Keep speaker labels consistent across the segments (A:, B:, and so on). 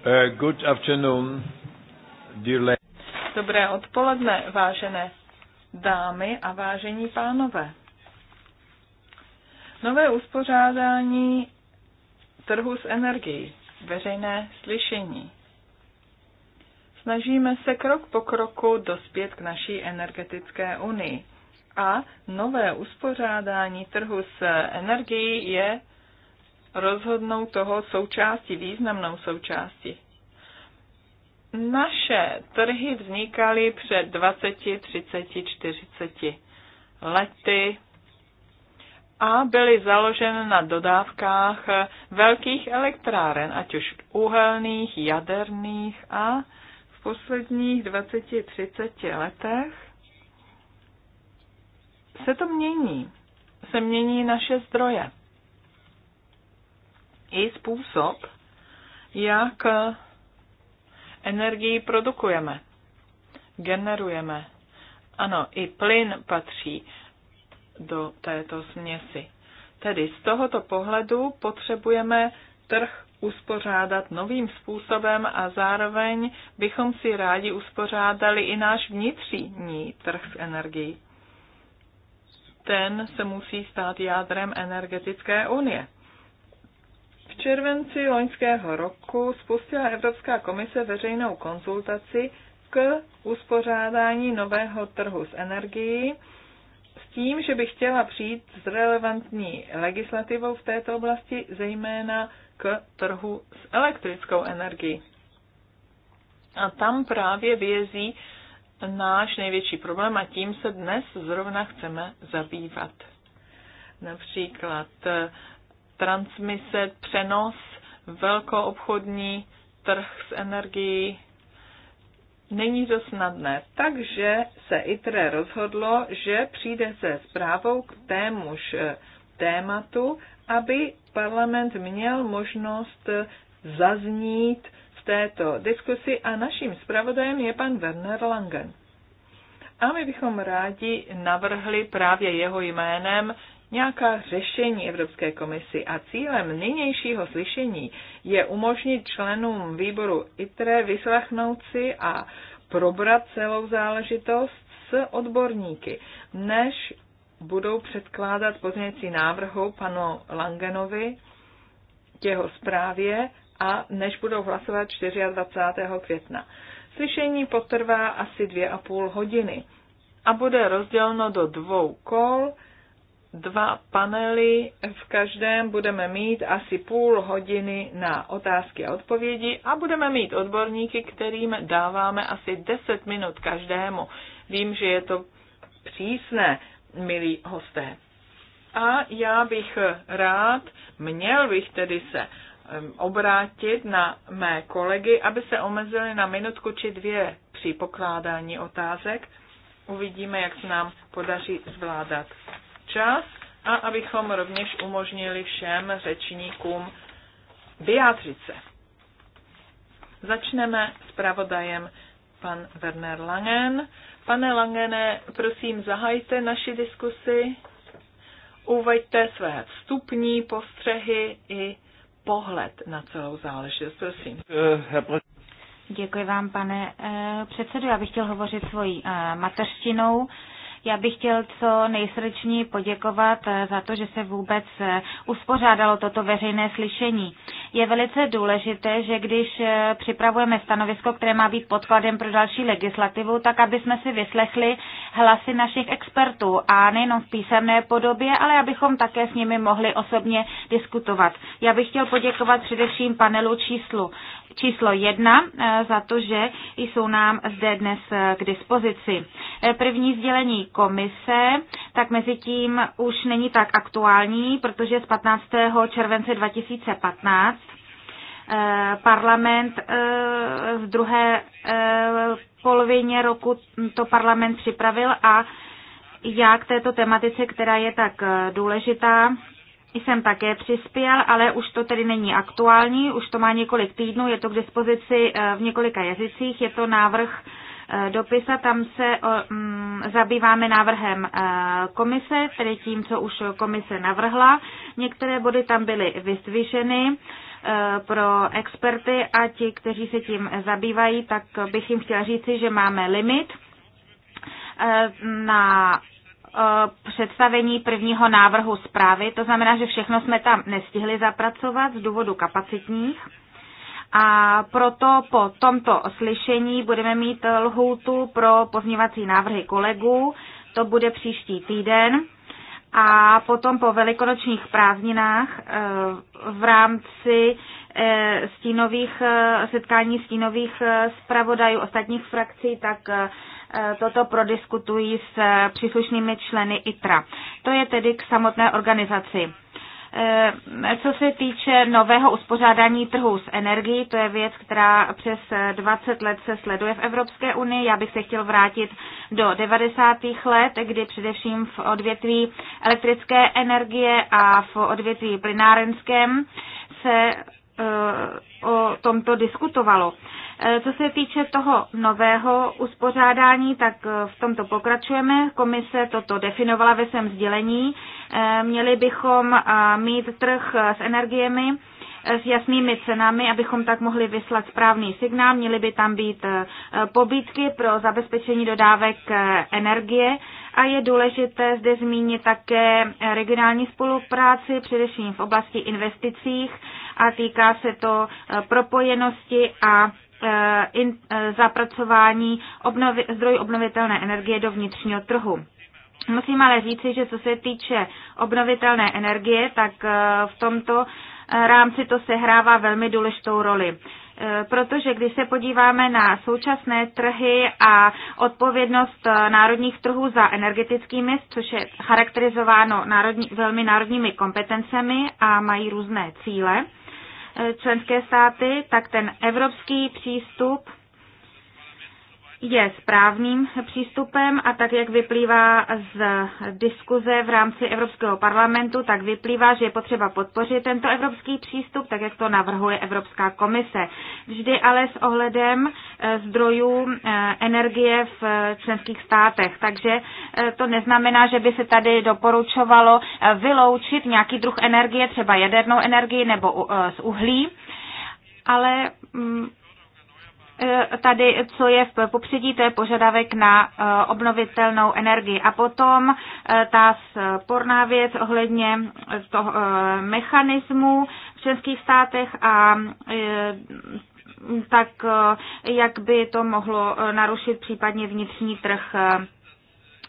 A: Eh, good afternoon, dear Dobré odpoledne, vážené dámy a vážení pánové. Nové uspořádání trhu s energií, veřejné slyšení. Snažíme se krok po kroku dospět k naší energetické unii. A nové uspořádání trhu s energií je rozhodnou toho součástí, významnou součástí. Naše trhy vznikaly před 20, 30, 40 lety a byly založeny na dodávkách velkých elektráren, ať už uhelných, jaderných a v posledních 20-30 letech se to mění. Se mění naše zdroje i způsob, jak energii produkujeme, generujeme. Ano, i plyn patří do této směsi. Tedy z tohoto pohledu potřebujeme trh uspořádat novým způsobem a zároveň bychom si rádi uspořádali i náš vnitřní trh s energií. Ten se musí stát jádrem energetické unie. V červenci loňského roku spustila Evropská komise veřejnou konzultaci k uspořádání nového trhu s energií s tím, že by chtěla přijít s relevantní legislativou v této oblasti, zejména k trhu s elektrickou energií. A tam právě vězí náš největší problém a tím se dnes zrovna chceme zabývat. Například transmise, přenos, velkoobchodní trh s energií. Není to snadné, takže se ITRE rozhodlo, že přijde se zprávou k témuž eh, tématu, aby parlament měl možnost eh, zaznít v této diskusi a naším zpravodajem je pan Werner Langen. A my bychom rádi navrhli právě jeho jménem nějaká řešení Evropské komisi a cílem nynějšího slyšení je umožnit členům výboru ITRE vyslechnout si a probrat celou záležitost s odborníky, než budou předkládat pozměnící návrhu panu Langenovi k jeho zprávě a než budou hlasovat 24. května. Slyšení potrvá asi dvě a půl hodiny a bude rozděleno do dvou kol, dva panely. V každém budeme mít asi půl hodiny na otázky a odpovědi a budeme mít odborníky, kterým dáváme asi 10 minut každému. Vím, že je to přísné, milí hosté. A já bych rád, měl bych tedy se obrátit na mé kolegy, aby se omezili na minutku či dvě při pokládání otázek. Uvidíme, jak se nám podaří zvládat čas a abychom rovněž umožnili všem řečníkům vyjádřit se. Začneme s pravodajem pan Werner Langen. Pane Langene, prosím, zahajte naši diskusi, uveďte své vstupní
B: postřehy i pohled na celou záležitost. Prosím. Děkuji vám, pane eh, předsedu. Já bych chtěl hovořit svojí eh, mateřštinou. Já bych chtěl co nejsrdečněji poděkovat eh, za to, že se vůbec eh, uspořádalo toto veřejné slyšení. Je velice důležité, že když eh, připravujeme stanovisko, které má být podkladem pro další legislativu, tak aby jsme si vyslechli hlasy našich expertů a nejenom v písemné podobě, ale abychom také s nimi mohli osobně diskutovat. Já bych chtěl poděkovat především panelu číslu číslo jedna eh, za to, že jsou nám zde dnes eh, k dispozici. Eh, první sdělení komise, tak mezi tím už není tak aktuální, protože z 15. července 2015 parlament v druhé polovině roku to parlament připravil a já k této tematice, která je tak důležitá, jsem také přispěl, ale už to tedy není aktuální, už to má několik týdnů, je to k dispozici eh, v několika jazycích, je to návrh eh, dopisa, tam se eh, mm, zabýváme návrhem komise, tedy tím, co už komise navrhla. Některé body tam byly vystvíšeny pro experty a ti, kteří se tím zabývají, tak bych jim chtěla říci, že máme limit na Eh, představení prvního návrhu zprávy, to znamená, že všechno jsme tam nestihli zapracovat z důvodu kapacitních. A proto po tomto slyšení budeme mít lhůtu pro pozměvací návrhy kolegů, to bude příští týden. A potom po velikonočních prázdninách eh, v rámci eh, stínových, setkání stínových zpravodajů ostatních frakcí, tak Eh, toto prodiskutují s eh, příslušnými členy ITRA. To je tedy k samotné organizaci. Eh, co se týče nového uspořádání trhu s energií, to je věc, která přes 20 let se sleduje v Evropské unii. Já bych se chtěl vrátit do 90. let, kdy především v odvětví elektrické energie a v odvětví plynárenském se o tomto diskutovalo. E, co se týče toho nového uspořádání, tak e, v tomto pokračujeme. Komise toto definovala ve svém sdělení. E, měli bychom mít trh s energiemi s jasnými cenami, abychom tak mohli vyslat správný signál. Měly by tam být eh, pobítky pro zabezpečení dodávek eh, energie a je důležité zde zmínit také regionální spolupráci, především v oblasti investicích a týká se to eh, propojenosti a in, zapracování obnovi, zdrojů obnovitelné energie do vnitřního trhu. Musím ale říci, že co se týče obnovitelné energie, tak v tomto rámci to sehrává velmi důležitou roli e, protože když se podíváme na současné trhy a odpovědnost e, národních trhů za energetickými, což je charakterizováno národní, velmi národními kompetencemi a mají různé cíle e, členské státy, tak ten evropský přístup je správným přístupem a tak, jak vyplývá z diskuze v rámci Evropského parlamentu, tak vyplývá, že je potřeba podpořit tento evropský přístup, tak jak to navrhuje Evropská komise. Vždy ale s ohledem eh, zdrojů eh, energie v členských státech. Takže eh, to neznamená, že by se tady doporučovalo vyloučit nějaký druh energie, třeba jadernou energii nebo z uhlí, ale mm, E, tady, co je v popředí, to je požadavek na e, obnovitelnou energii. A potom e, ta sporná věc ohledně toho mechanismu v členských státech a tak jak by to mohlo narušit případně vnitřní trh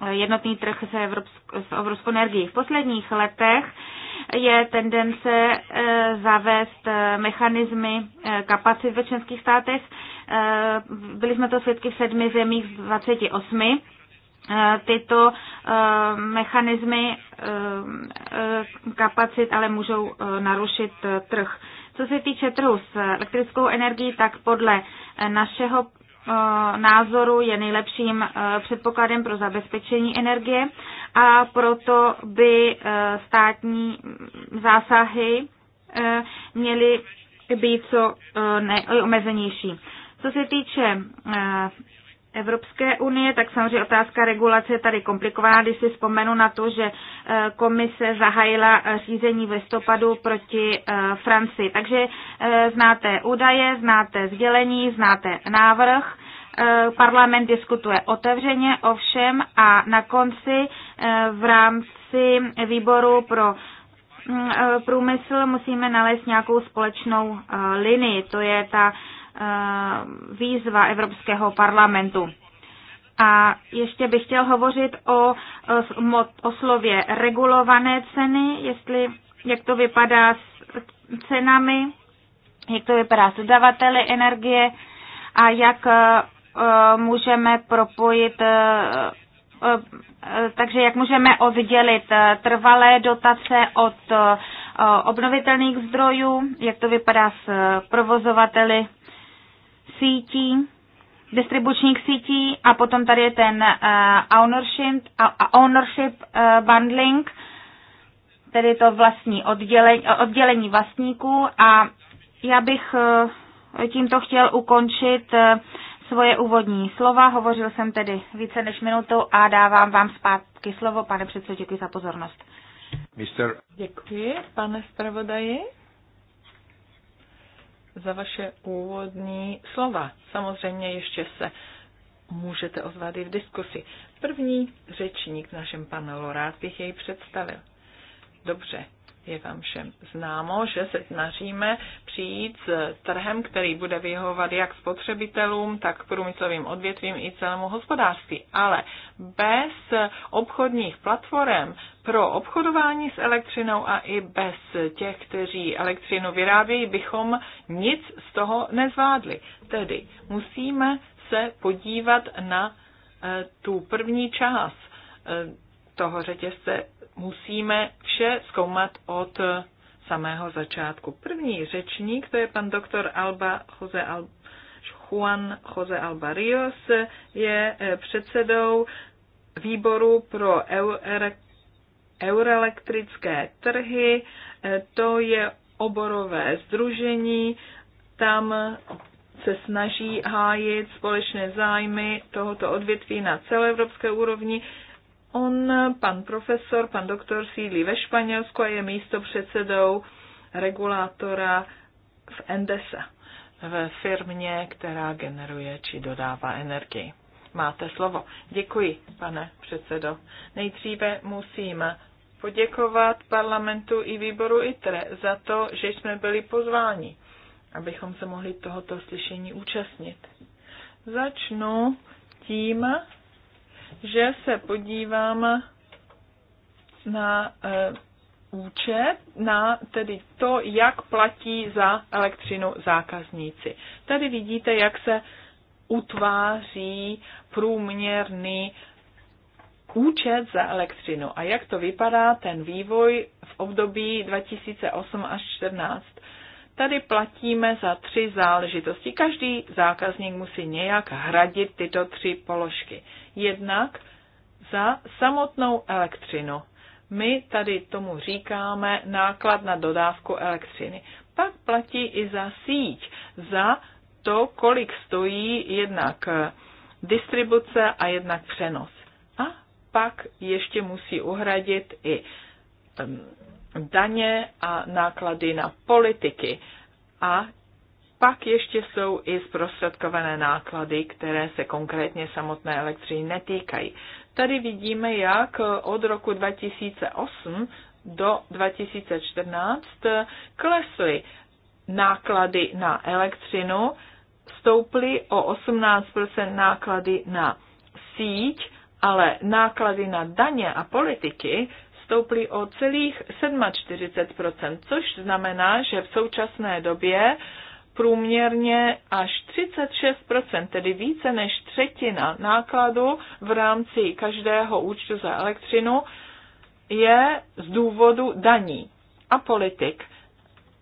B: jednotný trh se evropsk- s energií. V posledních letech je tendence zavést mechanismy kapacit ve členských státech, Eh, byli jsme to svědky v sedmi zemích z 28 eh, tyto eh, mechanismy kapacit ale můžou narušit trh. Co se týče trhu s elektrickou energií, tak podle našeho názoru je nejlepším předpokladem pro zabezpečení energie a proto by státní zásahy měly být co nejomezenější. Co se týče eh, Evropské unie, tak samozřejmě otázka regulace je tady komplikovaná, když si vzpomenu na to, že eh, komise zahájila eh, řízení v listopadu proti Francii. Takže znáte údaje, znáte sdělení, znáte návrh. Parlament diskutuje otevřeně ovšem a na konci v rámci výboru pro mm, průmysl musíme nalézt nějakou společnou linii. To je ta výzva Evropského parlamentu. A ještě bych chtěl hovořit o, o slově regulované ceny, jestli, jak to vypadá s cenami, jak to vypadá s dodavateli energie a jak e, můžeme propojit, e, e, takže jak můžeme oddělit trvalé dotace od obnovitelných zdrojů, jak to vypadá s provozovateli sítí, distribučních sítí a potom tady je ten uh, ownership, uh, ownership uh, bundling, tedy to vlastní oddělení, oddělení vlastníků a já bych uh, tímto chtěl ukončit uh, svoje úvodní slova. Hovořil jsem tedy více než minutu a dávám vám zpátky slovo. Pane předsedo, děkuji za pozornost. Mister... Děkuji, pane
A: zpravodaji za vaše úvodní slova. Samozřejmě ještě se můžete ozvat i v diskusi. První řečník v našem panelu, rád bych jej představil. Dobře, je vám všem známo, že se snažíme přijít s trhem, který bude vyhovovat jak spotřebitelům, tak průmyslovým odvětvím i celému hospodářství. Ale bez obchodních platform pro obchodování s elektřinou a i bez těch, kteří elektřinu vyrábějí, bychom nic z toho nezvládli. Tedy musíme se podívat na eh, tu první část eh, toho řetězce musíme vše zkoumat od samého začátku. První řečník, to je pan doktor Alba Jose Al, Juan Jose Albarios, je eh, předsedou výboru pro euroelektrické trhy. Eh, to je oborové združení, tam se snaží hájit společné zájmy tohoto odvětví na celoevropské úrovni. On, pan profesor, pan doktor sídlí ve Španělsku a je místo předsedou regulátora v Endesa, v firmě, která generuje či dodává energii. Máte slovo. Děkuji, pane předsedo. Nejdříve musím poděkovat parlamentu i výboru ITRE za to, že jsme byli pozváni, abychom se mohli tohoto slyšení účastnit. Začnu tím, že se podívám na e, účet, na tedy to, jak platí za elektřinu zákazníci. Tady vidíte, jak se utváří průměrný účet za elektřinu a jak to vypadá ten vývoj v období 2008 až 2014. Tady platíme za tři záležitosti. Každý zákazník musí nějak hradit tyto tři položky. Jednak za samotnou elektřinu. My tady tomu říkáme náklad na dodávku elektřiny. Pak platí i za síť, za to, kolik stojí jednak distribuce a jednak přenos. A pak ještě musí uhradit i daně a náklady na politiky. A pak ještě jsou i zprostředkované náklady, které se konkrétně samotné elektřiny netýkají. Tady vidíme, jak od roku 2008 do 2014 klesly náklady na elektřinu, stouply o 18% náklady na síť, ale náklady na daně a politiky stouply o celých 47%, což znamená, že v současné době průměrně až 36%, tedy více než třetina nákladu v rámci každého účtu za elektřinu, je z důvodu daní a politik.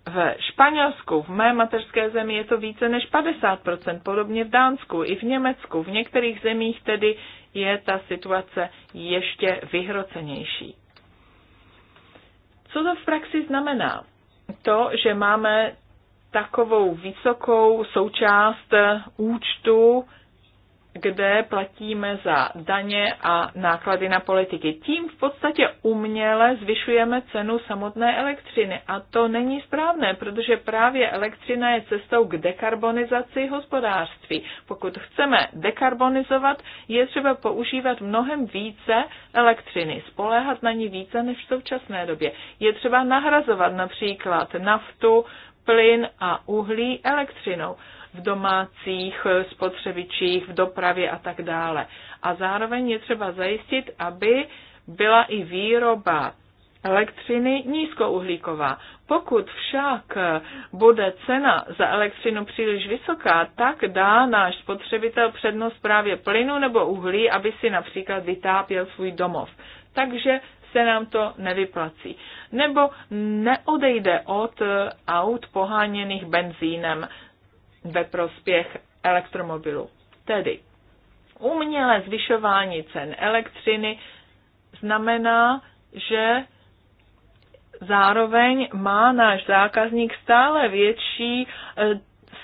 A: V Španělsku, v mé mateřské zemi, je to více než 50%, podobně v Dánsku, i v Německu. V některých zemích tedy je ta situace ještě vyhrocenější. Co to v praxi znamená? To, že máme takovou vysokou součást účtu kde platíme za daně a náklady na politiky. Tím v podstatě uměle zvyšujeme cenu samotné elektřiny a to není správné, protože právě elektřina je cestou k dekarbonizaci hospodářství. Pokud chceme dekarbonizovat, je třeba používat mnohem více elektřiny, spoléhat na ní více než v současné době. Je třeba nahrazovat například naftu, plyn a uhlí elektřinou v domácích eh, spotřebičích, v dopravě a tak dále. A zároveň je třeba zajistit, aby byla i výroba elektřiny nízkouhlíková. Pokud však eh, bude cena za elektřinu příliš vysoká, tak dá náš spotřebitel přednost právě plynu nebo uhlí, aby si například vytápěl svůj domov. Takže se nám to nevyplací. Nebo neodejde od eh, aut poháněných benzínem ve prospěch elektromobilů. Tedy umělé zvyšování cen elektřiny znamená, že zároveň má náš zákazník stále větší, e,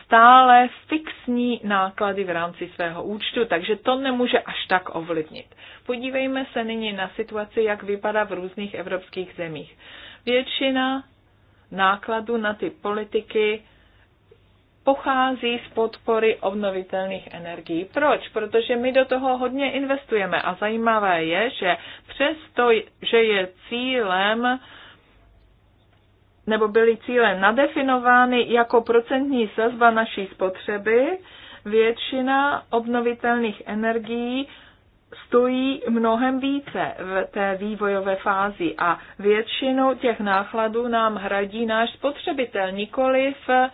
A: stále fixní náklady v rámci svého účtu, takže to nemůže až tak ovlivnit. Podívejme se nyní na situaci, jak vypadá v různých evropských zemích. Většina nákladů na ty politiky pochází z podpory obnovitelných energií. Proč? Protože my do toho hodně investujeme a zajímavé je, že přesto, že je cílem nebo byly cíle nadefinovány jako procentní sazba naší spotřeby, většina obnovitelných energií stojí mnohem více v té vývojové fázi a většinu těch nákladů nám hradí náš spotřebitel, nikoliv v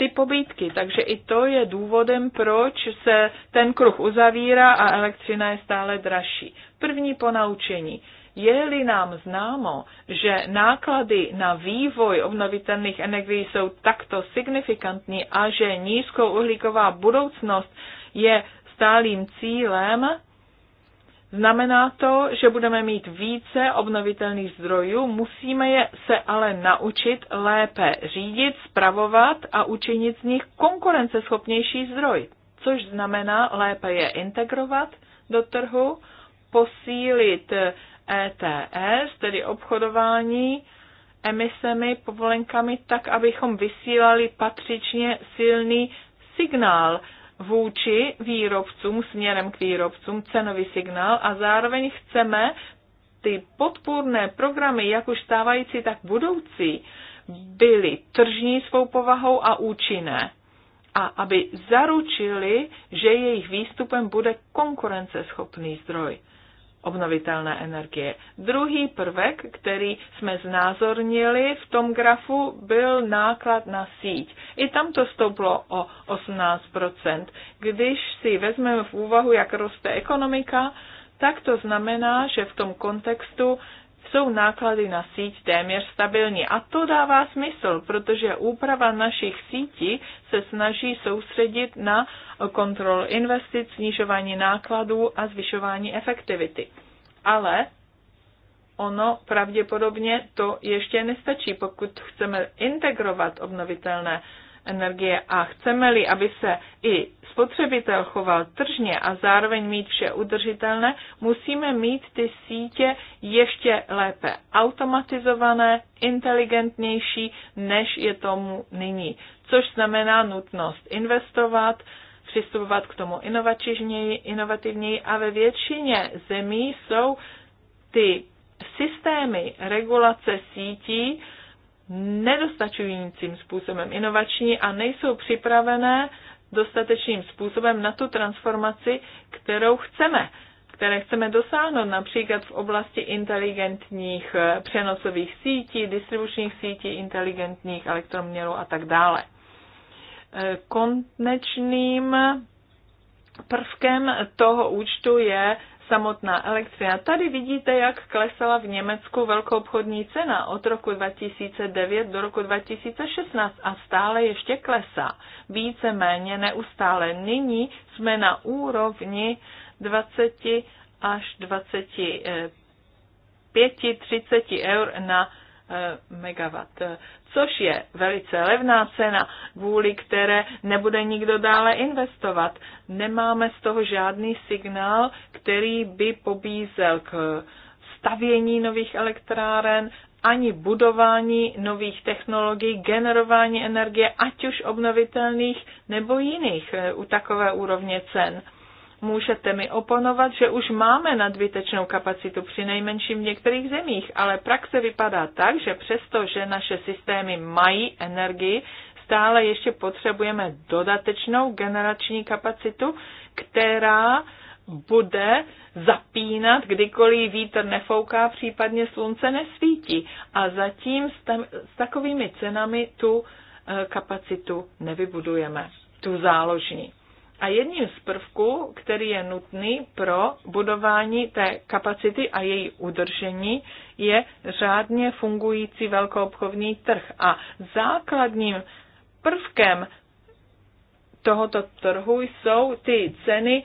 A: ty pobítky. Takže i to je důvodem, proč se ten kruh uzavírá a elektřina je stále dražší. První ponaučení. Je-li nám známo, že náklady na vývoj obnovitelných energií jsou takto signifikantní a že nízkouhlíková budoucnost je stálým cílem, Znamená to, že budeme mít více obnovitelných zdrojů, musíme je se ale naučit lépe řídit, spravovat a učinit z nich konkurenceschopnější zdroj, což znamená lépe je integrovat do trhu, posílit ETS, tedy obchodování emisemi, povolenkami, tak, abychom vysílali patřičně silný signál vůči výrobcům, směrem k výrobcům, cenový signál a zároveň chceme ty podpůrné programy, jak už stávající, tak budoucí, byly tržní svou povahou a účinné. A aby zaručili, že jejich výstupem bude konkurenceschopný zdroj obnovitelné energie. Druhý prvek, který jsme znázornili v tom grafu, byl náklad na síť. I tam to stouplo o 18%. Když si vezmeme v úvahu, jak roste ekonomika, tak to znamená, že v tom kontextu jsou náklady na síť téměř stabilní. A to dává smysl, protože úprava našich sítí se snaží soustředit na kontrol investic, snižování nákladů a zvyšování efektivity. Ale ono pravděpodobně to ještě nestačí, pokud chceme integrovat obnovitelné energie a chceme-li, aby se i spotřebitel choval tržně a zároveň mít vše udržitelné, musíme mít ty sítě ještě lépe automatizované, inteligentnější, než je tomu nyní. Což znamená nutnost investovat, přistupovat k tomu inovativněji, inovativněji a ve většině zemí jsou ty systémy regulace sítí, nedostačujícím způsobem inovační a nejsou připravené dostatečným způsobem na tu transformaci, kterou chceme, které chceme dosáhnout například v oblasti inteligentních eh, přenosových sítí, distribučních sítí, inteligentních elektroměrů a tak dále. Eh, konečným prvkem toho účtu je samotná elektřina. Tady vidíte, jak klesala v Německu velkoobchodní cena od roku 2009 do roku 2016 a stále ještě klesá. Víceméně neustále. Nyní jsme na úrovni 20 až 25, 30 eh, eur na megawatt, což je velice levná cena, kvůli které nebude nikdo dále investovat. Nemáme z toho žádný signál, který by pobízel k stavění nových elektráren, ani budování nových technologií, generování energie, ať už obnovitelných nebo jiných u takové úrovně cen. Můžete mi oponovat, že už máme nadbytečnou kapacitu při nejmenším v některých zemích, ale praxe vypadá tak, že přesto, že naše systémy mají energii, stále ještě potřebujeme dodatečnou generační kapacitu, která bude zapínat, kdykoliv vítr nefouká, případně slunce nesvítí. A zatím s, tam, s takovými cenami tu eh, kapacitu nevybudujeme, tu záložní. A jedním z prvků, který je nutný pro budování té kapacity a její udržení, je řádně fungující velkoobchodní trh. A základním prvkem tohoto trhu jsou ty ceny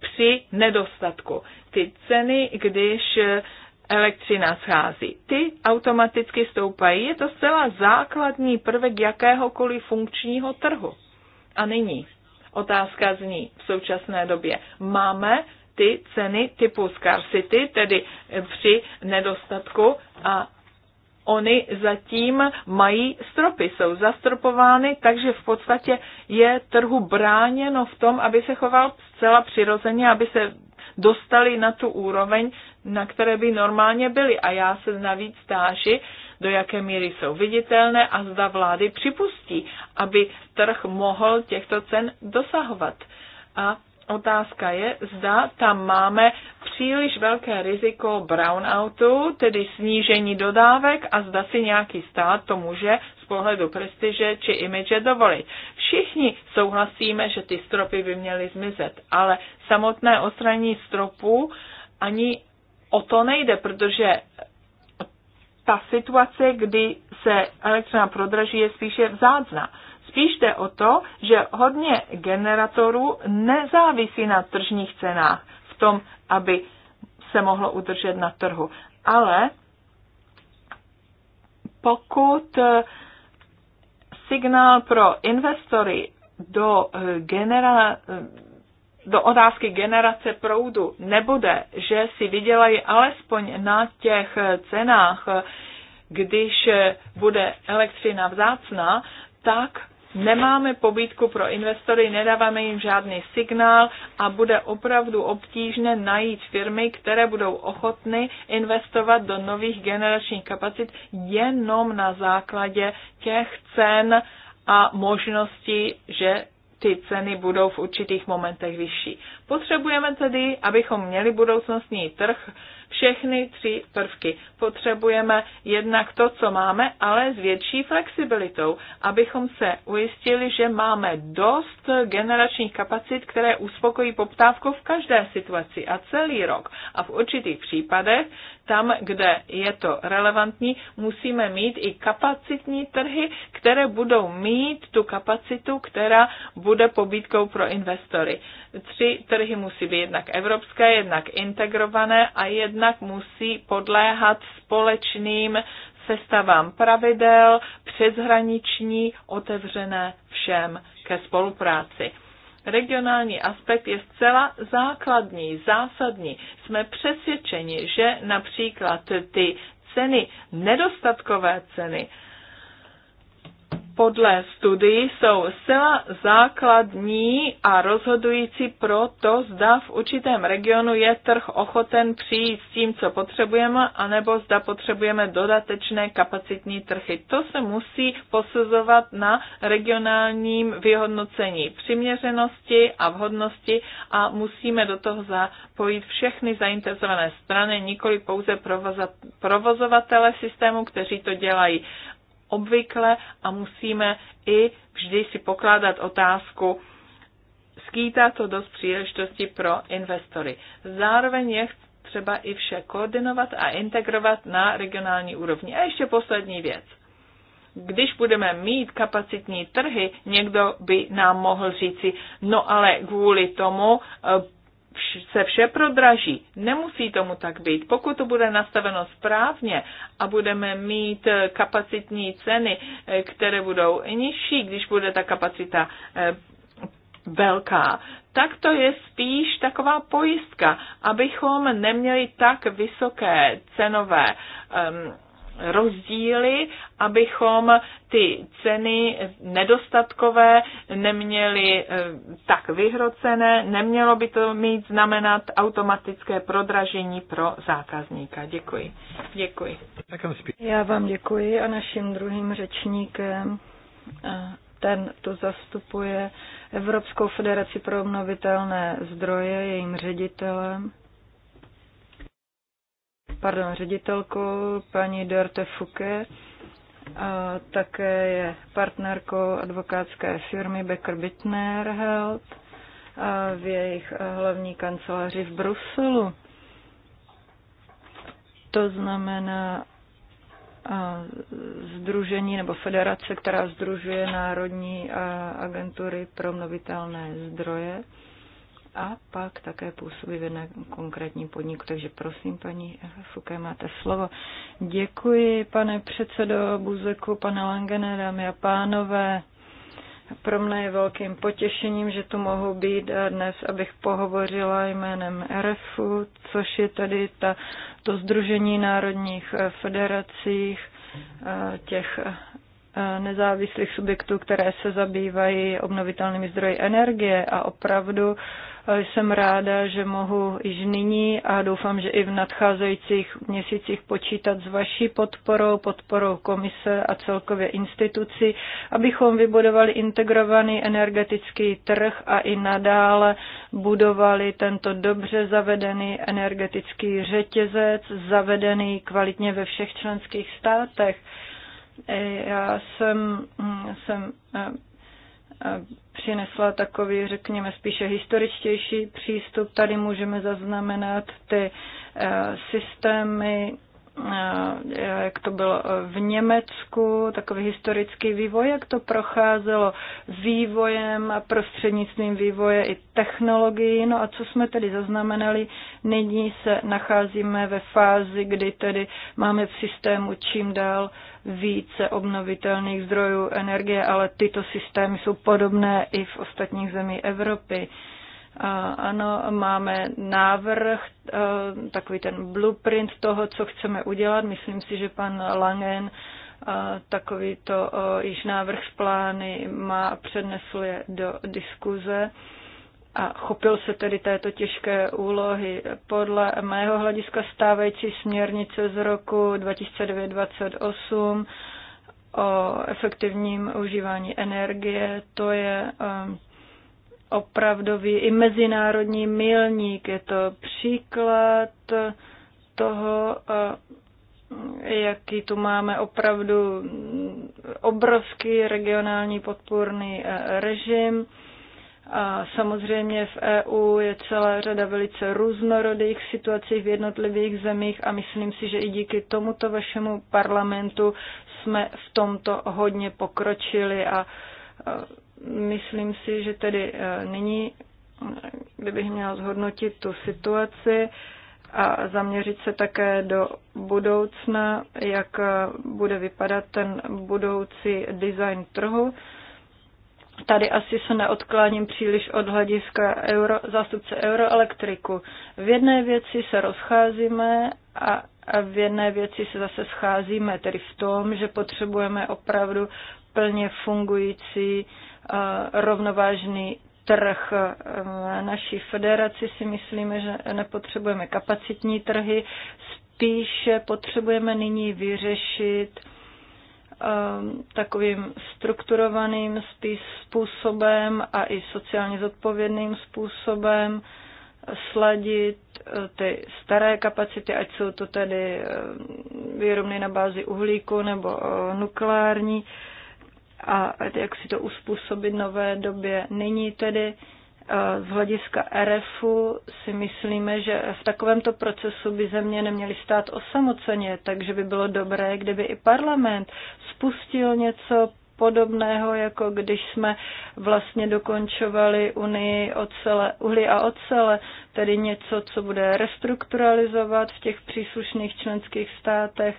A: při nedostatku. Ty ceny, když elektřina schází. Ty automaticky stoupají. Je to zcela základní prvek jakéhokoliv funkčního trhu. A nyní Otázka zní v současné době, máme ty ceny typu scarcity, tedy při nedostatku a Oni zatím mají stropy, jsou zastropovány, takže v podstatě je trhu bráněno v tom, aby se choval zcela přirozeně, aby se dostali na tu úroveň, na které by normálně byli. A já se navíc táži, do jaké míry jsou viditelné a zda vlády připustí, aby trh mohl těchto cen dosahovat. A otázka je, zda tam máme příliš velké riziko brownoutu, tedy snížení dodávek a zda si nějaký stát to může z pohledu prestiže či imidže dovolit. Všichni souhlasíme, že ty stropy by měly zmizet, ale samotné odstranění stropů ani o to nejde, protože ta situace, kdy se elektřina prodraží, je spíše vzácná. Spíš jde o to, že hodně generatorů nezávisí na tržních cenách v tom, aby se mohlo udržet na trhu. Ale pokud eh, signál pro investory do eh, genera- do otázky generace proudu nebude, že si vydělají alespoň na těch cenách, když bude elektřina vzácná, tak nemáme pobídku pro investory, nedáváme jim žádný signál a bude opravdu obtížné najít firmy, které budou ochotny investovat do nových generačních kapacit jenom na základě těch cen a možností, že ty ceny budou v určitých momentech vyšší. Potřebujeme tedy, abychom měli budoucnostní trh, všechny tři prvky. Potřebujeme jednak to, co máme, ale s větší flexibilitou, abychom se ujistili, že máme dost generačních kapacit, které uspokojí poptávku v každé situaci a celý rok. A v určitých případech tam, kde je to relevantní, musíme mít i kapacitní trhy, které budou mít tu kapacitu, která bude pobídkou pro investory. Tři trhy musí být jednak evropské, jednak integrované a jednak musí podléhat společným sestavám pravidel, přeshraniční, otevřené všem ke spolupráci regionální aspekt je zcela základní, zásadní. Jsme přesvědčeni, že například ty ceny, nedostatkové ceny, podle studií jsou zcela základní a rozhodující pro to, zda v určitém regionu je trh ochoten přijít s tím, co potřebujeme, anebo zda potřebujeme dodatečné kapacitní trhy. To se musí posuzovat na regionálním vyhodnocení přiměřenosti a vhodnosti a musíme do toho zapojit všechny zainteresované strany, nikoli pouze provozovatele systému, kteří to dělají obvykle a musíme i vždy si pokládat otázku, skýtá to dost příležitosti pro investory. Zároveň je třeba i vše koordinovat a integrovat na regionální úrovni. A ještě poslední věc. Když budeme mít kapacitní trhy, někdo by nám mohl říci, no ale kvůli tomu eh, se vše prodraží. Nemusí tomu tak být. Pokud to bude nastaveno správně a budeme mít eh, kapacitní ceny, eh, které budou nižší, když bude ta kapacita eh, velká, tak to je spíš taková pojistka, abychom neměli tak vysoké cenové um, rozdíly, abychom ty ceny nedostatkové neměli eh, tak vyhrocené, nemělo by to mít znamenat automatické prodražení pro zákazníka. Děkuji. Děkuji. Já vám
C: děkuji a naším druhým řečníkem eh, ten tu zastupuje Evropskou federaci pro obnovitelné zdroje, jejím ředitelem pardon, ředitelkou paní Dorte Fuke, a také je partnerkou advokátské firmy Becker Bittner Health a v jejich hlavní kanceláři v Bruselu. To znamená združení nebo federace, která združuje Národní agentury pro mluvitelné zdroje a pak také v jedné konkrétním podniku. Takže prosím, paní Fuke, máte slovo. Děkuji, pane předsedo Buzeku, pane Langene, dámy a pánové. Pro mne je velkým potěšením, že tu mohu být a dnes, abych pohovořila jménem RFu, což je tedy ta, to Združení národních federacích těch Eh, nezávislých subjektů, které se zabývají obnovitelnými zdroji energie a opravdu eh, jsem ráda, že mohu již nyní a doufám, že i v nadcházejících měsících počítat s vaší podporou, podporou komise a celkově institucí, abychom vybudovali integrovaný energetický trh a i nadále budovali tento dobře zavedený energetický řetězec, zavedený kvalitně ve všech členských státech. Já jsem, jsem eh, eh, přinesla takový, řekněme, spíše historičtější přístup. Tady můžeme zaznamenat ty eh, systémy, jak to bylo v Německu, takový historický vývoj, jak to procházelo vývojem a prostřednictvím vývoje i technologií. No a co jsme tedy zaznamenali, nyní se nacházíme ve fázi, kdy tedy máme v systému čím dál uh, více obnovitelných zdrojů energie, ale tyto systémy jsou podobné i v ostatních zemích Evropy. Ano, máme návrh, e, takový ten blueprint toho, co chceme udělat. Myslím si, že pan Langen e, takovýto e, již návrh z plány má přednesl je do diskuze a chopil se tedy této těžké úlohy. Podle mého hlediska stávající směrnice z roku 2009 2028 o efektivním užívání energie, to je um, opravdový i mezinárodní milník. Je to příklad toho, uh, jaký tu máme opravdu obrovský regionální podpůrný uh, režim a samozřejmě v EU je celá řada velice různorodých situací v jednotlivých zemích a myslím si, že i díky tomuto vašemu parlamentu jsme v tomto hodně pokročili a myslím si, že tedy e, nyní, e, kdybych měla zhodnotit tu situaci, a zaměřit se také do budoucna, jak e, bude vypadat ten budoucí design trhu, Tady asi se neodkláním příliš od hlediska euro, zástupce euroelektriku. V jedné věci se rozcházíme a, a v jedné věci se zase scházíme, tedy v tom, že potřebujeme opravdu plně fungující eh, rovnovážný trh. V naší federaci si myslíme, že nepotřebujeme kapacitní trhy, spíše potřebujeme nyní vyřešit Um, takovým strukturovaným spíš způsobem a i sociálně zodpovědným způsobem sladit eh, ty staré kapacity, ať jsou to tedy eh, výrobny na bázi uhlíku nebo eh, nukleární, a jak si to uspůsobit nové době. Nyní tedy z hlediska RFu si myslíme, že v takovémto procesu by země neměly stát osamoceně, takže by bylo dobré, kdyby i parlament spustil něco podobného, jako když jsme vlastně dokončovali unii ocele, uhly a ocele, tedy něco, co bude restrukturalizovat v těch příslušných členských státech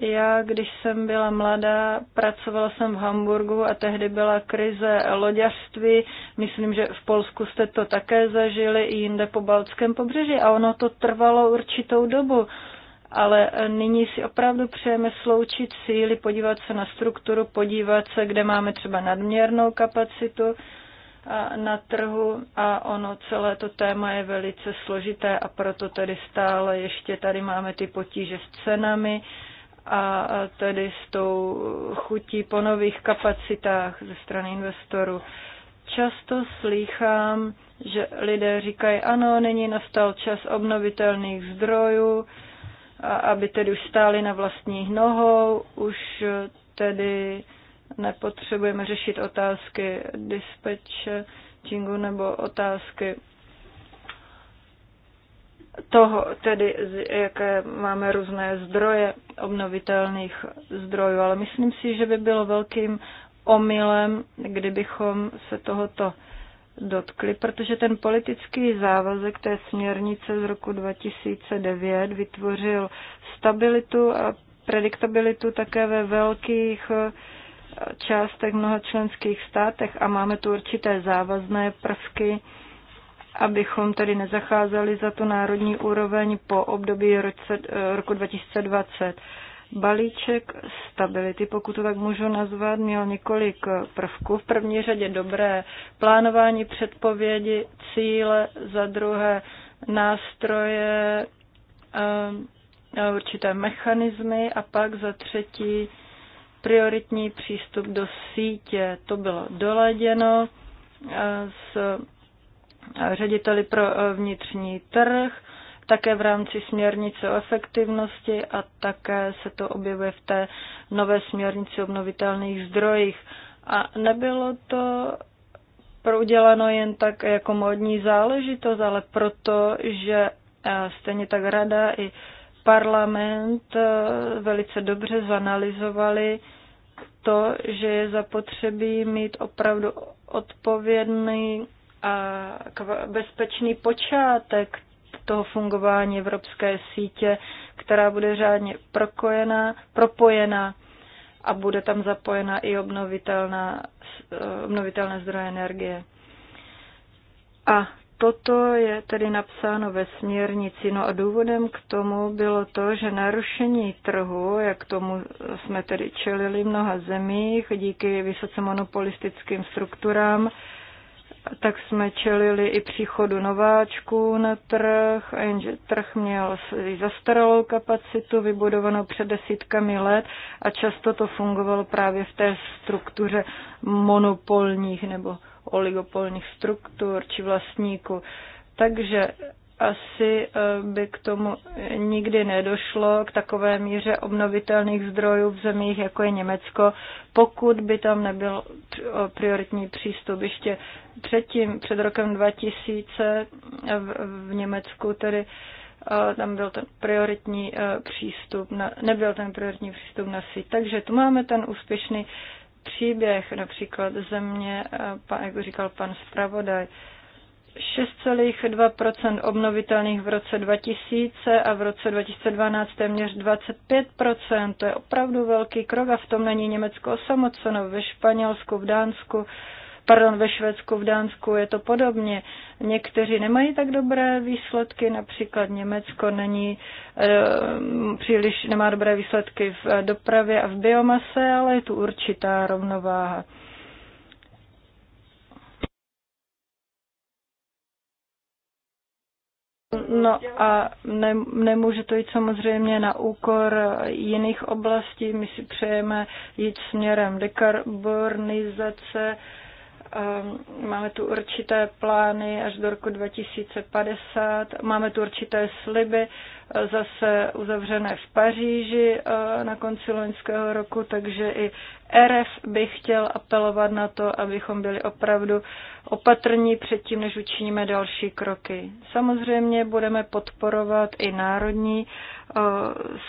C: já, když jsem byla mladá, pracovala jsem v Hamburgu a tehdy byla krize loďařství. Myslím, že v Polsku jste to také zažili i jinde po Balckém pobřeží a ono to trvalo určitou dobu. Ale nyní si opravdu přejeme sloučit síly, podívat se na strukturu, podívat se, kde máme třeba nadměrnou kapacitu na trhu a ono celé to téma je velice složité a proto tedy stále ještě tady máme ty potíže s cenami, a tedy s tou chutí po nových kapacitách ze strany investorů. Často slýchám, že lidé říkají, ano, není nastal čas obnovitelných zdrojů, a aby tedy už stáli na vlastních nohou, už tedy nepotřebujeme řešit otázky dispeče, nebo otázky toho, tedy jaké máme různé zdroje obnovitelných zdrojů, ale myslím si, že by bylo velkým omylem, kdybychom se tohoto dotkli, protože ten politický závazek té směrnice z roku 2009 vytvořil stabilitu a prediktabilitu také ve velkých eh, částech mnoha členských státech a máme tu určité závazné prvky, abychom tedy nezacházeli za tu národní úroveň po období roce, roku 2020. Balíček stability, pokud to tak můžu nazvat, měl několik prvků. V první řadě dobré plánování, předpovědi, cíle, za druhé nástroje, eh, určité mechanismy a pak za třetí prioritní přístup do sítě. To bylo doladěno eh, s řediteli pro eh, vnitřní trh, také v rámci směrnice o efektivnosti a také se to objevuje v té nové směrnici obnovitelných zdrojích. A nebylo to prouděleno jen tak jako modní záležitost, ale proto, že eh, stejně tak rada i parlament eh, velice dobře zanalizovali to, že je zapotřebí mít opravdu odpovědný a bezpečný počátek toho fungování evropské sítě, která bude řádně prokojená, propojená a bude tam zapojena i obnovitelná, e, obnovitelné zdroje energie. A toto je tedy napsáno ve směrnici. No a důvodem k tomu bylo to, že narušení trhu, jak tomu jsme tedy čelili v mnoha zemích díky vysoce monopolistickým strukturám, tak jsme čelili i příchodu nováčků na trh, a jenže trh měl zastaralou kapacitu, vybudovanou před desítkami let a často to fungovalo právě v té struktuře monopolních nebo oligopolních struktur či vlastníků. Takže asi eh, by k tomu nikdy nedošlo, k takové míře obnovitelných zdrojů v zemích, jako je Německo, pokud by tam nebyl prioritní přístup. Ještě předtím, před rokem 2000 eh, v Německu tedy eh, tam byl ten prioritní přístup, na, nebyl ten prioritní přístup na síť. Takže tu máme ten úspěšný příběh, například země, jak říkal pan zpravodaj, 6,2 obnovitelných v roce 2000 a v roce 2012 téměř 25 To je opravdu velký krok a v tom není Německo osamoceno. Ve Španělsku, v Dánsku, pardon, ve Švédsku, v Dánsku je to podobně. Někteří nemají tak dobré výsledky, například Německo není e, příliš, nemá dobré výsledky v dopravě a v biomase, ale je tu určitá rovnováha. No a ne, nemůže to jít samozřejmě na úkor jiných oblastí. My si přejeme jít směrem dekarbonizace, Máme tu určité plány až do roku 2050, máme tu určité sliby e, zase uzavřené v Paříži e, na konci loňského roku, takže i RF bych chtěl apelovat na to, abychom byli opravdu opatrní předtím, než učiníme další kroky. Samozřejmě budeme podporovat i národní uh,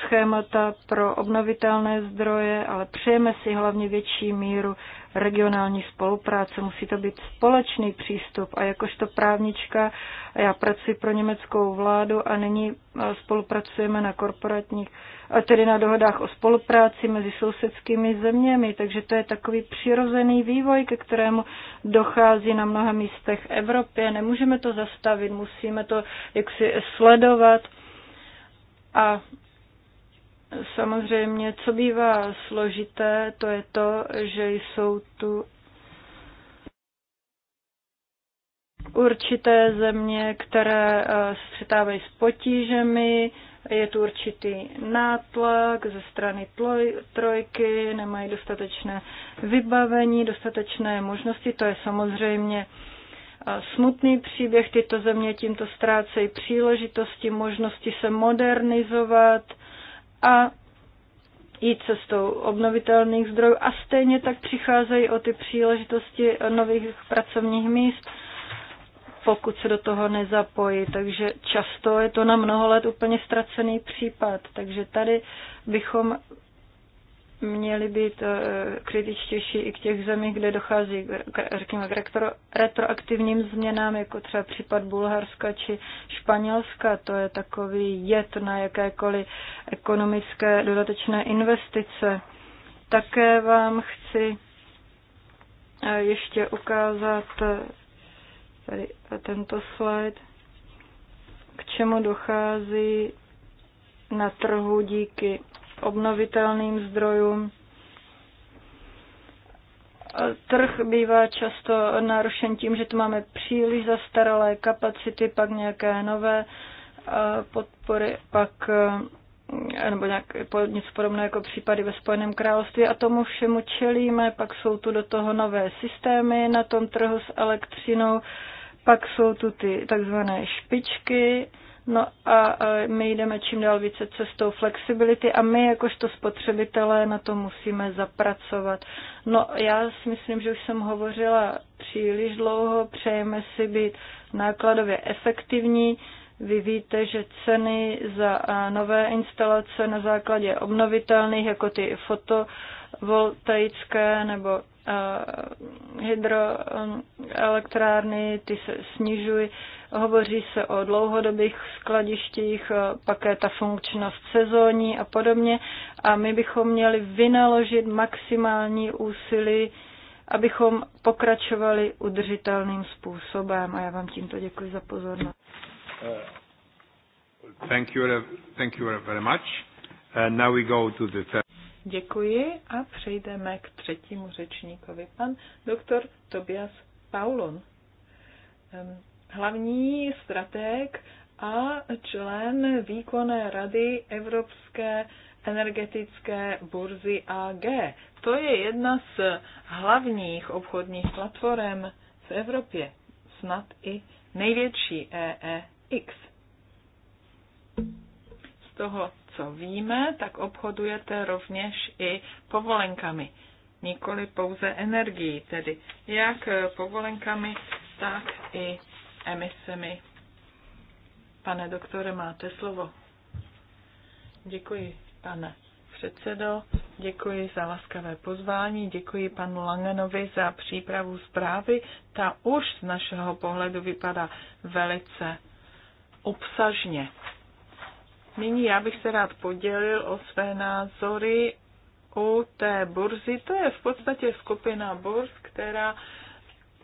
C: schémata pro obnovitelné zdroje, ale přejeme si hlavně větší míru regionální spolupráce. Musí to být společný přístup a jakožto právnička, já pracuji pro německou vládu a nyní e, spolupracujeme na korporátních, e, tedy na dohodách o spolupráci mezi sousedskými zeměmi, takže to je takový přirozený vývoj, ke kterému dochází na mnoha místech Evropy. Nemůžeme to zastavit, musíme to jaksi sledovat a samozřejmě, co bývá složité, to je to, že jsou tu určité země, které eh, se střetávají s potížemi, je tu určitý nátlak ze strany tloj, trojky, nemají dostatečné vybavení, dostatečné možnosti, to je samozřejmě uh, smutný příběh. Tyto země tímto ztrácejí příležitosti, možnosti se modernizovat a jít cestou obnovitelných zdrojů a stejně tak přicházejí o ty příležitosti nových pracovních míst, pokud se do toho nezapojí. Takže často je to na mnoho let úplně ztracený případ. Takže tady bychom měly být eh, kritičtější i k těch zemích, kde dochází k, řekněme, k retro, retroaktivním změnám, jako třeba případ Bulharska či Španělska. To je takový jed na jakékoliv ekonomické dodatečné investice. Také vám chci eh, ještě ukázat eh, tady tento slide, k čemu dochází na trhu díky obnovitelným zdrojům. Trh bývá často narušen tím, že tu máme příliš zastaralé kapacity, pak nějaké nové eh, podpory, pak eh, nebo nějak, něco podobného jako případy ve Spojeném království a tomu všemu čelíme, pak jsou tu do toho nové systémy na tom trhu s elektřinou, pak jsou tu ty takzvané špičky, No a my jdeme čím dál více cestou flexibility a my jakožto spotřebitelé na to musíme zapracovat. No já si myslím, že už jsem hovořila příliš dlouho, přejeme si být nákladově efektivní. Vy víte, že ceny za nové instalace na základě obnovitelných, jako ty fotovoltaické nebo hydroelektrárny, ty se snižují Hovoří se o dlouhodobých skladištích, eh, pak je ta funkčnost sezónní a podobně. A my bychom měli vynaložit maximální úsilí, abychom pokračovali udržitelným způsobem. A já vám tímto děkuji za pozornost. Uh, thank you, uh, thank you very much. And uh, now we go to the third. Děkuji a přejdeme k
A: třetímu řečníkovi, pan doktor Tobias Paulon, um, hlavní strateg a člen výkonné rady Evropské energetické burzy AG. To je jedna z hlavních obchodních platform v Evropě, snad i největší EEX. Z toho, co víme, tak obchodujete rovněž i povolenkami, nikoli pouze energií, tedy jak povolenkami, tak i emisemi. Pane doktore, máte slovo. Děkuji, pane předsedo, děkuji za laskavé pozvání, děkuji panu Langenovi za přípravu zprávy. Ta už z našeho pohledu vypadá velice obsažně. Nyní já bych se rád podělil o své názory u té burzy. To je v podstatě skupina burz, která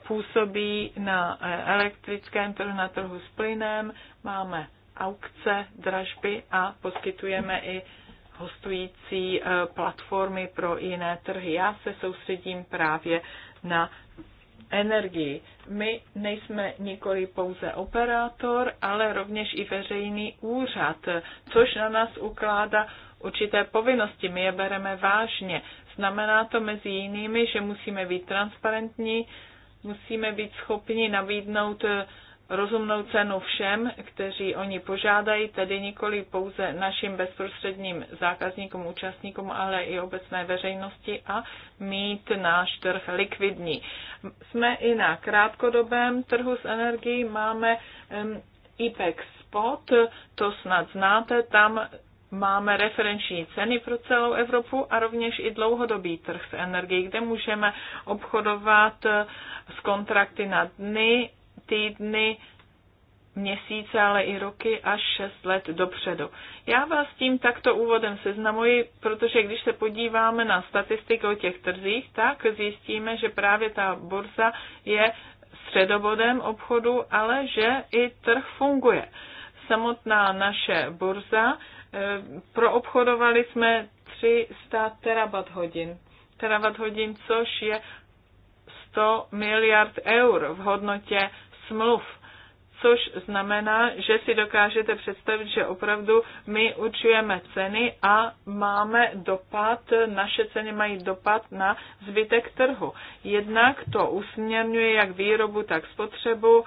A: působí na eh, elektrickém trhu, na trhu s plynem, máme aukce, dražby a poskytujeme i hostující eh, platformy pro jiné trhy. Já se soustředím právě na energii. My nejsme nikoli pouze operátor, ale rovněž i veřejný úřad, což na nás ukládá určité povinnosti. My je bereme vážně. Znamená to mezi jinými, že musíme být transparentní, Musíme být schopni nabídnout eh, rozumnou cenu všem, kteří oni požádají, tedy nikoli pouze našim bezprostředním zákazníkům, účastníkům, ale i obecné veřejnosti a mít náš trh likvidní. Jsme i na krátkodobém trhu s energií, máme IPEX spot, to snad znáte, tam máme referenční ceny pro celou Evropu a rovněž i dlouhodobý trh s energií, kde můžeme obchodovat eh, s kontrakty na dny, týdny, měsíce, ale i roky až 6 let dopředu. Já vás tím takto úvodem seznamuji, protože když se podíváme na statistiku o těch trzích, tak zjistíme, že právě ta burza je středobodem obchodu, ale že i trh funguje. Samotná naše burza proobchodovali jsme 300 terabat hodin. Terabat hodin, což je 100 miliard eur v hodnotě smluv což znamená, že si dokážete představit, že opravdu my určujeme ceny a máme dopad, naše ceny mají dopad na zbytek trhu. Jednak to usměrňuje jak výrobu, tak spotřebu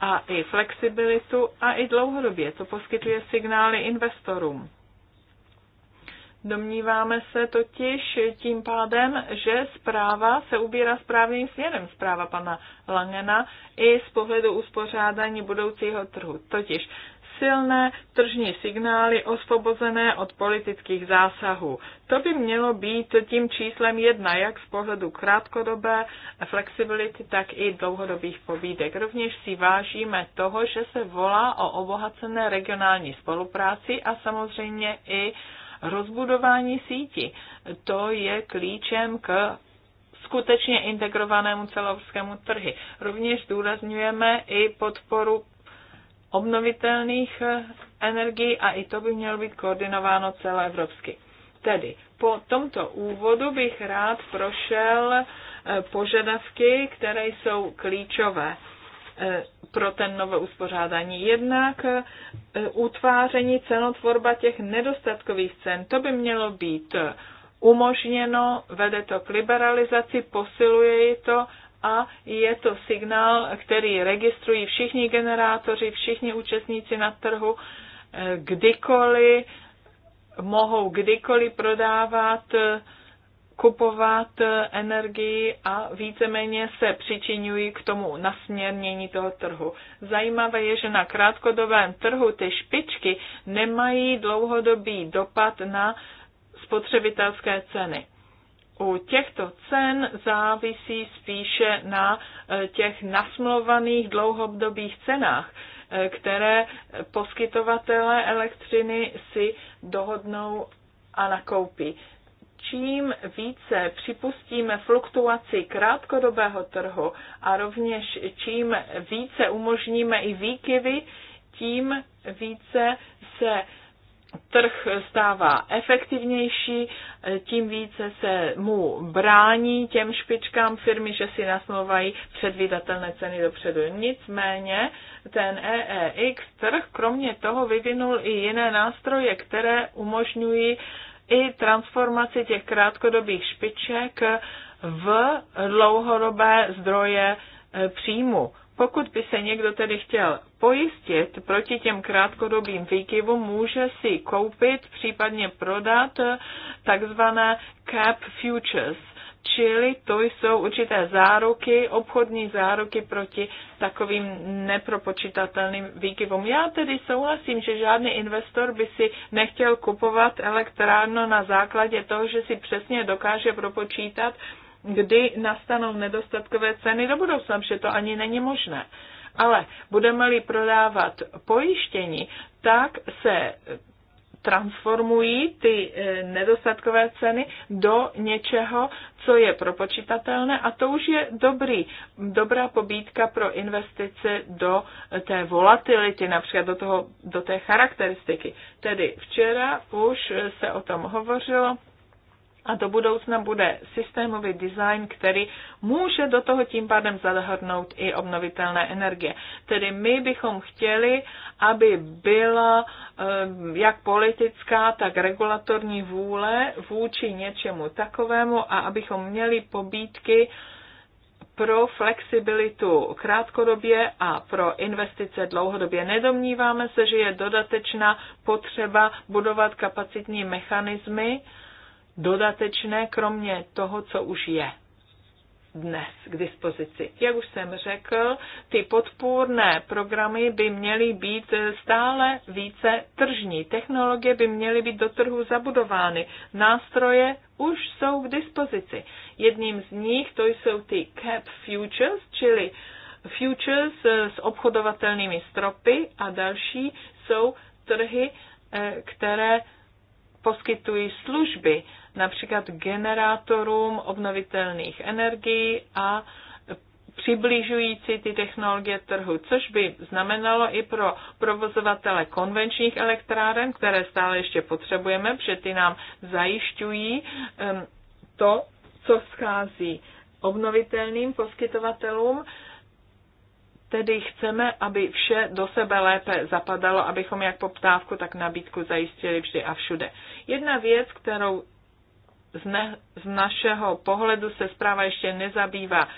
A: a i flexibilitu a i dlouhodobě. To poskytuje signály investorům. Domníváme se totiž tím pádem, že zpráva se ubírá správným směrem, zpráva pana Langena, i z pohledu uspořádání budoucího trhu. Totiž silné tržní signály osvobozené od politických zásahů. To by mělo být tím číslem jedna, jak z pohledu krátkodobé flexibility, tak i dlouhodobých pobídek. Rovněž si vážíme toho, že se volá o obohacené regionální spolupráci a samozřejmě i rozbudování síti. To je klíčem k skutečně integrovanému celovskému trhy. Rovněž zdůrazňujeme i podporu obnovitelných eh, energií a i to by mělo být koordinováno celoevropsky. Tedy po tomto úvodu bych rád prošel eh, požadavky, které jsou klíčové eh, pro ten nové uspořádání. Jednak utváření cenotvorba těch nedostatkových cen, to by mělo být umožněno, vede to k liberalizaci, posiluje ji to a je to signál, který registrují všichni generátoři, všichni účastníci na trhu, eh, kdykoliv mohou kdykoliv prodávat, eh, kupovat eh, energii a víceméně se přičinují k tomu nasměrnění toho trhu. Zajímavé je, že na krátkodobém trhu ty špičky nemají dlouhodobý dopad na spotřebitelské ceny u těchto cen závisí spíše na e, těch nasmlovaných dlouhodobých cenách, e, které poskytovatele elektřiny si dohodnou a nakoupí. Čím více připustíme fluktuaci krátkodobého trhu a rovněž čím více umožníme i výkyvy, tím více se trh stává efektivnější, tím více se mu brání těm špičkám firmy, že si nasmluvají předvídatelné ceny dopředu. Nicméně ten EEX trh kromě toho vyvinul i jiné nástroje, které umožňují i transformaci těch krátkodobých špiček v dlouhodobé zdroje e, příjmu pokud by se někdo tedy chtěl pojistit proti těm krátkodobým výkyvům, může si koupit, případně prodat eh, takzvané cap futures, čili to jsou určité záruky, obchodní záruky proti takovým nepropočitatelným výkyvům. Já tedy souhlasím, že žádný investor by si nechtěl kupovat elektrárnu na základě toho, že si přesně dokáže propočítat, kdy nastanou nedostatkové ceny do budoucna, že to ani není možné. Ale budeme-li prodávat pojištění, tak se transformují ty e, nedostatkové ceny do něčeho, co je propočítatelné a to už je dobrý, dobrá pobídka pro investice do té volatility, například do, toho, do té charakteristiky. Tedy včera už se o tom hovořilo, a do budoucna bude systémový design, který může do toho tím pádem zahrnout i obnovitelné energie. Tedy my bychom chtěli, aby byla eh, jak politická, tak regulatorní vůle vůči něčemu takovému a abychom měli pobídky pro flexibilitu krátkodobě a pro investice dlouhodobě. Nedomníváme se, že je dodatečná potřeba budovat kapacitní mechanismy, dodatečné, kromě toho, co už je dnes k dispozici. Jak už jsem řekl, ty podpůrné programy by měly být stále více tržní. Technologie by měly být do trhu zabudovány. Nástroje už jsou k dispozici. Jedním z nich to jsou ty cap futures, čili futures s obchodovatelnými stropy a další jsou trhy, eh, které poskytují služby například generátorům obnovitelných energií a přibližující ty technologie trhu, což by znamenalo i pro provozovatele konvenčních elektráren, které stále ještě potřebujeme, protože ty nám zajišťují to, co schází obnovitelným poskytovatelům. Tedy chceme, aby vše do sebe lépe zapadalo, abychom jak poptávku, tak nabídku zajistili vždy a všude. Jedna věc, kterou z, ne, z našeho pohledu se zpráva ještě nezabývá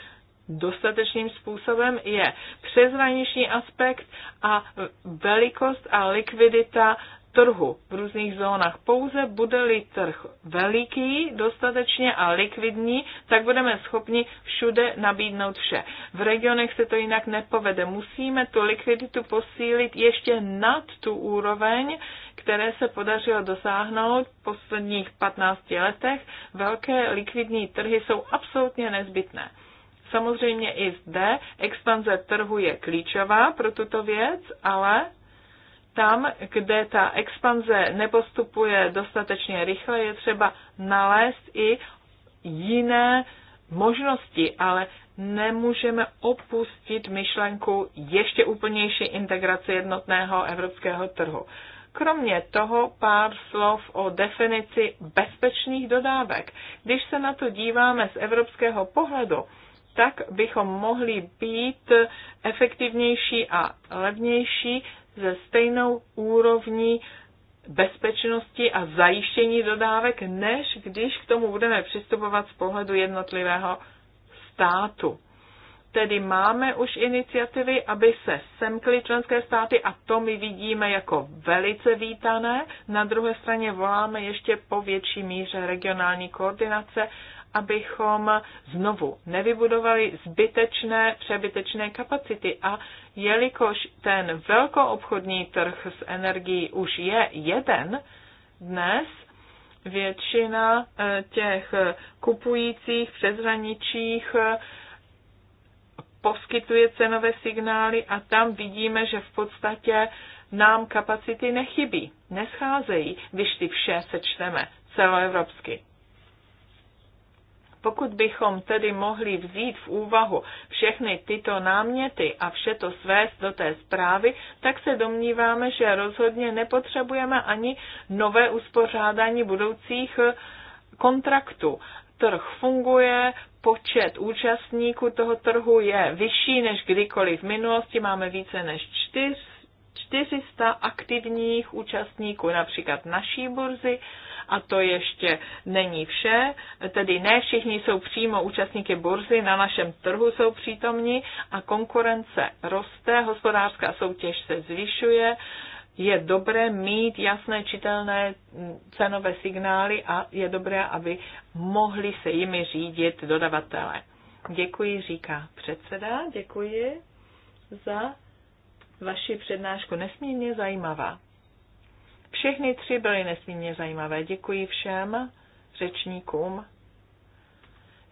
A: dostatečným způsobem, je přezraniční aspekt a velikost a likvidita trhu v různých zónách. Pouze bude-li trh veliký, dostatečně a likvidní, tak budeme schopni všude nabídnout vše. V regionech se to jinak nepovede. Musíme tu likviditu posílit ještě nad tu úroveň, které se podařilo dosáhnout v posledních 15 letech. Velké likvidní trhy jsou absolutně nezbytné. Samozřejmě i zde expanze trhu je klíčová pro tuto věc, ale tam, kde ta expanze nepostupuje dostatečně rychle, je třeba nalézt i jiné možnosti, ale nemůžeme opustit myšlenku ještě úplnější integrace jednotného evropského trhu. Kromě toho pár slov o definici bezpečných dodávek. Když se na to díváme z evropského pohledu, tak bychom mohli být efektivnější a levnější ze stejnou úrovní bezpečnosti a zajištění dodávek, než když k tomu budeme přistupovat z pohledu jednotlivého státu. Tedy máme už iniciativy, aby se semkly členské státy a to my vidíme jako velice vítané. Na druhé straně voláme ještě po větší míře regionální koordinace, abychom znovu nevybudovali zbytečné, přebytečné kapacity a jelikož ten velkoobchodní trh s energií už je jeden dnes, většina eh, těch kupujících přezraničích eh, poskytuje cenové signály a tam vidíme, že v podstatě nám kapacity nechybí, nescházejí, když ty vše sečteme celoevropsky. Pokud bychom tedy mohli vzít v úvahu všechny tyto náměty a vše to svést do té zprávy, tak se domníváme, že rozhodně nepotřebujeme ani nové uspořádání budoucích eh, kontraktů. Trh funguje, počet účastníků toho trhu je vyšší než kdykoliv v minulosti, máme více než 400 aktivních účastníků například naší burzy a to ještě není vše, tedy ne všichni jsou přímo účastníky burzy, na našem trhu jsou přítomní a konkurence roste, hospodářská soutěž se zvyšuje, je dobré mít jasné čitelné mm, cenové signály a je dobré, aby mohli se jimi řídit dodavatele. Děkuji, říká předseda, děkuji za vaši přednášku, nesmírně zajímavá. Všechny tři byly nesmírně zajímavé. Děkuji všem řečníkům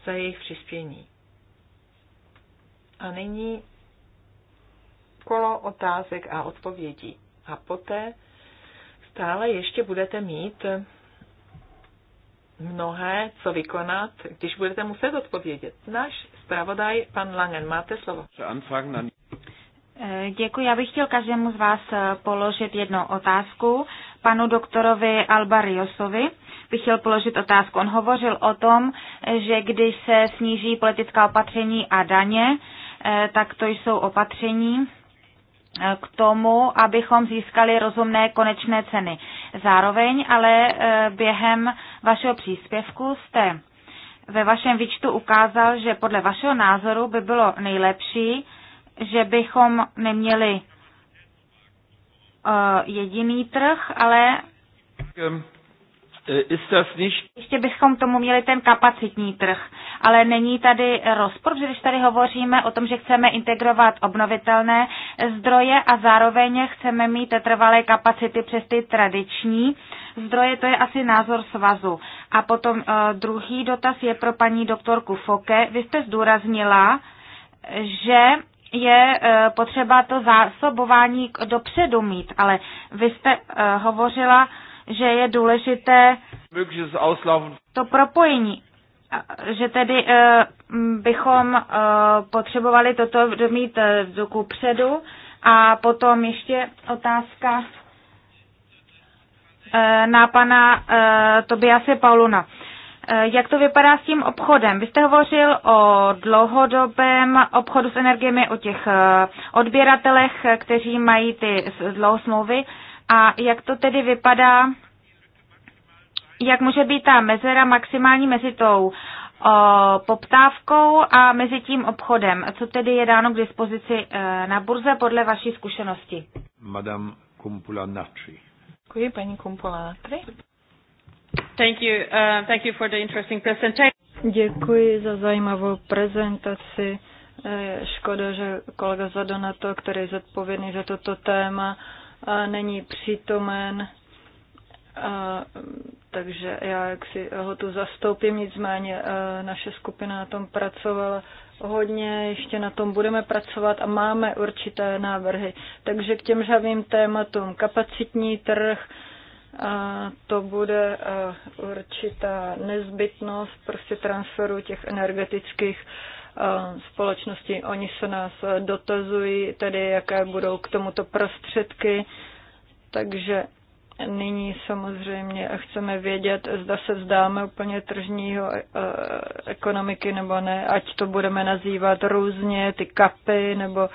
A: za jejich přispění. A nyní kolo otázek a odpovědí. A poté stále ještě budete mít mnohé, co vykonat, když budete muset odpovědět. Náš zpravodaj, pan Langen, máte slovo.
B: Děkuji, já bych chtěl každému z vás položit jednu otázku panu doktorovi Albariosovi bych chtěl položit otázku. On hovořil o tom, že když se sníží politická opatření a daně, eh, tak to jsou opatření eh, k tomu, abychom získali rozumné konečné ceny. Zároveň ale eh, během vašeho příspěvku jste ve vašem výčtu ukázal, že podle vašeho názoru by bylo nejlepší, že bychom neměli jediný trh, ale
A: ehm, e,
B: ještě bychom tomu měli ten kapacitní trh, ale není tady rozpor, že když tady hovoříme o tom, že chceme integrovat obnovitelné zdroje a zároveň chceme mít trvalé kapacity přes ty tradiční zdroje, to je asi názor svazu. A potom uh, druhý dotaz je pro paní doktorku Foke. Vy jste zdůraznila, že je eh, potřeba to zásobování dopředu mít, ale vy jste eh, hovořila, že je důležité to propojení, že tedy eh, bychom potřebovali toto mít ku předu a potom ještě otázka na pana Tobiase Pauluna. Eh, jak to vypadá s tím obchodem. Vy jste hovořil o dlouhodobém obchodu s energiemi, o těch eh, odběratelech, kteří mají ty dlouhosmlouvy. A jak to tedy vypadá, jak může být ta mezera maximální mezi tou eh, poptávkou a mezi tím obchodem? Co tedy je dáno k dispozici na burze podle vaší zkušenosti?
C: Madame Kumpula Natri.
B: Děkuji, paní Kumpula Natri.
C: Uh, Děkuji za zajímavou prezentaci. Eh, škoda, že kolega Zadonato, který je zodpovědný za toto téma, eh, není přítomen, eh, takže já jak si ho tu zastoupím, nicméně naše skupina na tom pracovala hodně, ještě na tom budeme pracovat a máme určité návrhy. Takže k těm žavým tématům kapacitní trh, to bude e, určitá nezbytnost prostě transferu těch energetických e, společností. Oni se nás dotazují, tedy jaké budou k tomuto prostředky, takže nyní samozřejmě chceme vědět, zda se vzdáme úplně tržního e, ekonomiky nebo ne, ať to budeme nazývat různě, ty kapy, nebo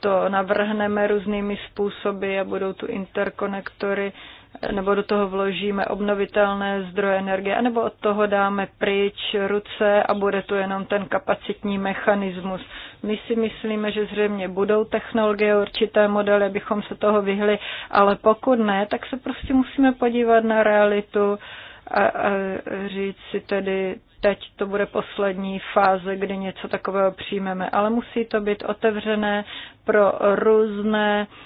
C: to navrhneme různými způsoby a budou tu interkonektory nebo do toho vložíme obnovitelné zdroje energie, nebo od toho dáme pryč ruce a bude to jenom ten kapacitní mechanismus. My si myslíme, že zřejmě budou technologie, určité modely, abychom se toho vyhli, ale pokud ne, tak se prostě musíme podívat na realitu a, a říct si tedy, teď to bude poslední fáze, kdy něco takového přijmeme, ale musí to být otevřené pro různé uh,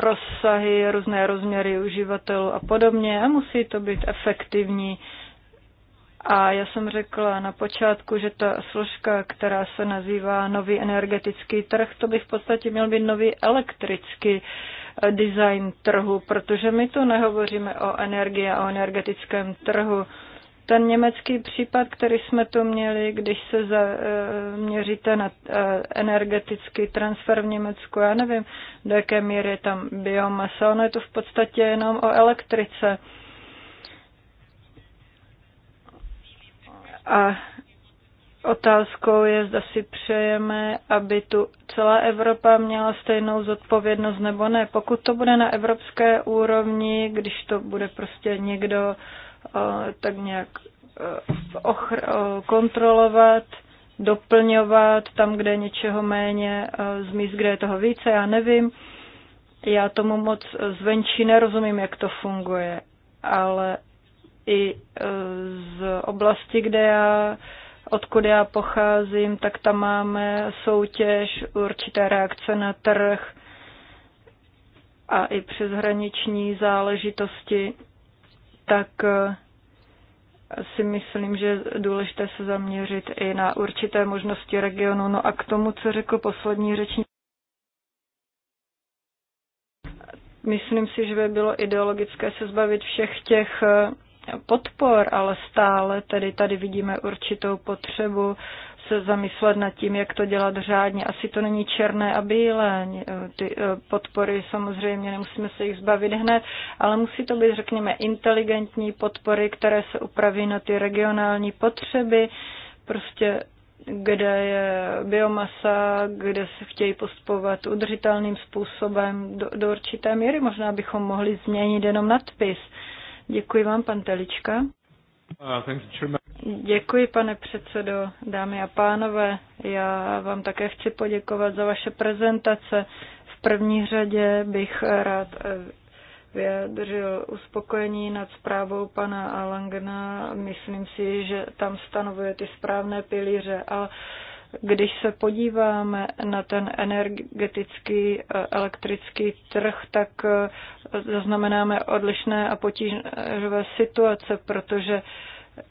C: rozsahy, různé rozměry uživatelů a podobně a musí to být efektivní. A já jsem řekla na počátku, že ta složka, která se nazývá nový energetický trh, to by v podstatě měl být nový elektrický eh, design trhu, protože my tu nehovoříme o energii a o energetickém trhu. Ten německý případ, který jsme tu měli, když se eh, měříte na eh, energetický transfer v Německu, já nevím, do jaké míry je tam biomasa, ono je to v podstatě jenom o elektrice. A Otázkou je, zda si přejeme, aby tu celá Evropa měla stejnou zodpovědnost nebo ne. Pokud to bude na evropské úrovni, když to bude prostě někdo Eh, tak nějak eh, ochr- eh, kontrolovat, doplňovat tam, kde je něčeho méně, z míst, kde je toho více, já nevím. Já tomu moc zvenčí nerozumím, jak to funguje, ale i z oblasti, kde já, odkud já pocházím, tak tam máme soutěž, určité reakce na trh a i přeshraniční záležitosti tak eh, si myslím, že je důležité se zaměřit i na určité možnosti regionu. No a k tomu, co řekl poslední řečník, myslím si, že by bylo ideologické se zbavit všech těch eh, podpor, ale stále tedy tady vidíme určitou potřebu se zamyslet nad tím, jak to dělat řádně. Asi to není černé a bílé. Eh, ty eh, podpory samozřejmě nemusíme se jich zbavit hned, ale musí to být, řekněme, inteligentní podpory, které se upraví na ty regionální potřeby, prostě kde je biomasa, kde se chtějí postupovat udržitelným způsobem do, do určité míry. Možná bychom mohli změnit jenom nadpis. Děkuji vám, pan Telička. Uh, Děkuji, pane předsedo, dámy a pánové. Já vám také chci poděkovat za vaše prezentace. V první řadě bych rád eh, vyjadřil uspokojení nad zprávou pana Alangna. Myslím si, že tam stanovuje ty správné pilíře. A když se podíváme na ten energetický eh, elektrický trh, tak eh, zaznamenáme odlišné a potížové situace, protože eh,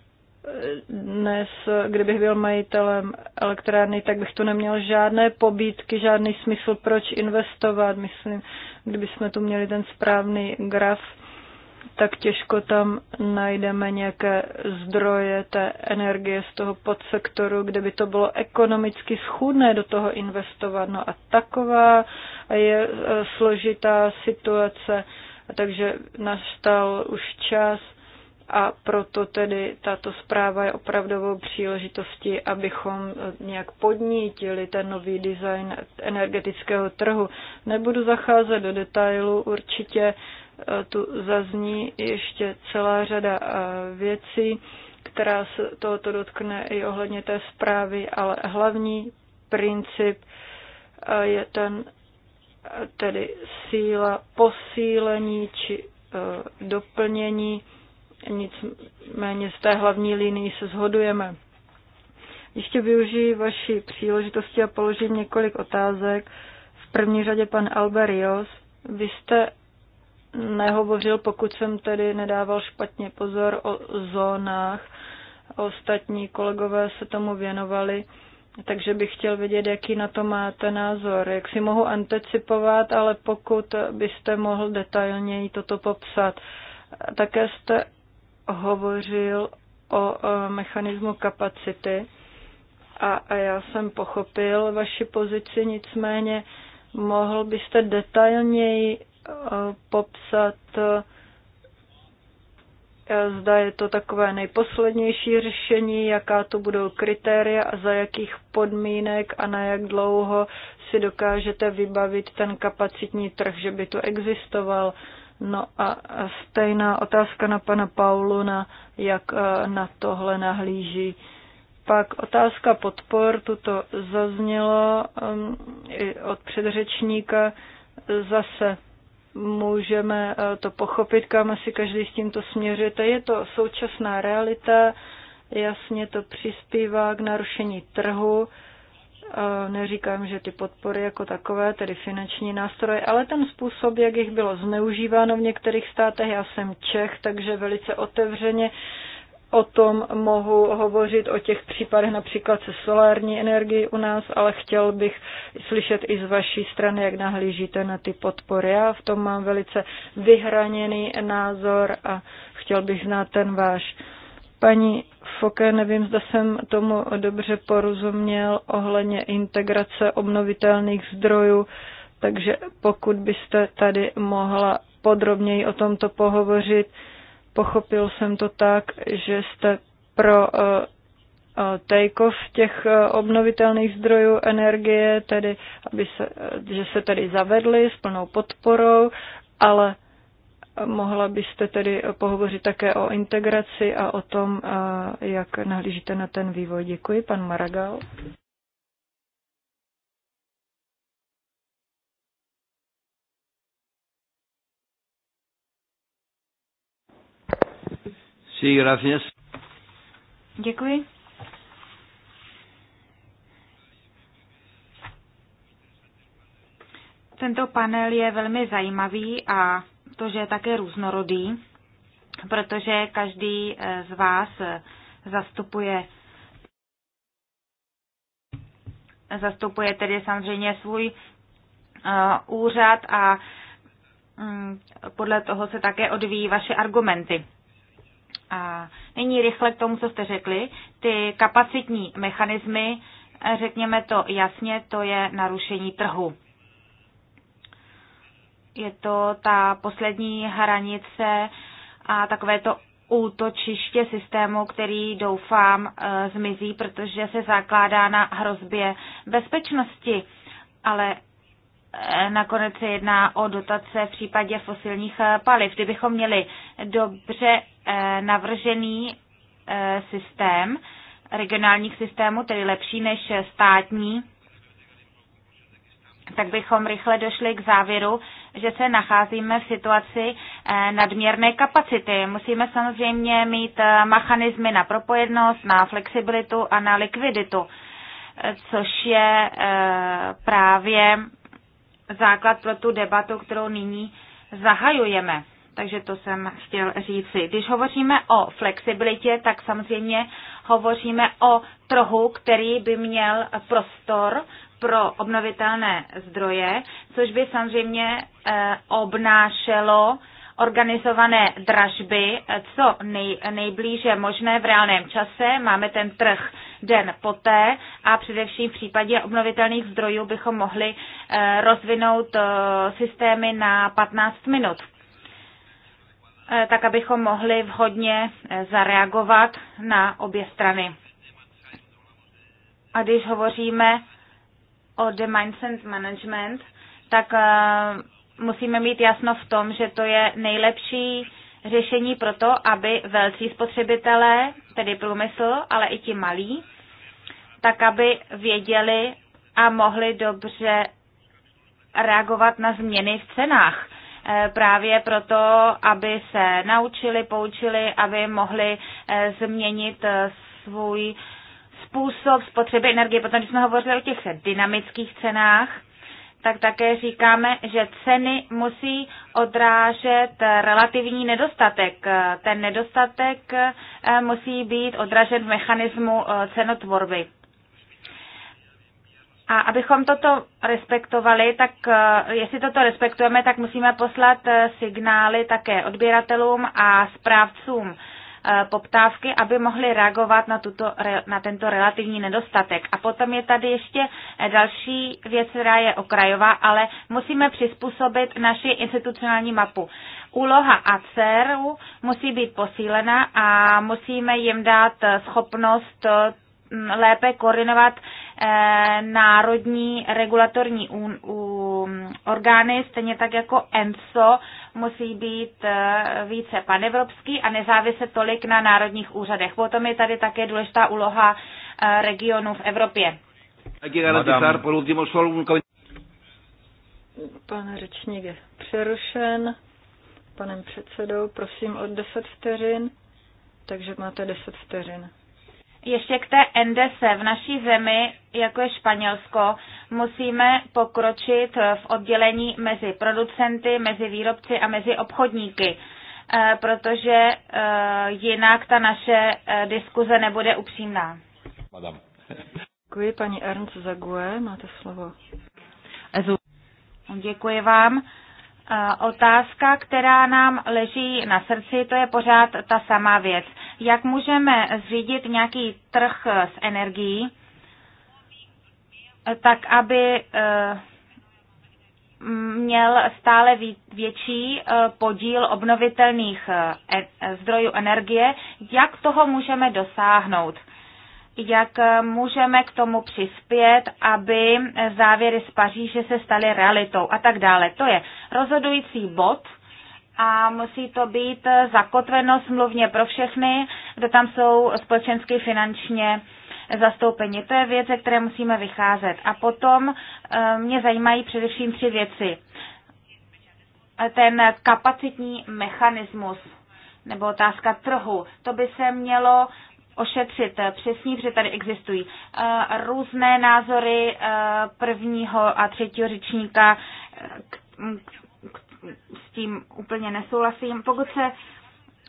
C: dnes, kdybych byl majitelem elektrárny, tak bych tu neměl žádné pobídky, žádný smysl, proč investovat. Myslím, kdybychom tu měli ten správný graf, tak těžko tam najdeme nějaké zdroje té energie z toho podsektoru, kde by to bylo ekonomicky schůdné do toho investovat. No a taková je e, složitá situace, takže nastal už čas a proto tedy tato zpráva je opravdovou příležitostí, abychom e, nějak podnítili ten nový design energetického trhu. Nebudu zacházet do detailu, určitě Eh, tu zazní ještě celá řada eh, věcí, která se tohoto dotkne i ohledně té zprávy, ale hlavní princip eh, je ten, tedy síla posílení či doplnění, nicméně z té hlavní linii se shodujeme. Ještě využiji vaší příležitosti a položím několik otázek. V první řadě pan Alberios, vy jste nehovořil, pokud jsem tedy nedával špatně pozor o zónách. Ostatní kolegové se tomu věnovali, takže bych chtěl vědět, jaký na to máte názor. Jak si mohu anticipovat, ale pokud byste mohl detailněji toto popsat. Také jste hovořil o e, mechanismu kapacity a, já jsem pochopil vaši pozici, nicméně mohl byste detailněji popsat, zda je to takové nejposlednější řešení, jaká to budou kritéria a za jakých podmínek a na jak dlouho si dokážete vybavit ten kapacitní trh, že by to existoval. No a stejná otázka na pana Paulu, na jak eh, na tohle nahlíží. Pak otázka podpor, tuto zaznělo um, od předřečníka zase můžeme eh, to pochopit, kam asi každý s tímto směřujete. Je to současná realita, jasně to přispívá k narušení trhu. Eh, neříkám, že ty podpory jako takové, tedy finanční nástroje, ale ten způsob, jak jich bylo zneužíváno v některých státech, já jsem Čech, takže velice otevřeně o tom mohu hovořit o těch případech například se solární energií u nás, ale chtěl bych slyšet i z vaší strany, jak nahlížíte na ty podpory. Já v tom mám velice vyhraněný názor a chtěl bych znát ten váš. Paní Foke, nevím, zda jsem tomu dobře porozuměl ohledně integrace obnovitelných zdrojů, takže pokud byste tady mohla podrobněji o tomto pohovořit, Pochopil jsem to tak, že jste pro eh, eh, take-off těch eh, obnovitelných zdrojů energie, tedy aby se, že se tedy zavedly s plnou podporou, ale mohla byste tedy pohovořit také o integraci a o tom, jak nahlížíte na ten vývoj. Děkuji, pan Maragal. Sí, gracias.
B: Děkuji. Tento panel je velmi zajímavý a to, že je také různorodý, protože každý eh, z vás eh, zastupuje zastupuje tedy samozřejmě svůj eh, úřad a mm, podle toho se také odvíjí vaše argumenty. A nyní rychle k tomu, co jste řekli. Ty kapacitní mechanismy, eh, řekněme to jasně, to je narušení trhu. Je to ta poslední hranice a takové to útočiště systému, který doufám eh, zmizí, protože se zakládá na hrozbě bezpečnosti. Ale nakonec se jedná o dotace v případě fosilních eh, paliv. Kdybychom měli dobře eh, navržený eh, systém regionálních systémů, tedy lepší než státní, tak bychom rychle došli k závěru, že se nacházíme v situaci nadměrné kapacity. Musíme samozřejmě mít mechanismy na propojenost, na flexibilitu a na likviditu, což je právě základ pro tu debatu, kterou nyní zahajujeme. Takže to jsem chtěl říci. Když hovoříme o flexibilitě, tak samozřejmě hovoříme o trhu, který by měl prostor pro obnovitelné zdroje, což by samozřejmě eh, obnášelo organizované dražby co nej, nejblíže možné v reálném čase. Máme ten trh den poté a především v případě obnovitelných zdrojů bychom mohli eh, rozvinout eh, systémy na 15 minut eh, tak abychom mohli vhodně zareagovat na obě strany. A když hovoříme o demand management, tak musíme mít jasno v tom, že to je nejlepší řešení pro to, aby velcí spotřebitelé, tedy průmysl, ale i ti malí, tak aby věděli a mohli dobře reagovat na změny v cenách. Eh, právě proto, aby se naučili, poučili, aby mohli eh, změnit eh, svůj způsob spotřeby energie. Potom, když jsme hovořili o těch dynamických cenách, tak také říkáme, že ceny musí odrážet relativní nedostatek. Ten nedostatek eh, musí být odražen v mechanismu eh, cenotvorby. A abychom toto respektovali, tak eh, jestli toto respektujeme, tak musíme poslat signály také odběratelům a správcům Eh, poptávky, aby mohly reagovat na, tuto, na tento relativní nedostatek. A potom je tady ještě eh, další věc, která je okrajová, ale musíme přizpůsobit naši institucionální mapu. Úloha ACERu musí být posílena a musíme jim dát eh, schopnost lépe koordinovat národní regulatorní orgány, stejně tak jako ENSO musí být eh, více panevropský a nezáviset tolik na národních úřadech. Potom je tady také důležitá úloha eh, regionů v Evropě.
C: Pan řečník je přerušen panem předsedou. Prosím o 10
B: vteřin, takže máte 10 vteřin. Ještě k té endese. V naší zemi, jako je Španělsko, musíme pokročit v oddělení mezi producenty, mezi výrobci a mezi obchodníky, eh, protože eh, jinak ta naše eh, diskuze nebude upřímná. Madam. Děkuji, paní Ernst Zague, máte slovo. Děkuji vám. Otázka, která nám leží na srdci, to je pořád ta samá věc jak můžeme zřídit nějaký trh s energií, tak aby eh, měl stále větší eh, podíl obnovitelných eh, e, zdrojů energie, jak toho můžeme dosáhnout jak můžeme k tomu přispět, aby závěry z Paříže se staly realitou a tak dále. To je rozhodující bod a musí to být zakotveno smluvně pro všechny, kdo tam jsou společensky finančně zastoupeni. To je věc, ze které musíme vycházet. A potom eh, mě zajímají především tři věci. Ten kapacitní mechanismus nebo otázka trhu, to by se mělo ošetřit přesně, protože tady existují eh, různé názory eh, prvního a třetího řečníka, s tím úplně nesouhlasím. Pokud se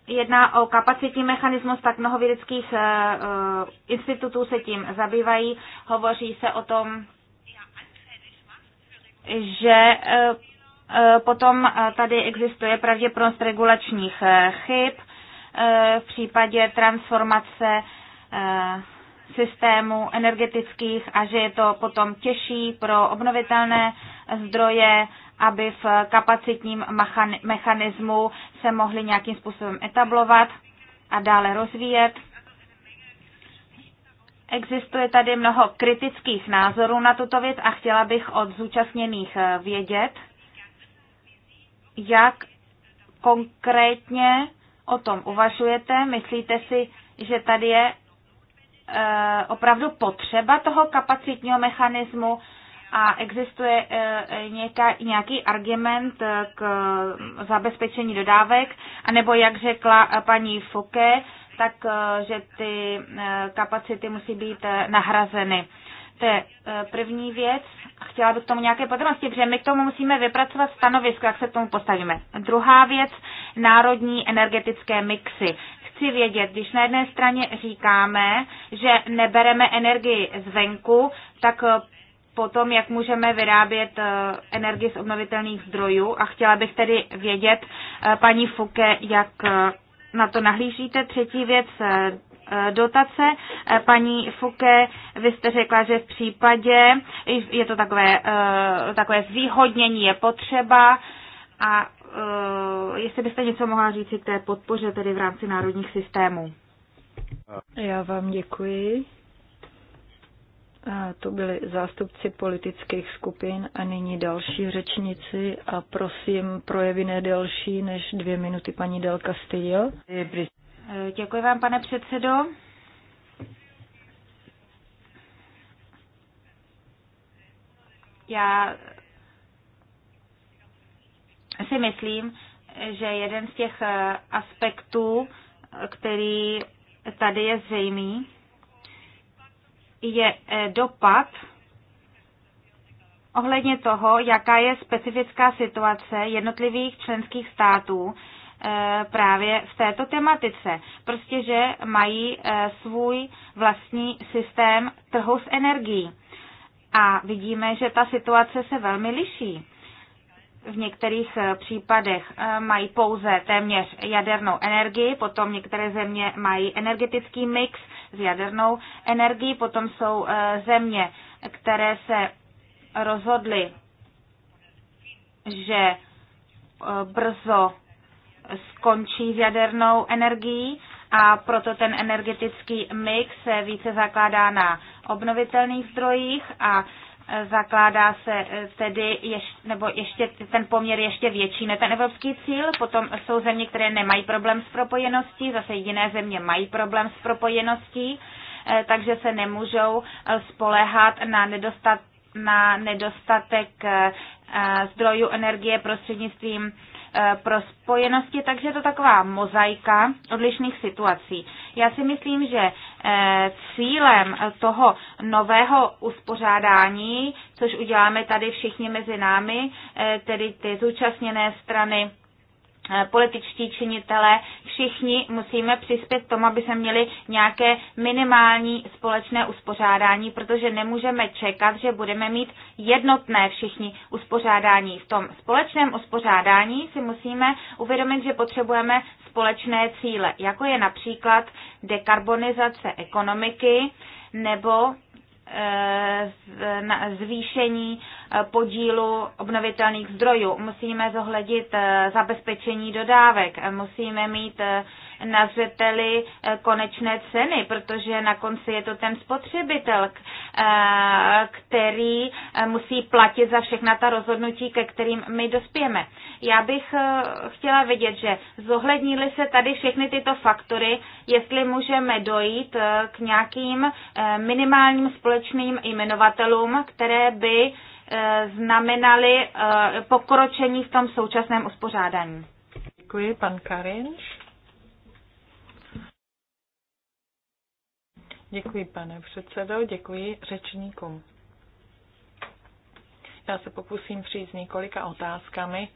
B: jedná o kapacitní mechanismus, tak mnoho vědeckých eh, eh, institutů se tím zabývají. Hovoří se o tom, že eh, potom tady existuje pravděpodobnost regulačních chyb v případě transformace systému energetických a že je to potom těžší pro obnovitelné zdroje aby v kapacitním mechanismu se mohly nějakým způsobem etablovat a dále rozvíjet. Existuje tady mnoho kritických názorů na tuto věc a chtěla bych od zúčastněných eh, vědět, jak konkrétně o tom uvažujete. Myslíte si, že tady je eh, opravdu potřeba toho kapacitního mechanismu a existuje e, e, nějaká, nějaký argument e, k zabezpečení dodávek, anebo jak řekla paní Foke, tak že ty kapacity musí být nahrazeny. To je první věc. Chtěla bych k tomu nějaké podrobnosti, protože my k tomu musíme vypracovat stanovisko, jak se k tomu postavíme. Druhá věc, národní energetické mixy chci vědět, když na jedné straně říkáme, že nebereme energii zvenku, tak po tom, jak můžeme vyrábět eh, energii z obnovitelných zdrojů. A chtěla bych tedy vědět, eh, paní Fuke, jak eh, na to nahlížíte. Třetí věc, dotace. Paní Fuke, vy jste řekla, že v případě, je to takové, takové zvýhodnění, je potřeba a jestli byste něco mohla říct k té podpoře tedy v rámci národních systémů. Já vám děkuji.
C: To byli zástupci politických skupin a nyní další řečnici a prosím projevy delší než dvě minuty paní Del Castillo.
B: Děkuji vám, pane předsedo. Já si myslím, že jeden z těch aspektů, který tady je zřejmý, je eh, dopad ohledně toho, jaká je specifická situace jednotlivých členských států eh, právě v této tematice. Prostě, že mají eh, svůj vlastní systém trhu s energií. A vidíme, že ta situace se velmi liší v některých eh, případech eh, mají pouze téměř jadernou energii, potom některé země mají energetický mix s jadernou energií, potom jsou eh, země, které se rozhodly, že brzo skončí s jadernou energií a proto ten energetický mix se více zakládá na obnovitelných zdrojích a zakládá se eh, tedy ješ, nebo ještě ten poměr ještě větší ne ten evropský cíl. Potom jsou země, které nemají problém s propojeností, zase jiné země mají problém s propojeností, eh, takže se nemůžou eh, spolehat na nedostat na nedostatek zdrojů energie prostřednictvím E, pro spojenosti, takže je to taková mozaika odlišných situací. Já si myslím, že e, cílem toho nového uspořádání, což uděláme tady všichni mezi námi, e, tedy ty zúčastněné strany, Eh, političtí činitelé, všichni musíme přispět tomu, aby se měli nějaké minimální společné uspořádání, protože nemůžeme čekat, že budeme mít jednotné všichni uspořádání. V tom společném uspořádání si musíme uvědomit, že potřebujeme společné cíle, jako je například dekarbonizace ekonomiky nebo na zvýšení eh, podílu obnovitelných zdrojů. Musíme zohlednit eh, zabezpečení dodávek, musíme mít eh, na zřeteli eh, konečné ceny, protože na konci je to ten spotřebitel, eh, který eh, musí platit za všechna ta rozhodnutí, ke kterým my dospějeme. Já bych chtěla vidět, že zohlednili se tady všechny tyto faktory, jestli můžeme dojít k nějakým minimálním společným jmenovatelům, které by znamenaly pokročení v tom současném uspořádání. Děkuji, pan Karinš.
A: Děkuji, pane předsedo, děkuji řečníkům. Já se pokusím přijít s několika otázkami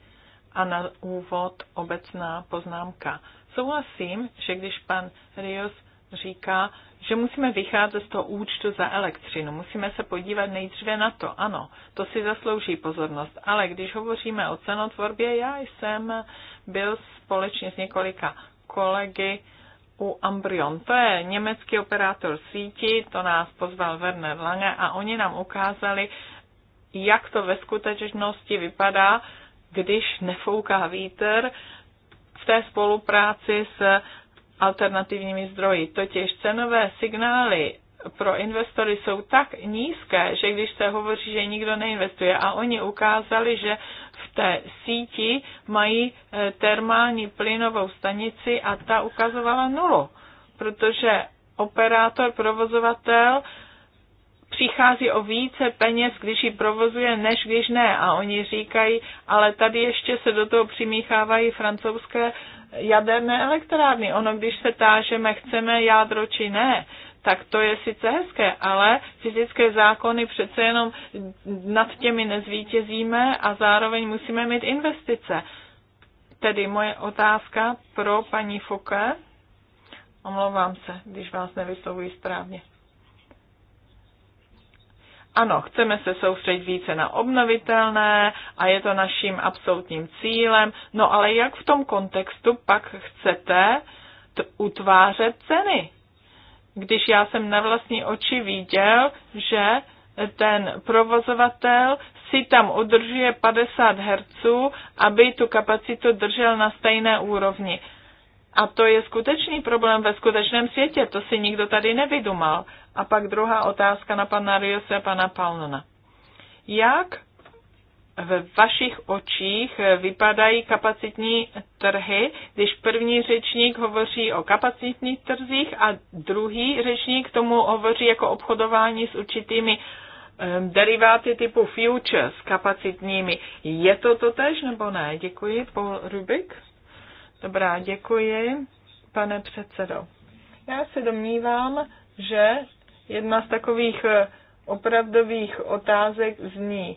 A: a na úvod obecná poznámka. Souhlasím, že když pan Rios říká, že musíme vycházet z toho účtu za elektřinu. Musíme se podívat nejdříve na to. Ano, to si zaslouží pozornost. Ale když hovoříme o cenotvorbě, já jsem byl společně s několika kolegy u Ambrion. To je německý operátor síti, to nás pozval Werner Lange a oni nám ukázali, jak to ve skutečnosti vypadá, když nefouká vítr v té spolupráci s alternativními zdroji. Totiž cenové signály pro investory jsou tak nízké, že když se hovoří, že nikdo neinvestuje a oni ukázali, že té síti mají eh, termální plynovou stanici a ta ukazovala nulu, protože operátor, provozovatel přichází o více peněz, když ji provozuje, než když ne. A oni říkají, ale tady ještě se do toho přimíchávají francouzské jaderné elektrárny. Ono, když se tážeme, chceme jádro či ne, tak to je sice hezké, ale fyzické zákony přece jenom nad těmi nezvítězíme a zároveň musíme mít investice. Tedy moje otázka pro paní Foke. Omlouvám se, když vás nevyslovuji správně. Ano, chceme se soustředit více na obnovitelné a je to naším absolutním cílem. No ale jak v tom kontextu pak chcete utvářet ceny? když já jsem na vlastní oči viděl, že ten provozovatel si tam udržuje 50 Hz, aby tu kapacitu držel na stejné úrovni. A to je skutečný problém ve skutečném světě, to si nikdo tady nevydumal. A pak druhá otázka na pana Riose a pana Palnona. Jak v vašich očích vypadají kapacitní trhy, když první řečník hovoří o kapacitních trzích a druhý řečník tomu hovoří jako obchodování s určitými deriváty typu futures kapacitními. Je to to tež nebo ne? Děkuji, Paul Rubik. Dobrá, děkuji, pane předsedo. Já se domnívám, že jedna z takových eh, opravdových otázek zní,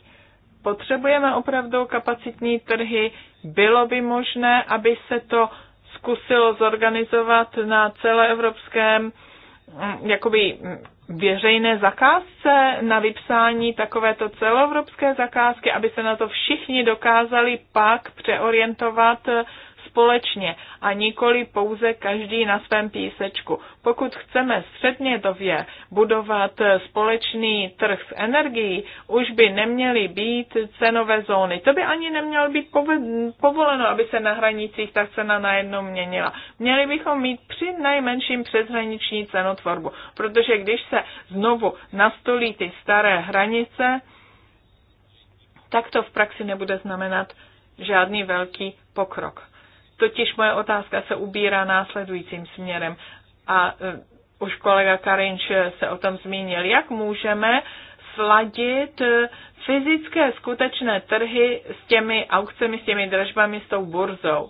A: potřebujeme opravdu kapacitní trhy, bylo by možné, aby se to zkusilo zorganizovat na celoevropském mm, jakoby mm, věřejné zakázce na vypsání takovéto celoevropské zakázky, aby se na to všichni dokázali pak přeorientovat společně a nikoli pouze každý na svém písečku. Pokud chceme střednědově budovat společný trh s energií, už by neměly být cenové zóny. To by ani nemělo být povoleno, aby se na hranicích ta cena najednou měnila. Měli bychom mít při nejmenším přeshraniční cenotvorbu, protože když se znovu nastolí ty staré hranice, tak to v praxi nebude znamenat žádný velký pokrok. Totiž moje otázka se ubírá následujícím směrem a uh, už kolega Karinč se o tom zmínil. Jak můžeme sladit e, fyzické skutečné trhy s těmi aukcemi, s těmi dražbami, s tou burzou?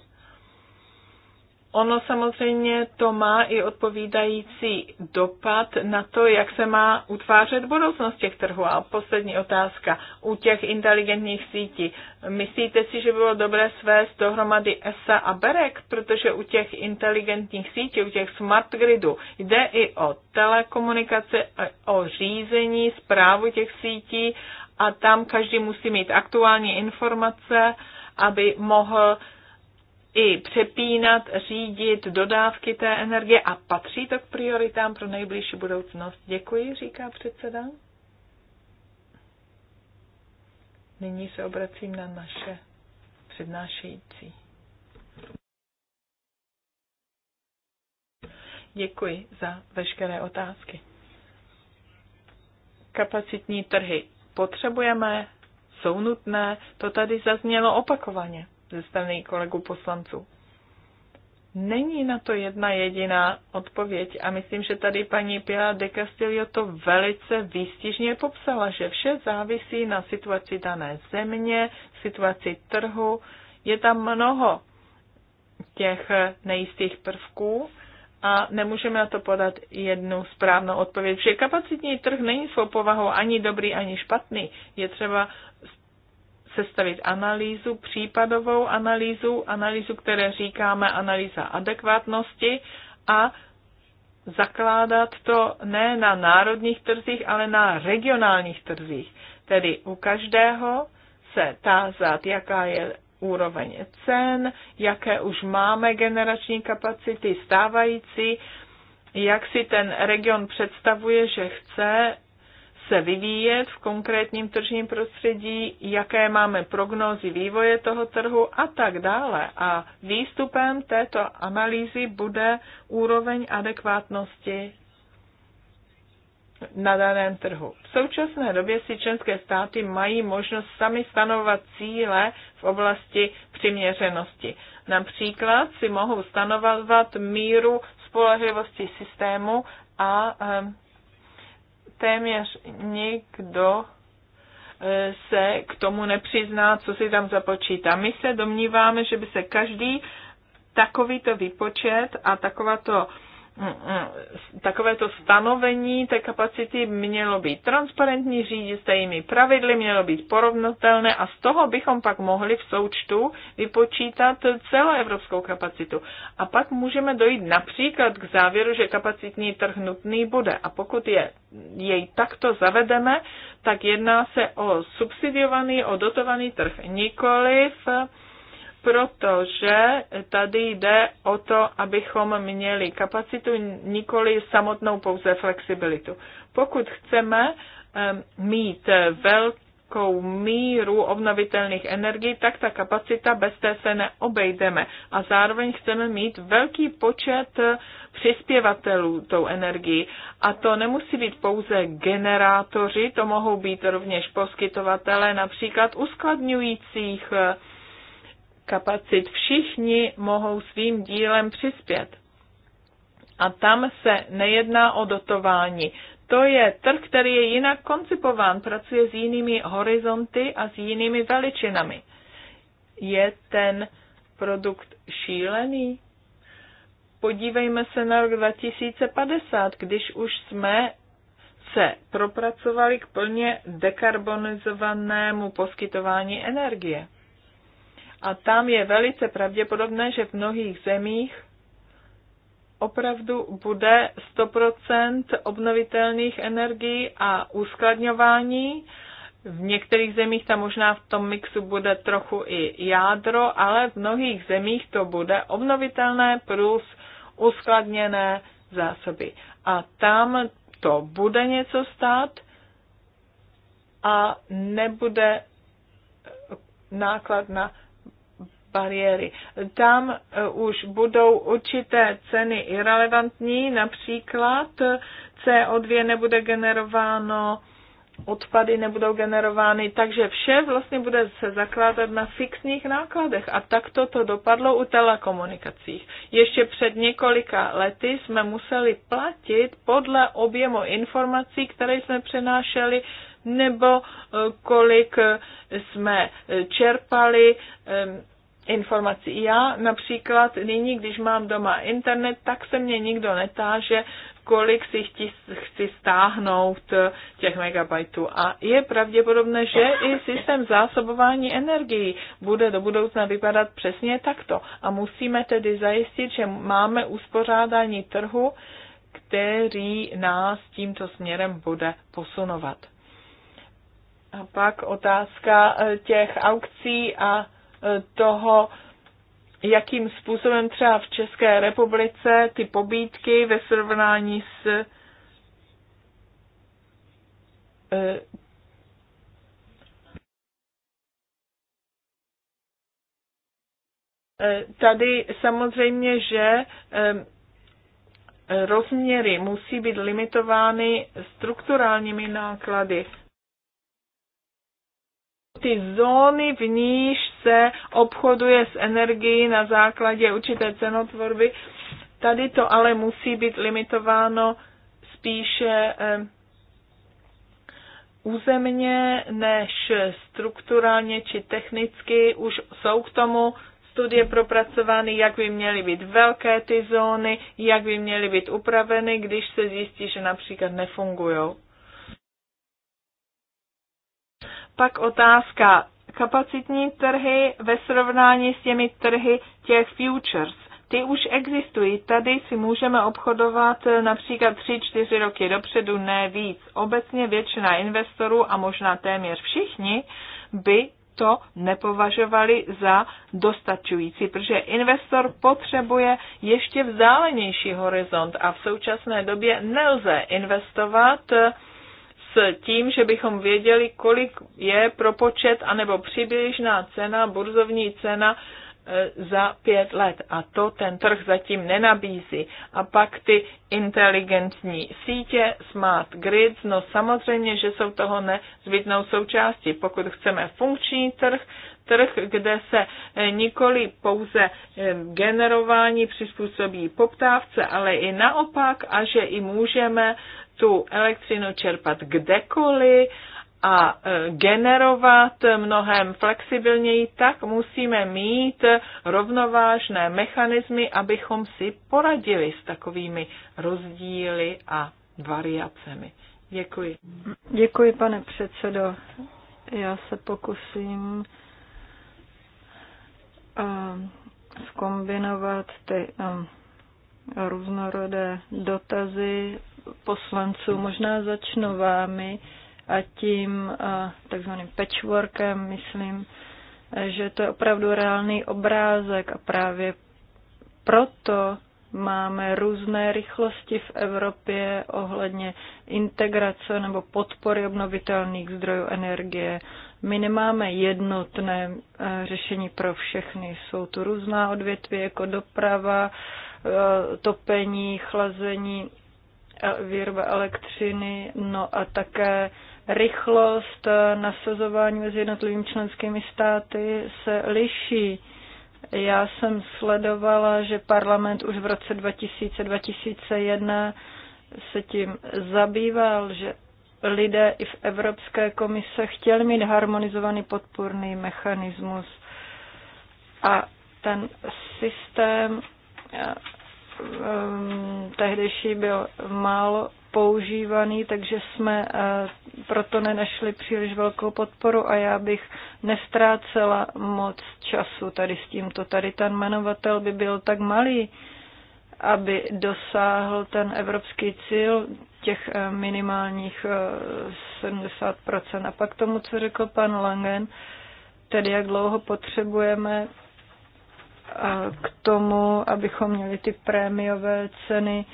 A: Ono samozřejmě to má i odpovídající dopad na to, jak se má utvářet budoucnost těch trhů. A poslední otázka u těch inteligentních sítí. Myslíte si, že bylo dobré svést dohromady ESA a BEREK, protože u těch inteligentních sítí, u těch smart gridů jde i o telekomunikace, o řízení, zprávu těch sítí a tam každý musí mít aktuální informace, aby mohl uh, i přepínat, řídit dodávky té energie a patří to k prioritám pro nejbližší budoucnost. Děkuji, říká předseda. Nyní se obracím na naše přednášející. Děkuji za veškeré otázky. Kapacitní trhy potřebujeme, jsou nutné, to tady zaznělo opakovaně ze strany kolegu poslanců. Není na to jedna jediná odpověď a myslím, že tady paní Pila de Castillo to velice výstižně popsala, že vše závisí na situaci dané země, situaci trhu. Je tam mnoho těch nejistých prvků a nemůžeme na to podat jednu správnou odpověď, že kapacitní trh není svou povahou ani dobrý, ani špatný. Je třeba sestavit analýzu, případovou analýzu, analýzu, které říkáme analýza adekvátnosti a zakládat to ne na národních trzích, ale na regionálních trzích. Tedy u každého se tázat, jaká je úroveň cen, jaké už máme generační kapacity stávající, jak si ten region představuje, že chce se vyvíjet v konkrétním tržním prostředí, jaké máme prognózy vývoje toho trhu a tak dále. A výstupem této analýzy bude úroveň adekvátnosti na daném trhu. V současné době si členské státy mají možnost sami stanovat cíle v oblasti přiměřenosti. Například si mohou stanovat míru spolehlivosti systému a eh, téměř nikdo e, se k tomu nepřizná, co si tam započítá. My se domníváme, že by se každý takovýto výpočet a takováto takovéto stanovení té kapacity mělo být transparentní, řídit stejnými pravidly, mělo být porovnatelné a z toho bychom pak mohli v součtu vypočítat celoevropskou kapacitu. A pak můžeme dojít například k závěru, že kapacitní trh nutný bude. A pokud je, jej takto zavedeme, tak jedná se o subsidiovaný, o dotovaný trh, nikoliv protože tady jde o to, abychom měli kapacitu, nikoli samotnou pouze flexibilitu. Pokud chceme mít velkou míru obnovitelných energií, tak ta kapacita bez té se neobejdeme. A zároveň chceme mít velký počet eh, přispěvatelů tou energii. A to nemusí být pouze generátoři, to mohou být rovněž poskytovatele například uskladňujících eh, kapacit. Všichni mohou svým dílem přispět. A tam se nejedná o dotování. To je trh, který je jinak koncipován, pracuje s jinými horizonty a s jinými veličinami. Je ten produkt šílený? Podívejme se na rok 2050, když už jsme se propracovali k plně dekarbonizovanému poskytování energie. A tam je velice pravděpodobné, že v mnohých zemích opravdu bude 100% obnovitelných energií a uskladňování. V některých zemích tam možná v tom mixu bude trochu i jádro, ale v mnohých zemích to bude obnovitelné plus uskladněné zásoby. A tam to bude něco stát a nebude náklad na bariéry. Tam eh, už budou určité ceny irrelevantní, například eh, CO2 nebude generováno, odpady nebudou generovány, takže vše vlastně bude se zakládat na fixních nákladech a takto to dopadlo u telekomunikacích. Ještě před několika lety jsme museli platit podle objemu informací, které jsme přenášeli nebo eh, kolik jsme čerpali informací. Já například nyní, když mám doma internet, tak se mě nikdo netáže, kolik si chci, chci stáhnout těch megabajtů. A je pravděpodobné, že i systém zásobování energií bude do budoucna vypadat přesně takto. A musíme tedy zajistit, že máme uspořádání trhu, který nás tímto směrem bude posunovat. A pak otázka eh, těch aukcí a toho, jakým způsobem třeba v České republice ty pobídky ve srovnání s eh, Tady samozřejmě, že eh, rozměry musí být limitovány strukturálními náklady ty zóny, v níž se obchoduje s energií na základě určité cenotvorby. Tady to ale musí být limitováno spíše eh, územně než strukturálně či technicky. Už jsou k tomu studie propracovány, jak by měly být velké ty zóny, jak by měly být upraveny, když se zjistí, že například nefungují. Pak otázka kapacitní trhy ve srovnání s těmi trhy těch futures. Ty už existují. Tady si můžeme obchodovat například 3-4 roky dopředu, ne víc. Obecně většina investorů a možná téměř všichni by to nepovažovali za dostačující, protože investor potřebuje ještě vzdálenější horizont a v současné době nelze investovat s tím, že bychom věděli, kolik je propočet anebo přibližná cena, burzovní cena e, za pět let. A to ten trh zatím nenabízí. A pak ty inteligentní sítě, smart grids, no samozřejmě, že jsou toho nezbytnou součástí. Pokud chceme funkční trh, trh, kde se e, nikoli pouze e, generování přizpůsobí poptávce, ale i naopak a že i můžeme tu elektřinu čerpat kdekoliv a e, generovat mnohem flexibilněji, tak musíme mít rovnovážné mechanismy, abychom si poradili s takovými rozdíly a variacemi. Děkuji.
C: Děkuji, pane předsedo. Já se pokusím skombinovat e, ty e, různorodé dotazy poslanců. Možná začnu vámi a tím takzvaným patchworkem, myslím, že to je opravdu reálný obrázek a právě proto máme různé rychlosti v Evropě ohledně integrace nebo podpory obnovitelných zdrojů energie. My nemáme jednotné e, řešení pro všechny. Jsou tu různá odvětví jako doprava, e, topení, chlazení výroba elektřiny, no a také rychlost nasazování mezi jednotlivými členskými státy se liší. Já jsem sledovala, že parlament už v roce 2000-2001 se tím zabýval, že lidé i v Evropské komise chtěli mít harmonizovaný podporný mechanismus. A ten systém Ehm, tehdejší byl málo používaný, takže jsme eh, proto nenašli příliš velkou podporu a já bych nestrácela moc času tady s tímto. Tady ten jmenovatel by byl tak malý, aby dosáhl ten evropský cíl těch eh, minimálních 70%. Eh, a pak tomu, co řekl pan Langen, tedy jak dlouho potřebujeme k tomu, abychom měli ty prémiové ceny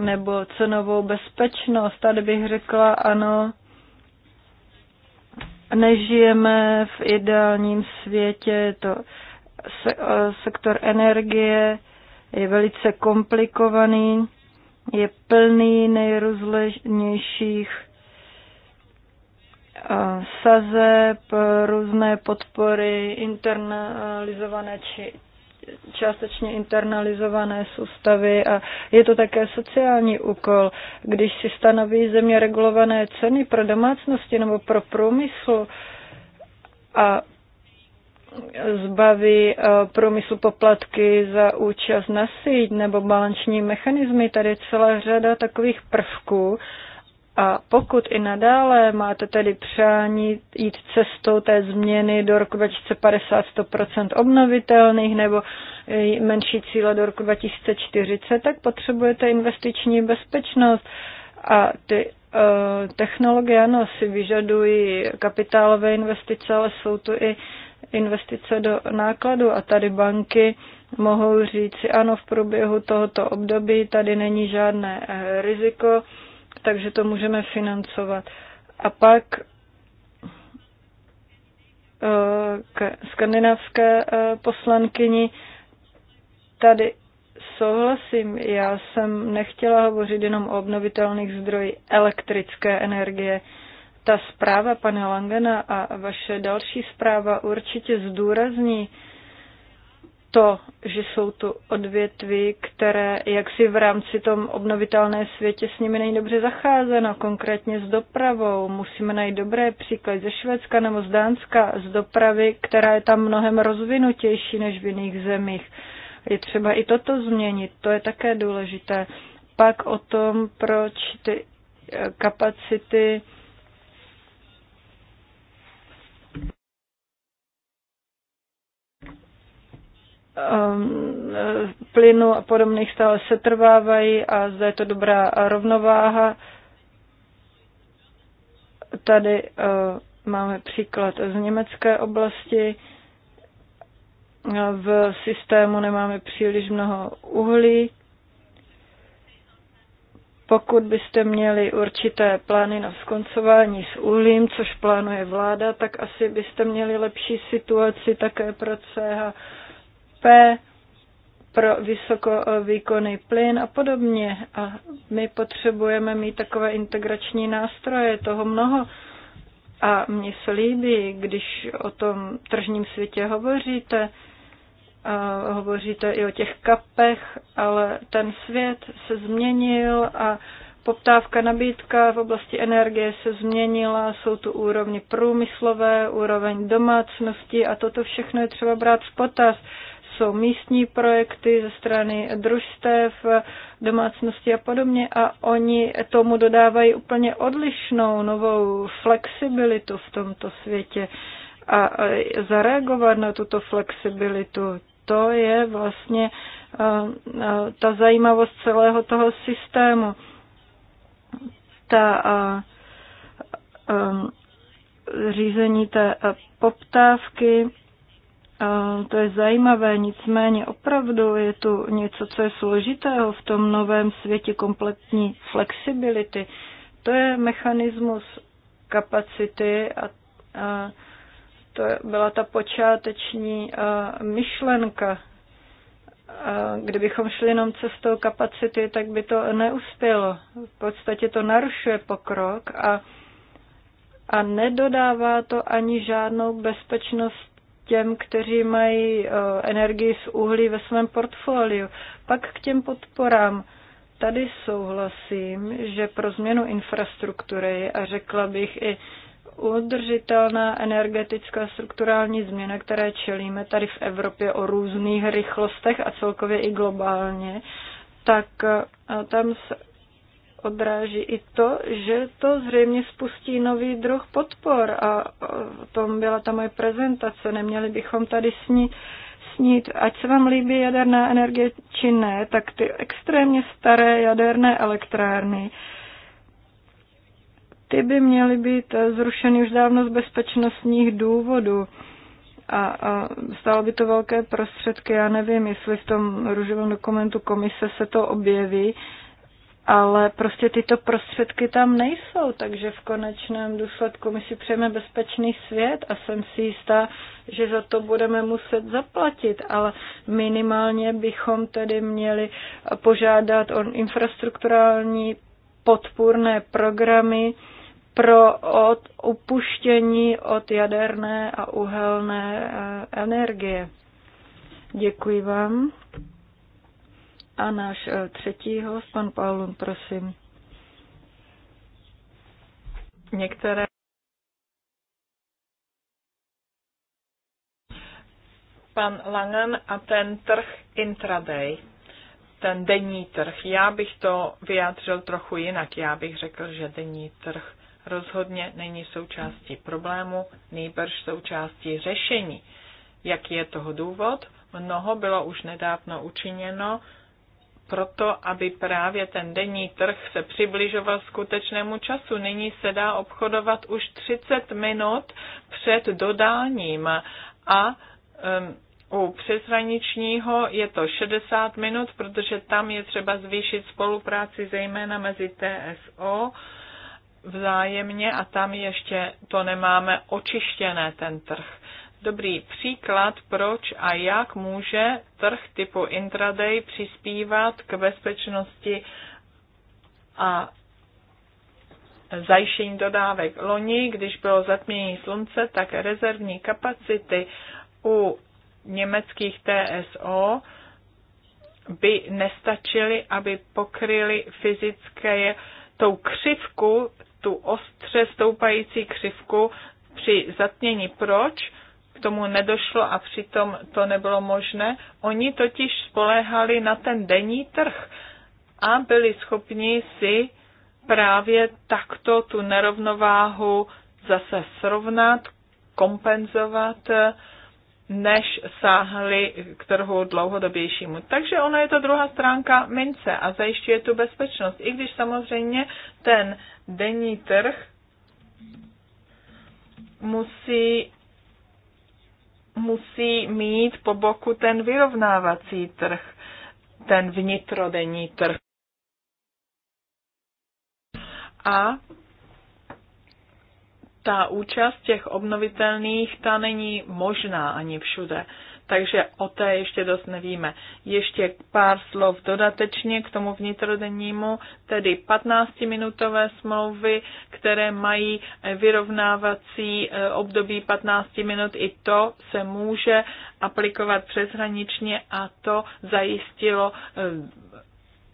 C: nebo cenovou bezpečnost. Tady bych řekla ano, nežijeme v ideálním světě, je to se, sektor energie je velice komplikovaný, je plný nejrůznějších sazeb, různé podpory, internalizované či částečně internalizované soustavy a je to také sociální úkol. Když si stanoví země regulované ceny pro domácnosti nebo pro průmysl a zbaví eh, průmysl poplatky za účast na síť nebo balanční mechanismy, tady je celá řada takových prvků, a pokud i nadále máte tedy přání jít cestou té změny do roku 2050 100% obnovitelných nebo menší cíle do roku 2040, tak potřebujete investiční bezpečnost. A ty uh, technologie, ano, si vyžadují kapitálové investice, ale jsou tu i investice do nákladu a tady banky mohou říct si, ano, v průběhu tohoto období tady není žádné e, riziko, takže to můžeme financovat. A pak eh, k skandinávské eh, poslankyni tady souhlasím, já jsem nechtěla hovořit jenom o obnovitelných zdroji elektrické energie. Ta zpráva pana Langena a vaše další zpráva určitě zdůrazní, to, že jsou tu odvětví, které jaksi v rámci tom obnovitelné světě s nimi nejdobře zacházeno, konkrétně s dopravou. Musíme najít dobré příklad ze Švédska nebo z Dánska, z dopravy, která je tam mnohem rozvinutější než v jiných zemích. Je třeba i toto změnit, to je také důležité. Pak o tom, proč ty eh, kapacity Um, plynu a podobných stále setrvávají a zde je to dobrá rovnováha. Tady uh, máme příklad z německé oblasti. V systému nemáme příliš mnoho uhlí. Pokud byste měli určité plány na skoncování s uhlím, což plánuje vláda, tak asi byste měli lepší situaci také pro CH HP, pro vysokovýkonný plyn a podobně. A my potřebujeme mít takové integrační nástroje, toho mnoho. A mně se líbí, když o tom tržním světě hovoříte, a hovoříte i o těch kapech, ale ten svět se změnil a poptávka, nabídka v oblasti energie se změnila, jsou tu úrovně průmyslové, úroveň domácnosti a toto všechno je třeba brát v potaz jsou místní projekty ze strany družstev, domácnosti a podobně a oni tomu dodávají úplně odlišnou novou flexibilitu v tomto světě a zareagovat na tuto flexibilitu, to je vlastně ta zajímavost celého toho systému. Ta řízení té poptávky to je zajímavé, nicméně opravdu je tu něco, co je složitého v tom novém světě kompletní flexibility. To je mechanismus kapacity a, a to byla ta počáteční myšlenka. Kdybychom šli jenom cestou kapacity, tak by to neuspělo. V podstatě to narušuje pokrok a, a nedodává to ani žádnou bezpečnost těm, kteří mají eh, energii z uhlí ve svém portfoliu. Pak k těm podporám. Tady souhlasím, že pro změnu infrastruktury a řekla bych i udržitelná energetická strukturální změna, které čelíme tady v Evropě o různých rychlostech a celkově i globálně, tak eh, tam se odráží i to, že to zřejmě spustí nový druh podpor a o tom byla ta moje prezentace. Neměli bychom tady sní, snít, ať se vám líbí jaderná energie či ne, tak ty extrémně staré jaderné elektrárny, ty by měly být zrušeny už dávno z bezpečnostních důvodů. A, a stálo by to velké prostředky, já nevím, jestli v tom růžovém dokumentu komise se to objeví, ale prostě tyto prostředky tam nejsou, takže v konečném důsledku my si přejeme bezpečný svět a jsem si jistá, že za to budeme muset zaplatit, ale minimálně bychom tedy měli požádat o infrastrukturální podpůrné programy pro od upuštění od jaderné a uhelné eh, energie. Děkuji vám. A náš eh, třetí host, pan Paulun, prosím. Některé
A: pan Langen a ten trh intraday, ten denní trh. Já bych to vyjádřil trochu jinak. Já bych řekl, že denní trh rozhodně není součástí problému, nejbrž součástí řešení. Jak je toho důvod? Mnoho bylo už nedávno učiněno, proto, aby právě ten denní trh se přibližoval skutečnému času. Nyní se dá obchodovat už 30 minut před dodáním a um, u přeshraničního je to 60 minut, protože tam je třeba zvýšit spolupráci zejména mezi TSO vzájemně a tam ještě to nemáme očištěné ten trh dobrý příklad, proč a jak může trh typu intraday přispívat k bezpečnosti a zajištění dodávek. Loni, když bylo zatmění slunce, tak rezervní kapacity u německých TSO by nestačily, aby pokryly fyzické tou křivku, tu ostře stoupající křivku při zatmění. Proč? k tomu nedošlo a přitom to nebylo možné. Oni totiž spoléhali na ten denní trh a byli schopni si právě takto tu nerovnováhu zase srovnat, kompenzovat, než sáhli k trhu dlouhodobějšímu. Takže ona je to druhá stránka mince a zajišťuje tu bezpečnost. I když samozřejmě ten denní trh musí musí mít po boku ten vyrovnávací trh, ten vnitrodenní trh. A ta účast těch obnovitelných, ta není možná ani všude takže o té ještě dost nevíme. Ještě pár slov dodatečně k tomu vnitrodennímu, tedy 15-minutové smlouvy, které mají vyrovnávací eh, období 15 minut, i to se může aplikovat přeshraničně a to zajistilo eh,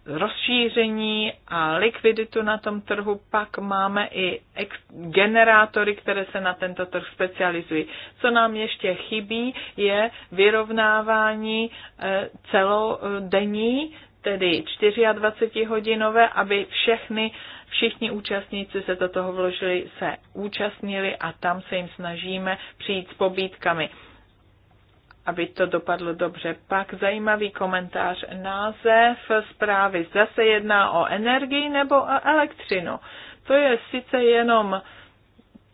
A: rozšíření a likviditu na tom trhu, pak máme i generátory, které se na tento trh specializují. Co nám ještě chybí, je vyrovnávání e, celodenní, tedy 24-hodinové, aby všechny, všichni účastníci se do toho vložili, se účastnili a tam se jim snažíme přijít s pobídkami aby to dopadlo dobře. Pak zajímavý komentář. Název zprávy. Zase jedná o energii nebo o elektřinu. To je sice jenom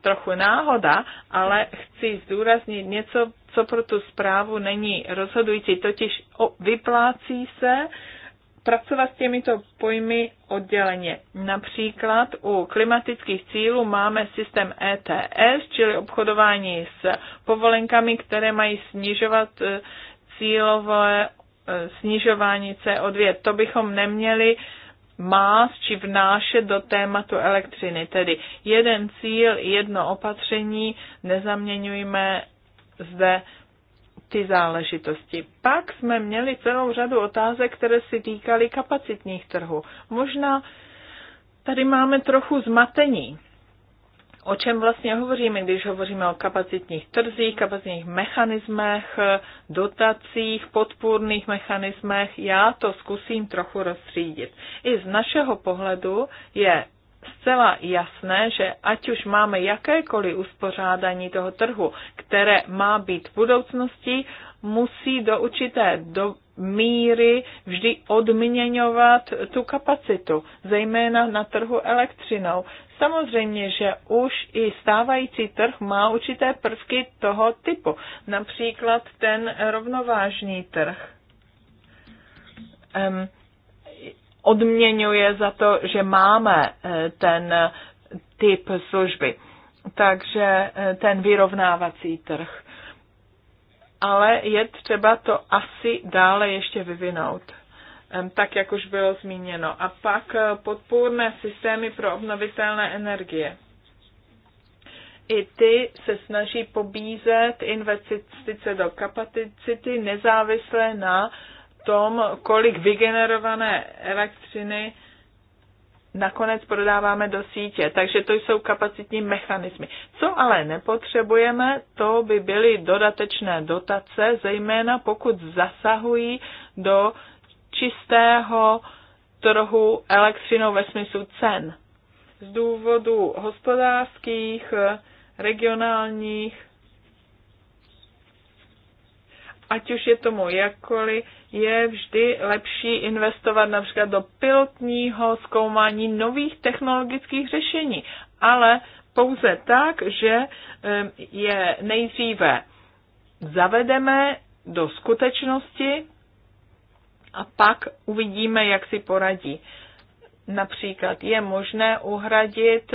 A: trochu náhoda, ale chci zdůraznit něco, co pro tu zprávu není rozhodující, totiž vyplácí se pracovat s těmito pojmy odděleně. Například u klimatických cílů máme systém ETS, čili obchodování s povolenkami, které mají snižovat e, cílové e, snižování CO2. To bychom neměli má či vnášet do tématu elektřiny. Tedy jeden cíl, jedno opatření, nezaměňujme zde ty záležitosti. Pak jsme měli celou řadu otázek, které se týkaly kapacitních trhů. Možná tady máme trochu zmatení. O čem vlastně hovoříme, když hovoříme o kapacitních trzích, kapacitních mechanismech, dotacích, podpůrných mechanismech? Já to zkusím trochu rozstřídit. I z našeho pohledu je zcela jasné, že ať už máme jakékoliv uspořádání toho trhu, které má být v budoucnosti, musí do určité do míry vždy odměňovat tu kapacitu, zejména na trhu elektřinou. Samozřejmě, že už i stávající trh má určité prvky toho typu, například ten rovnovážný trh. Um, odměňuje za to, že máme eh, ten eh, typ služby. Takže eh, ten vyrovnávací trh. Ale je třeba to asi dále ještě vyvinout tak jak už bylo zmíněno. A pak podpůrné systémy pro obnovitelné energie. I ty se snaží pobízet investice do kapacity nezávisle na tom, kolik vygenerované elektřiny nakonec prodáváme do sítě. Takže to jsou kapacitní mechanismy. Co ale nepotřebujeme, to by byly dodatečné dotace, zejména pokud zasahují do čistého trhu elektřinou ve smyslu cen. Z důvodu hospodářských, regionálních ať už je tomu jakkoliv, je vždy lepší investovat například do pilotního zkoumání nových technologických řešení, ale pouze tak, že je nejdříve zavedeme do skutečnosti a pak uvidíme, jak si poradí. Například je možné uhradit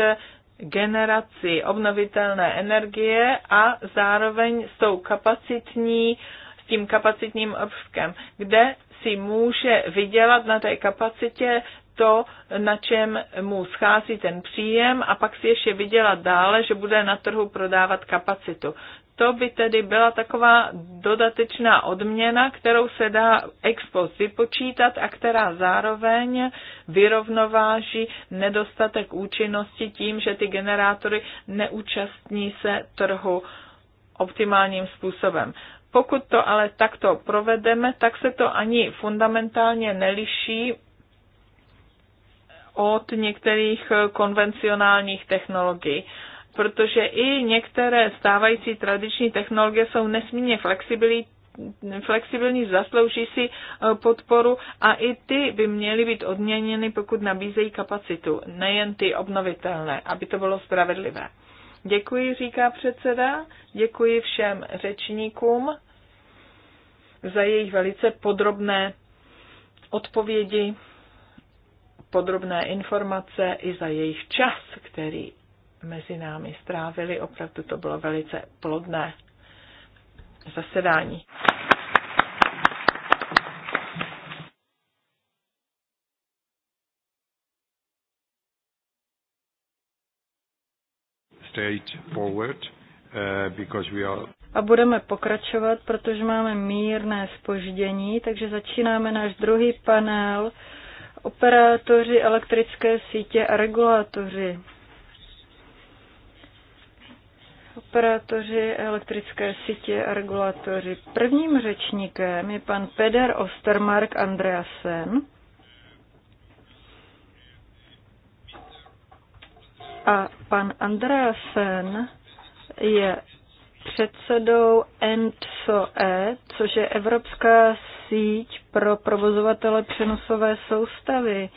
A: generaci obnovitelné energie a zároveň s tou kapacitní s tím kapacitním obvkem, kde si může vydělat na té kapacitě to, na čem mu schází ten příjem a pak si ještě vydělat dále, že bude na trhu prodávat kapacitu. To by tedy byla taková dodatečná odměna, kterou se dá ex post vypočítat a která zároveň vyrovnováží nedostatek účinnosti tím, že ty generátory neúčastní se trhu optimálním způsobem. Pokud to ale takto provedeme, tak se to ani fundamentálně neliší od některých konvencionálních technologií protože i některé stávající tradiční technologie jsou nesmírně flexibilní, flexibilní zaslouží si eh, podporu a i ty by měly být odměněny, pokud nabízejí kapacitu, nejen ty obnovitelné, aby to bylo spravedlivé. Děkuji, říká předseda, děkuji všem řečníkům za jejich velice podrobné odpovědi, podrobné informace i za jejich čas, který mezi námi strávili. Opravdu to bylo velice plodné zasedání. forward, uh, because we are
C: a budeme pokračovat, protože máme mírné spoždění, takže začínáme náš druhý panel operátoři elektrické sítě a regulátoři. Operátoři elektrické sítě a regulátoři. Prvním řečníkem je pan Peder Ostermark Andreasen, A pan Andreasen je předsedou ENTSOE, což je Evropská síť pro provozovatele přenosové soustavy.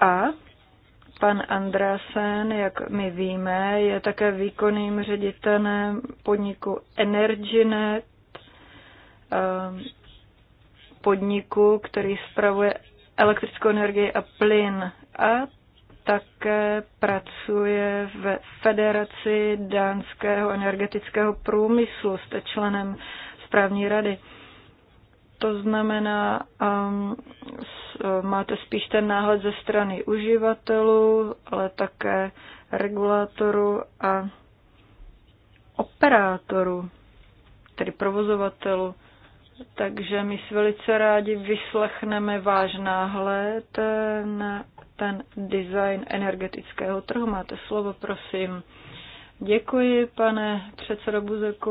C: A pan Andreasen, jak my víme, je také výkonným ředitelem podniku Energinet, ehm, podniku, který spravuje elektrickou energii a plyn. A také pracuje v Federaci dánského energetického průmyslu, jste členem správní rady. To znamená, um, máte spíš ten náhled ze strany uživatelů, ale také regulátorů a operátorů, tedy provozovatelů. Takže my si velice rádi vyslechneme váš náhled na ten design energetického trhu. Máte slovo, prosím. Děkuji, pane předsedo Buzeku,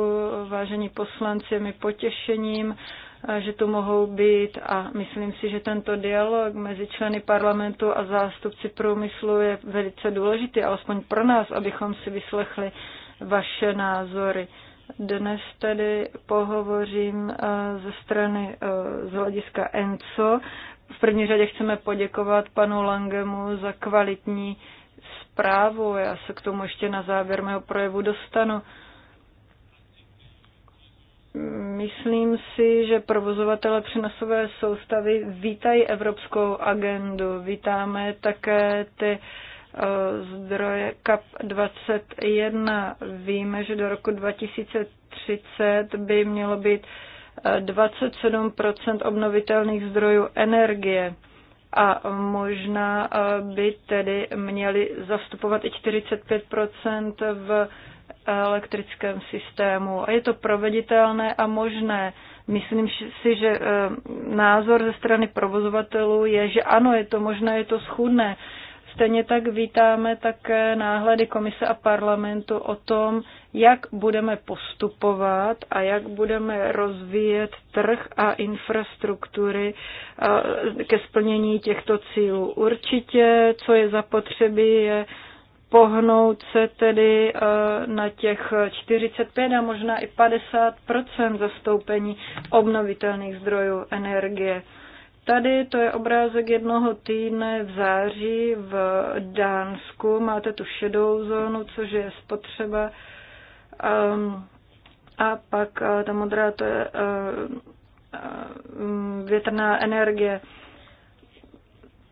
C: vážení poslanci, mi potěšením, eh, že tu mohou být a myslím si, že tento dialog mezi členy parlamentu a zástupci průmyslu je velice důležitý, alespoň pro nás, abychom si vyslechli vaše názory. Dnes tedy pohovořím eh, ze strany eh, z hlediska ENCO, v první řadě chceme poděkovat panu Langemu za kvalitní zprávu. Já se k tomu ještě na závěr mého projevu dostanu. Myslím si, že provozovatele přenosové soustavy vítají evropskou agendu. Vítáme také ty eh, zdroje CAP 21. Víme, že do roku 2030 by mělo být 27 obnovitelných zdrojů energie a možná eh, by tedy měli zastupovat i 45 v elektrickém systému. A je to proveditelné a možné. Myslím si, že eh, názor ze strany provozovatelů je, že ano, je to možné, je to schůdné, Stejně tak vítáme také náhledy komise a parlamentu o tom, jak budeme postupovat a jak budeme rozvíjet trh a infrastruktury eh, ke splnění těchto cílů. Určitě, co je zapotřebí, je pohnout se tedy eh, na těch 45 a možná i 50 zastoupení obnovitelných zdrojů energie. Tady to je obrázek jednoho týdne v září v Dánsku. Máte tu šedou zónu, což je spotřeba. Um, a pak uh, ta modrá, to je uh, uh, větrná energie.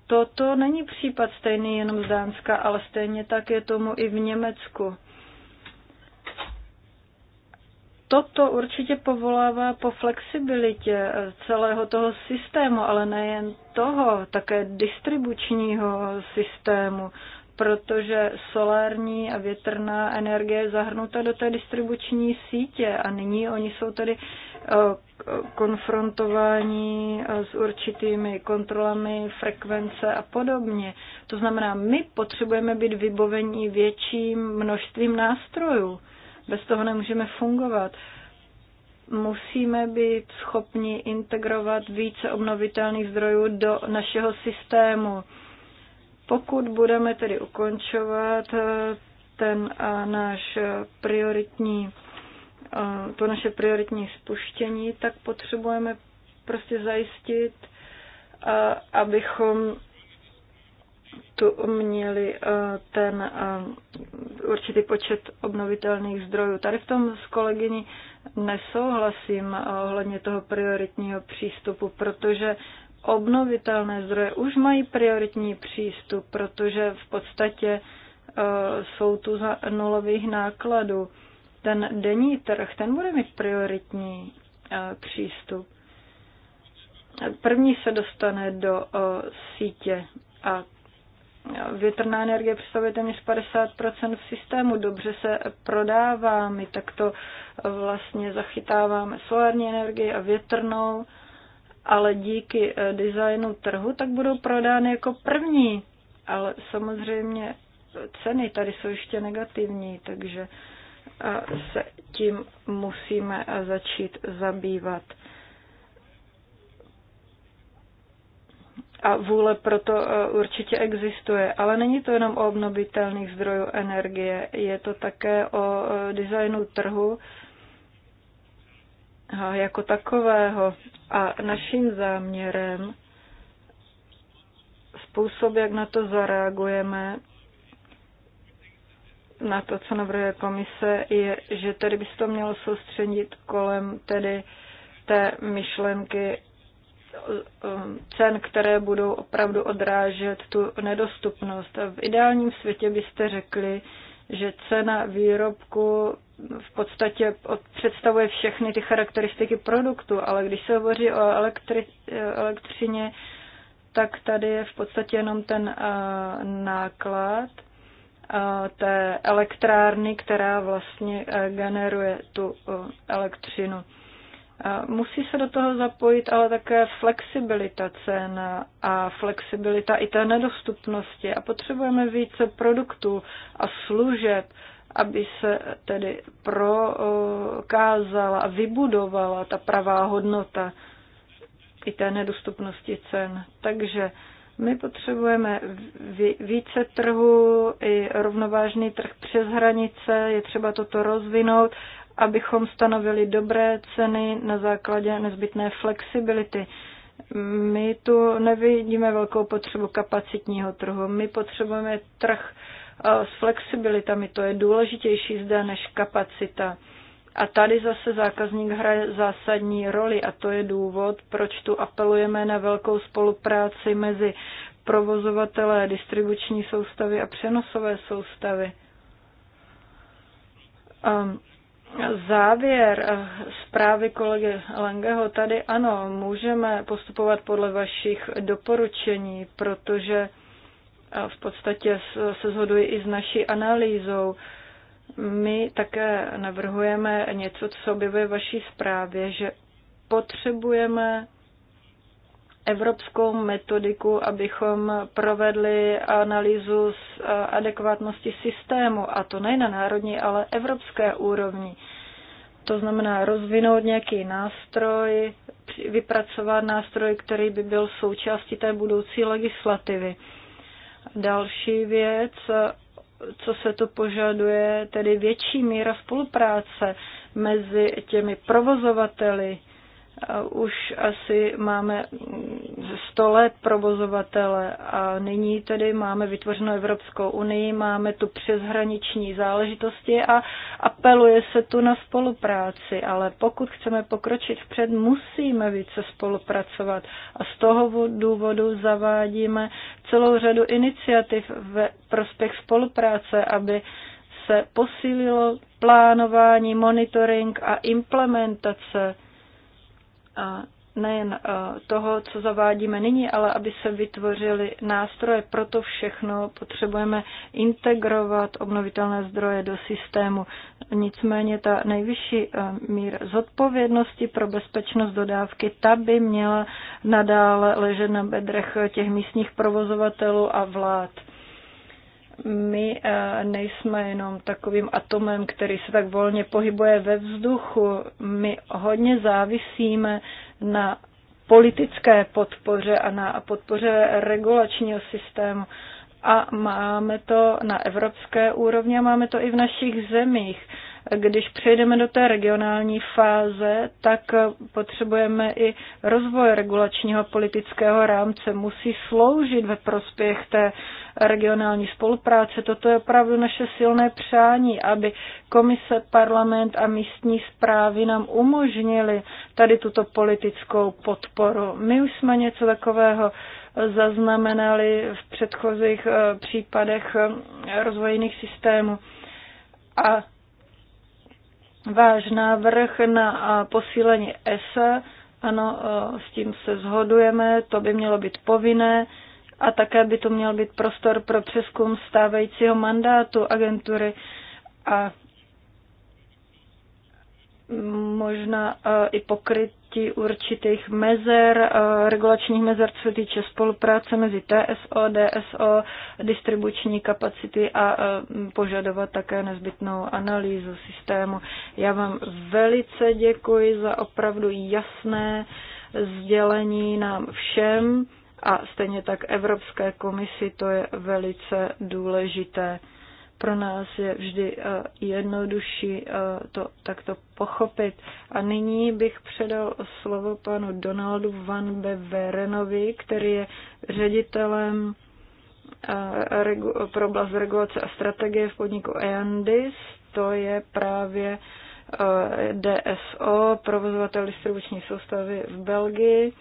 C: Toto není případ stejný jenom z Dánska, ale stejně tak je tomu i v Německu toto určitě povolává po flexibilitě celého toho systému, ale nejen toho, také distribučního systému, protože solární a větrná energie je zahrnuta do té distribuční sítě a nyní oni jsou tedy eh, konfrontováni eh, s určitými kontrolami frekvence a podobně. To znamená, my potřebujeme být vybovení větším množstvím nástrojů. Bez toho nemůžeme fungovat. Musíme být schopni integrovat více obnovitelných zdrojů do našeho systému. Pokud budeme tedy ukončovat eh, ten eh, náš eh, prioritní, to naše prioritní spuštění, tak potřebujeme prostě zajistit, abychom tu měli eh, ten eh, určitý počet obnovitelných zdrojů. Tady v tom s kolegyní nesouhlasím eh, ohledně toho prioritního přístupu, protože obnovitelné zdroje už mají prioritní přístup, protože v podstatě jsou tu za nulových nákladů. Ten denní trh, ten bude mít prioritní přístup. První se dostane do sítě a větrná energie představuje téměř 50 v systému, dobře se prodává, my takto vlastně zachytáváme solární energii a větrnou, ale díky eh, designu trhu tak budou prodány jako první. Ale samozřejmě ceny tady jsou ještě negativní, takže eh, se tím musíme eh, začít zabývat. a vůle proto eh, určitě existuje. Ale není to jenom o obnovitelných zdrojů energie, je to také o eh, designu trhu jako takového. A naším záměrem, způsob, jak na to zareagujeme, na to, co navrhuje komise, je, že tedy by se to mělo soustředit kolem tedy té myšlenky Um, cen, které budou opravdu odrážet tu nedostupnost. V ideálním světě byste řekli, že cena výrobku v podstatě představuje všechny ty charakteristiky produktu, ale když se hovoří o elektri- elektřině, tak tady je v podstatě jenom ten uh, náklad uh, té elektrárny, která vlastně uh, generuje tu uh, elektřinu. Musí se do toho zapojit ale také flexibilita cen a flexibilita i té nedostupnosti a potřebujeme více produktů a služeb, aby se tedy prokázala a vybudovala ta pravá hodnota i té nedostupnosti cen. Takže my potřebujeme více trhu i rovnovážný trh přes hranice, je třeba toto rozvinout abychom stanovili dobré ceny na základě nezbytné flexibility. My tu nevidíme velkou potřebu kapacitního trhu. My potřebujeme trh eh, s flexibilitami. To je důležitější zde než kapacita. A tady zase zákazník hraje zásadní roli a to je důvod, proč tu apelujeme na velkou spolupráci mezi provozovatele distribuční soustavy a přenosové soustavy. Um, závěr eh, zprávy kolegy Langeho tady ano, můžeme postupovat podle vašich doporučení, protože eh, v podstatě se shoduji i s naší analýzou. My také navrhujeme něco, co objevuje vaší zprávě, že potřebujeme evropskou metodiku, abychom provedli analýzu z eh, adekvátnosti systému, a to nejen na národní, ale evropské úrovni. To znamená rozvinout nějaký nástroj, vypracovat nástroj, který by byl součástí té budoucí legislativy. Další věc, co se tu požaduje, tedy větší míra spolupráce mezi těmi provozovateli Eh, už asi máme 100 let provozovatele a nyní tedy máme vytvořenou Evropskou unii, máme tu přeshraniční záležitosti a apeluje se tu na spolupráci, ale pokud chceme pokročit vpřed, musíme více spolupracovat a z toho důvodu zavádíme celou řadu iniciativ ve prospěch spolupráce, aby se posílilo plánování, monitoring a implementace nejen e, toho, co zavádíme nyní, ale aby se vytvořily nástroje. Proto všechno potřebujeme integrovat obnovitelné zdroje do systému. Nicméně ta nejvyšší e, mír zodpovědnosti pro bezpečnost dodávky, ta by měla nadále ležet na bedrech těch místních provozovatelů a vlád my eh, nejsme jenom takovým atomem, který se tak volně pohybuje ve vzduchu. My hodně závisíme na politické podpoře a na podpoře regulačního systému. A máme to na evropské úrovni a máme to i v našich zemích. Když přejdeme do té regionální fáze, tak potřebujeme i rozvoj regulačního politického rámce. Musí sloužit ve prospěch té regionální spolupráce. Toto je opravdu naše silné přání, aby komise, parlament a místní zprávy nám umožnili tady tuto politickou podporu. My už jsme něco takového zaznamenali v předchozích eh, případech eh, rozvojných systémů. A váš návrh na eh, posílení ESA, ano, s tím se zhodujeme, to by mělo být povinné, a také by to měl být prostor pro přeskum stávajícího mandátu agentury a možná e, i pokrytí určitých mezer, e, regulačních mezer, co se týče spolupráce mezi TSO, DSO, distribuční kapacity a e, požadovat také nezbytnou analýzu systému. Já vám velice děkuji za opravdu jasné sdělení nám všem a stejně tak Evropské komisi to je velice důležité. Pro nás je vždy eh, jednodušší eh, to takto pochopit. A nyní bych předal slovo panu Donaldu Van Beverenovi, který je ředitelem eh, pro oblast regulace a strategie v podniku EANDIS. To je právě DSO, provozovatel distribuční soustavy v Belgii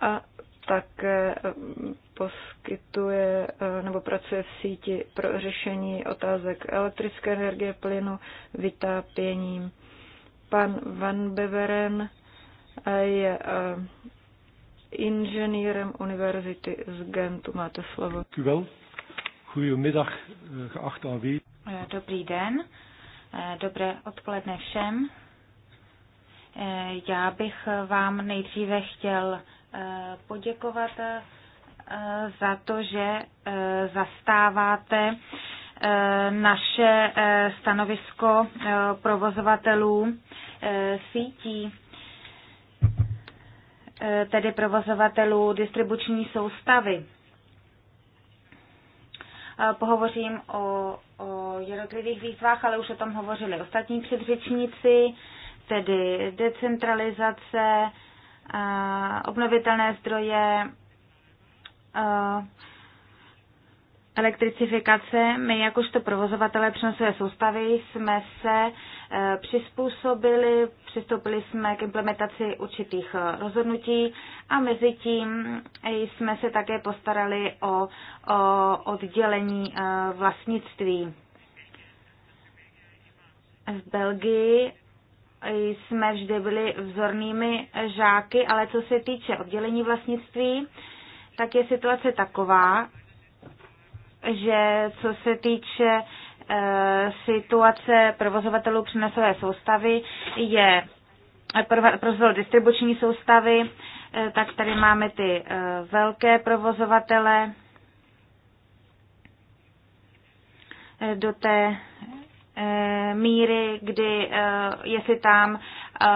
C: a také eh, mm, poskytuje eh, nebo pracuje v síti pro řešení otázek elektrické energie, plynu, vytápěním. Pan Van Beveren eh, je inženýrem univerzity z Gentu. Máte slovo.
B: Dobrý den, dobré odpoledne všem. Já bych vám nejdříve chtěl poděkovat eh, za to, že eh, zastáváte eh, naše stanovisko provozovatelů sítí, tedy provozovatelů distribuční soustavy. Pohovořím o, o jednotlivých výzvách, ale už o tom hovořili ostatní předřečníci, tedy decentralizace, obnovitelné zdroje, elektricifikace. My jakožto provozovatelé přenosové soustavy jsme se e, přizpůsobili, přistoupili jsme k implementaci určitých e, rozhodnutí a mezi tím jsme se také postarali o, o oddělení e, vlastnictví. V Belgii jsme vždy byli vzornými žáky, ale co se týče oddělení vlastnictví, tak je situace taková, že co se týče e, situace provozovatelů přenosové soustavy je e, provozovatel distribuční soustavy, e, tak tady máme ty velké provozovatele do té Eh, míry, kdy eh, jestli tam eh,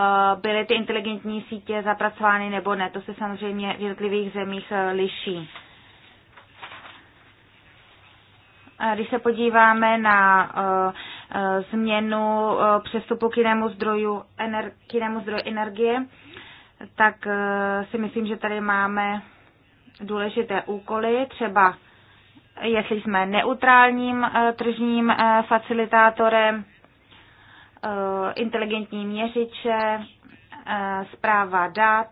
B: byly ty inteligentní sítě zapracovány nebo ne. To se samozřejmě v jednotlivých zemích liší. Když se podíváme na změnu přestupu k jinému zdroju, k jinému zdroju energie, tak si myslím, že tady máme důležité úkoly, třeba jestli jsme neutrálním eh, tržním eh, facilitátorem, eh, inteligentní měřiče, zpráva dat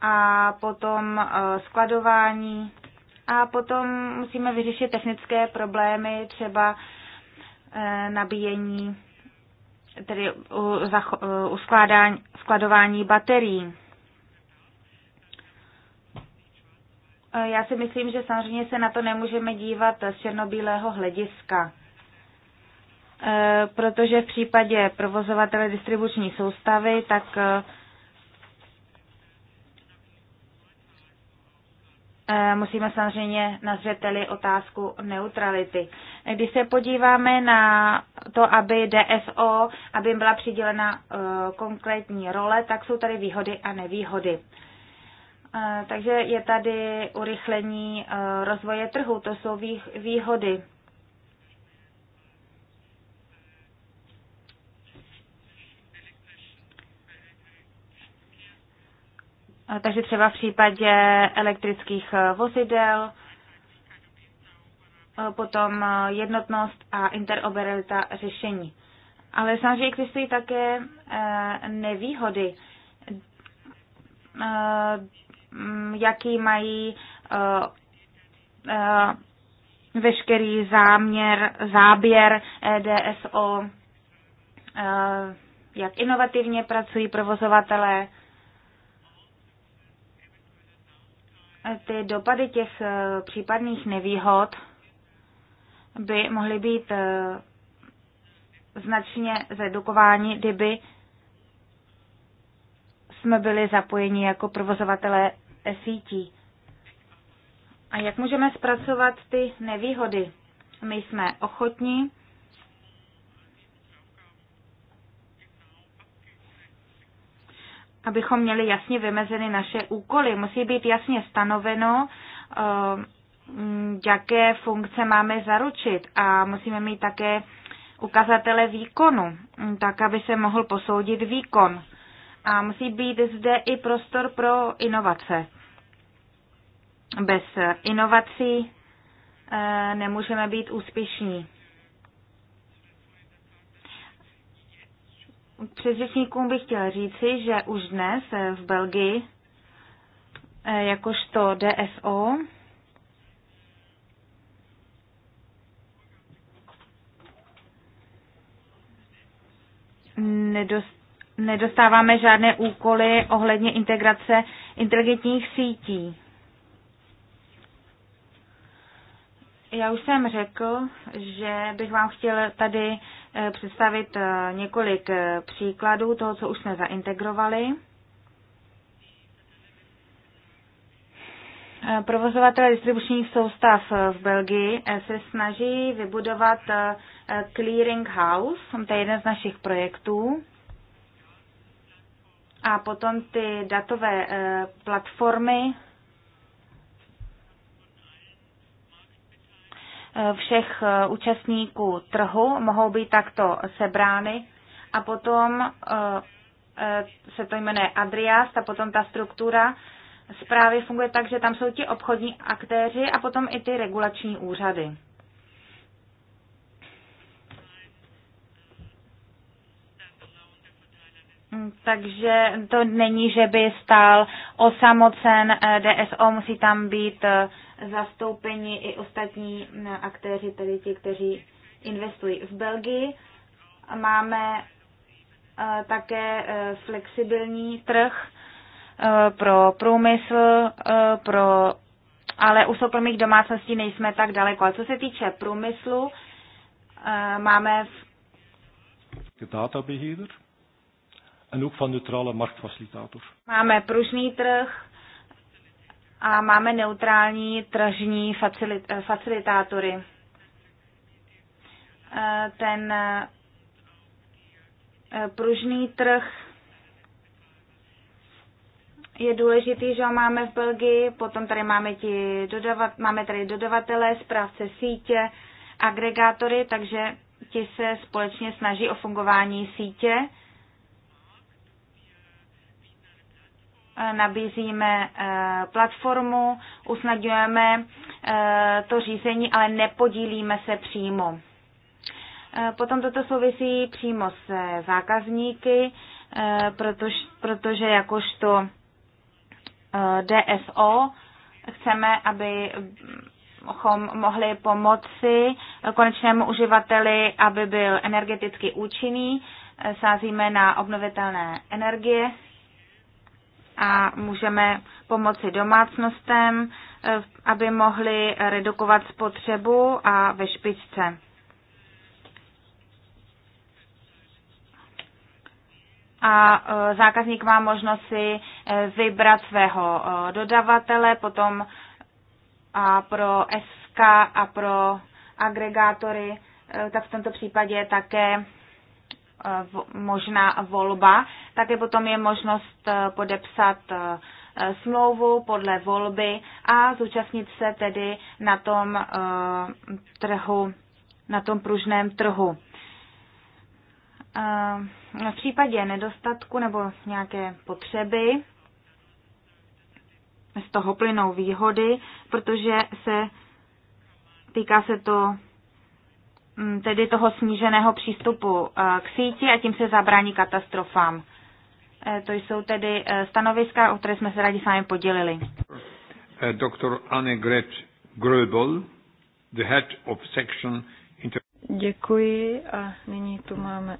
B: a potom skladování a potom musíme vyřešit technické problémy, třeba nabíjení, tedy uskládání, skladování baterií. Eh, já si myslím, že samozřejmě se na to nemůžeme dívat z černobílého hlediska, eh, protože v případě provozovatele distribuční soustavy, tak eh, musíme samozřejmě nazřeteli otázku neutrality. Když se podíváme na to, aby DSO, aby byla přidělena konkrétní role, tak jsou tady výhody a nevýhody. Eh, takže je tady urychlení eh, rozvoje trhu, to jsou výhody. Eh, takže třeba v případě elektrických vozidel, potom jednotnost a interoperabilita řešení. Ale samozřejmě existují také nevýhody Mm, jaký mají eh, eh, veškerý záměr, záběr EDSO, eh, jak inovativně pracují provozovatelé, ty dopady těch případných nevýhod by mohly být značně zredukováni, kdyby jsme byli zapojeni jako provozovatelé sítí. A jak můžeme zpracovat ty nevýhody? My jsme ochotní abychom měli jasně vymezeny naše úkoly. Musí být jasně stanoveno, ehm, jaké funkce máme zaručit a musíme mít také ukazatele výkonu, tak aby se mohl posoudit výkon. A musí být zde i prostor pro inovace. Bez inovací eh, nemůžeme být úspěšní. Předřečníkům bych chtěla říci, že už dnes eh, v Belgii, eh, jakožto DSO, nedost nedostáváme žádné úkoly ohledně integrace inteligentních sítí. Já už jsem řekl, že bych vám chtěl tady eh, představit eh, několik eh, příkladů toho, co už jsme zaintegrovali. Provozovatel distribučních soustav v Belgii se snaží vybudovat clearing house, to je jeden z našich projektů. A potom ty datové eh, platformy eh, všech eh, účastníků trhu mohou být takto sebrány a potom se to jmenuje Adriast a potom ta struktura zprávy funguje tak, že tam jsou ti obchodní aktéři a potom i ty regulační úřady. Mm, takže to není, že by stál osamocen eh, DSO, musí tam být eh, zastoupeni i ostatní mm, aktéři, tedy ti, kteří investují. V Belgii máme eh, také flexibilní trh pro průmysl, pro, ale u soukromých domácností nejsme tak daleko. A co se týče průmyslu, máme v en ook van neutrale marktfacilitator. Máme pružný trh a máme neutrální tržní facilit, eh, facilitátory. Eh, ten eh, pružný trh je důležitý, že ho máme v Belgii, potom tady máme, ti dodavat, máme tady dodavatele, správce sítě, agregátory, takže ti se společně snaží o fungování sítě Eh, nabízíme eh, platformu, usnadňujeme eh, to řízení, ale nepodílíme se přímo. Potom toto souvisí přímo s zákazníky, protože, protože jakožto DSO chceme, aby mm, mohli pomoci konečnému uživateli, aby byl energeticky účinný. Sázíme na obnovitelné energie, a můžeme pomoci domácnostem, eh, aby mohli redukovat spotřebu a ve špičce. a eh, zákazník má možnost si eh, vybrat svého dodavatele, potom a pro SK a pro agregátory, tak v tomto případě také Eh, možná volba, také potom je možnost eh, podepsat eh, smlouvu podle volby a zúčastnit se tedy na tom trhu, na tom pružném trhu. V případě nedostatku nebo nějaké potřeby z toho plynou výhody, protože se týká se to Mm, tedy toho sníženého přístupu eh, k síti a tím se zabrání katastrofám. Eh, to jsou tedy eh, stanoviska, o které jsme se rádi s vámi podělili.
A: Dr. Anne Gret Gröbel, the head of section
B: Děkuji
C: a nyní tu máme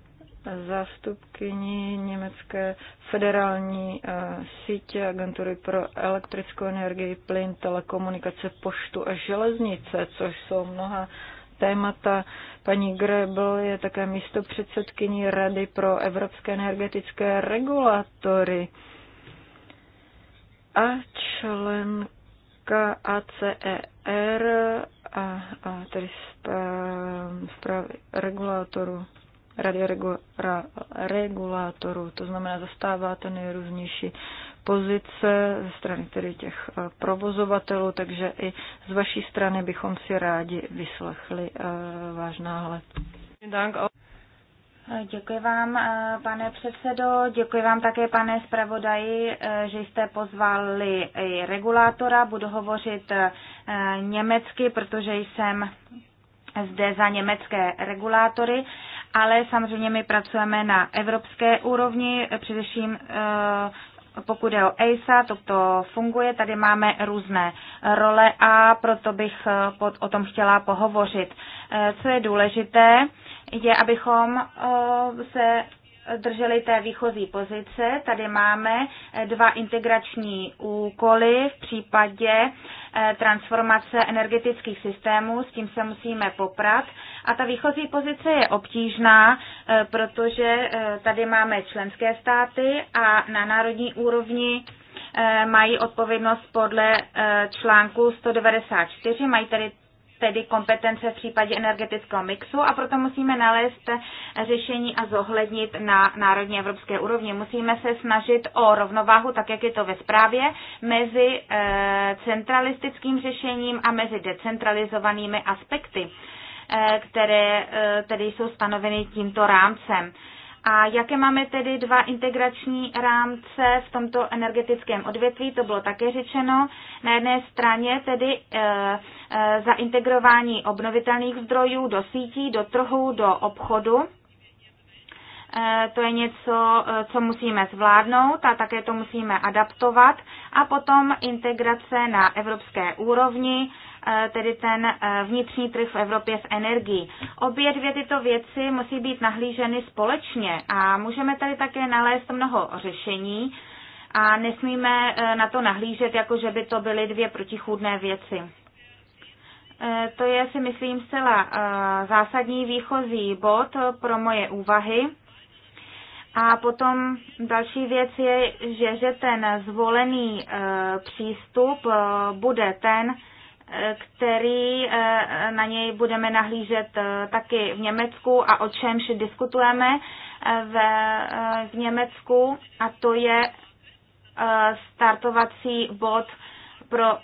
C: zástupkyni Německé federální sítě agentury pro elektrickou energii, plyn, telekomunikace, poštu a železnice, což jsou mnoha témata. Paní Grebel je také místo předsedkyní Rady pro evropské energetické regulatory a členka ACER a, a tedy zprávy regulátoru radioregulátorů, to znamená zastává ten nejrůznější pozice ze strany tedy těch eh, provozovatelů, takže i z vaší strany bychom si rádi vyslechli eh, váš náhled.
B: Eh, děkuji vám, pane předsedo, děkuji vám také, pane zpravodaji, že jste pozvali i regulátora. Budu hovořit německy, protože jsem zde za německé regulátory, ale samozřejmě my pracujeme na evropské úrovni, především pokud je o ASA, to, to funguje, tady máme různé role a proto bych eh, pod, o tom chtěla pohovořit. Eh, co je důležité, je, abychom eh, se drželi té výchozí pozice. Tady máme dva integrační úkoly v případě eh, transformace energetických systémů, s tím se musíme poprat. A ta výchozí pozice je obtížná, eh, protože eh, tady máme členské státy a na národní úrovni mají odpovědnost podle článku 194, mají tedy tedy kompetence v případě energetického mixu a proto musíme nalézt řešení a zohlednit na národní evropské úrovni. Musíme se snažit o rovnováhu, tak jak je to ve zprávě, mezi eh, centralistickým řešením a mezi decentralizovanými aspekty, eh, které eh, tedy jsou stanoveny tímto rámcem. A jaké máme tedy dva integrační rámce v tomto energetickém odvětví, to bylo také řečeno. Na jedné straně tedy e, e, zaintegrování obnovitelných zdrojů do sítí, do trhu, do obchodu. E, to je něco, e, co musíme zvládnout a také to musíme adaptovat. A potom integrace na evropské úrovni Eh, tedy ten eh, vnitřní trh v Evropě v energii. Obě dvě tyto věci musí být nahlíženy společně a můžeme tady také nalézt mnoho řešení a nesmíme eh, na to nahlížet, jako že by to byly dvě protichůdné věci. To je, si myslím, zcela zásadní výchozí bod pro moje úvahy. A potom další věc je, že, že ten zvolený přístup bude ten, který eh, na něj budeme nahlížet eh, taky v Německu a o čemž diskutujeme eh, v, v Německu a to je startovací bod pro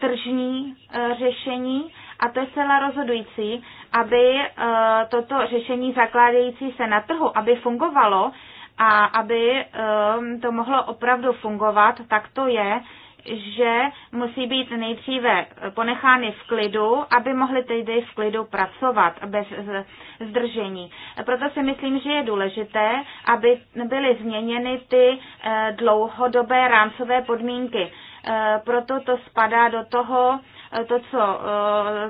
B: tržní řešení a to je celá rozhodující, aby toto řešení zakládající se na trhu, aby fungovalo a aby to mohlo opravdu fungovat, tak to je že musí být nejdříve ponechány v klidu, aby mohly tedy v klidu pracovat bez zdržení. Proto si myslím, že je důležité, aby byly změněny ty eh, dlouhodobé rámcové podmínky. Eh, proto to spadá do toho, eh, to, co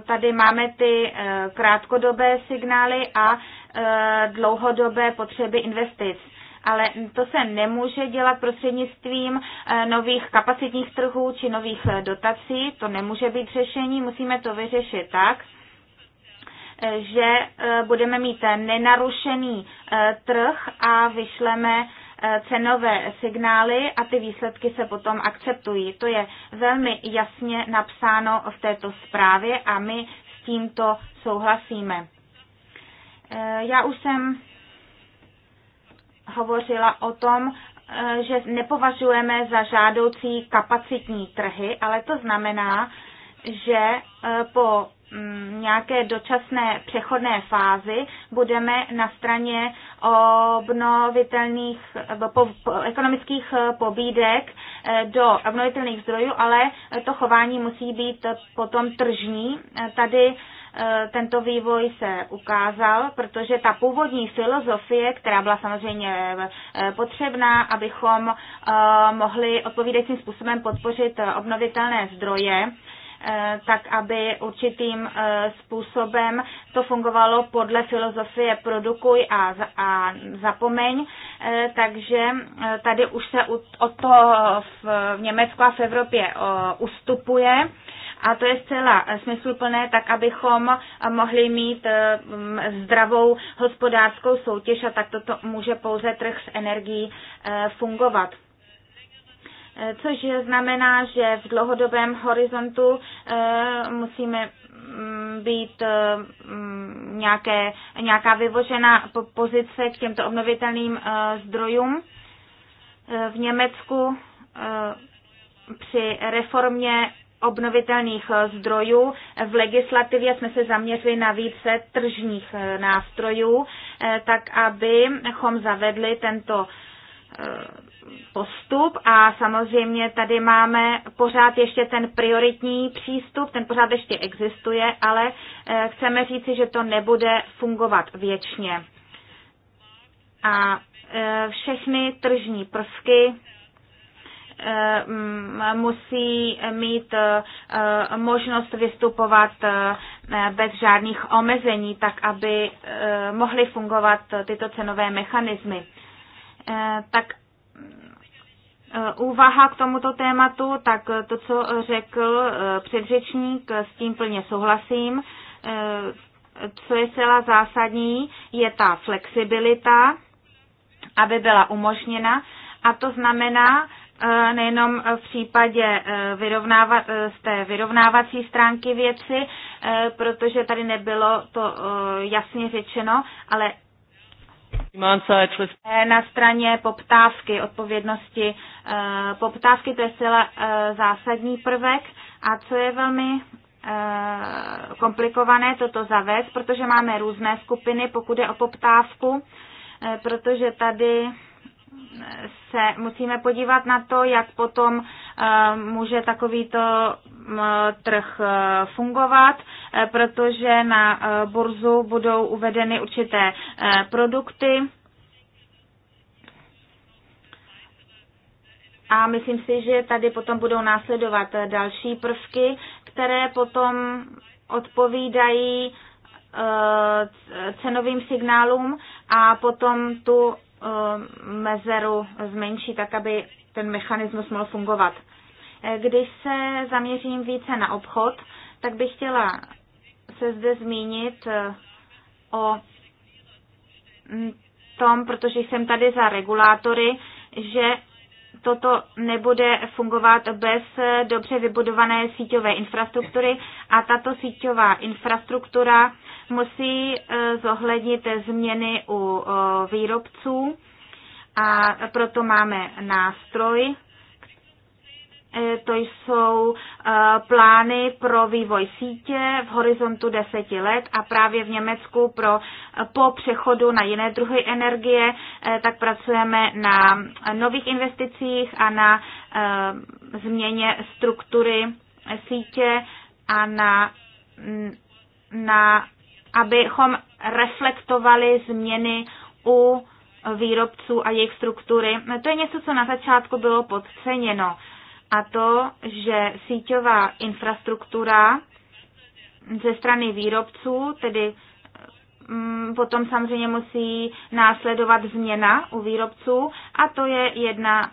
B: tady máme ty krátkodobé signály a dlouhodobé potřeby investic ale to se nemůže dělat prostřednictvím eh, nových kapacitních trhů či nových eh, dotací, to nemůže být řešení, musíme to vyřešit tak, eh, že budeme mít nenarušený trh a vyšleme cenové signály a ty výsledky se potom akceptují. To je velmi jasně napsáno v této zprávě a my s tímto souhlasíme. Já už jsem hovořila o tom, e, že nepovažujeme za žádoucí kapacitní trhy, ale to znamená, že e, po mm, nějaké dočasné přechodné fázi budeme na straně obnovitelných e, po, po, ekonomických pobídek do obnovitelných zdrojů, ale to chování musí být potom tržní. Tady Eh, tento vývoj se ukázal, protože ta původní filozofie, která byla samozřejmě eh, potřebná, abychom eh, mohli odpovídajícím způsobem podpořit obnovitelné zdroje, tak aby určitým způsobem to fungovalo podle filozofie produkuj a, zapomeň. Takže tady už se od toho v Německu a v Evropě ustupuje a to je zcela eh, smysluplné, tak abychom eh, mohli mít eh, mm, zdravou hospodářskou soutěž a tak toto může pouze trh s energií fungovat což znamená, že v dlouhodobém horizontu musíme mm, být mm, nějaké, nějaká vyvožená pozice k těmto obnovitelným zdrojům. V Německu při reformě obnovitelných eh, zdrojů. V legislativě jsme se zaměřili na více tržních eh, nástrojů, eh, tak abychom zavedli tento postup a samozřejmě tady máme pořád ještě ten prioritní přístup, ten pořád ještě existuje, ale chceme říci, že to nebude fungovat věčně. A všechny tržní prvky Eh, musí mít eh, možnost vystupovat eh, bez žádných omezení, tak aby mohly fungovat tyto cenové mechanismy. Tak úvaha k tomuto tématu, tak to, co řekl předřečník, s tím plně souhlasím. Co je celá zásadní, je ta flexibilita, aby byla umožněna. A to znamená, E, nejenom v případě e, vyrovnáva, e, z té vyrovnávací stránky věci, protože tady nebylo to jasně řečeno, ale na straně poptávky, odpovědnosti poptávky, to je celá zásadní prvek. A co je velmi komplikované toto zavést, protože máme různé skupiny, pokud je o poptávku, protože tady se musíme podívat na to, jak potom eh, může takovýto mm, trh eh, fungovat, eh, protože na burzu budou uvedeny určité produkty. A myslím si, že tady potom budou následovat další prvky, které potom odpovídají cenovým signálům a potom tu Eh, mezeru zmenší, tak aby ten mechanismus mohl fungovat. Eh, když se zaměřím více na obchod, tak bych chtěla se zde zmínit eh, o mm, tom, protože jsem tady za regulátory, že toto nebude fungovat bez dobře vybudované síťové infrastruktury a tato síťová infrastruktura musí eh, zohlednit změny u eh, výrobců a proto máme nástroj, eh, to jsou plány pro vývoj sítě v horizontu deseti let a právě v Německu pro, po přechodu na jiné druhy energie, tak pracujeme na nových investicích a na změně struktury sítě a na, na abychom reflektovali změny u výrobců a jejich struktury. To je něco, co na začátku bylo podceněno. A to, že síťová infrastruktura ze strany výrobců, tedy mm, potom samozřejmě musí následovat změna u výrobců a to je jedna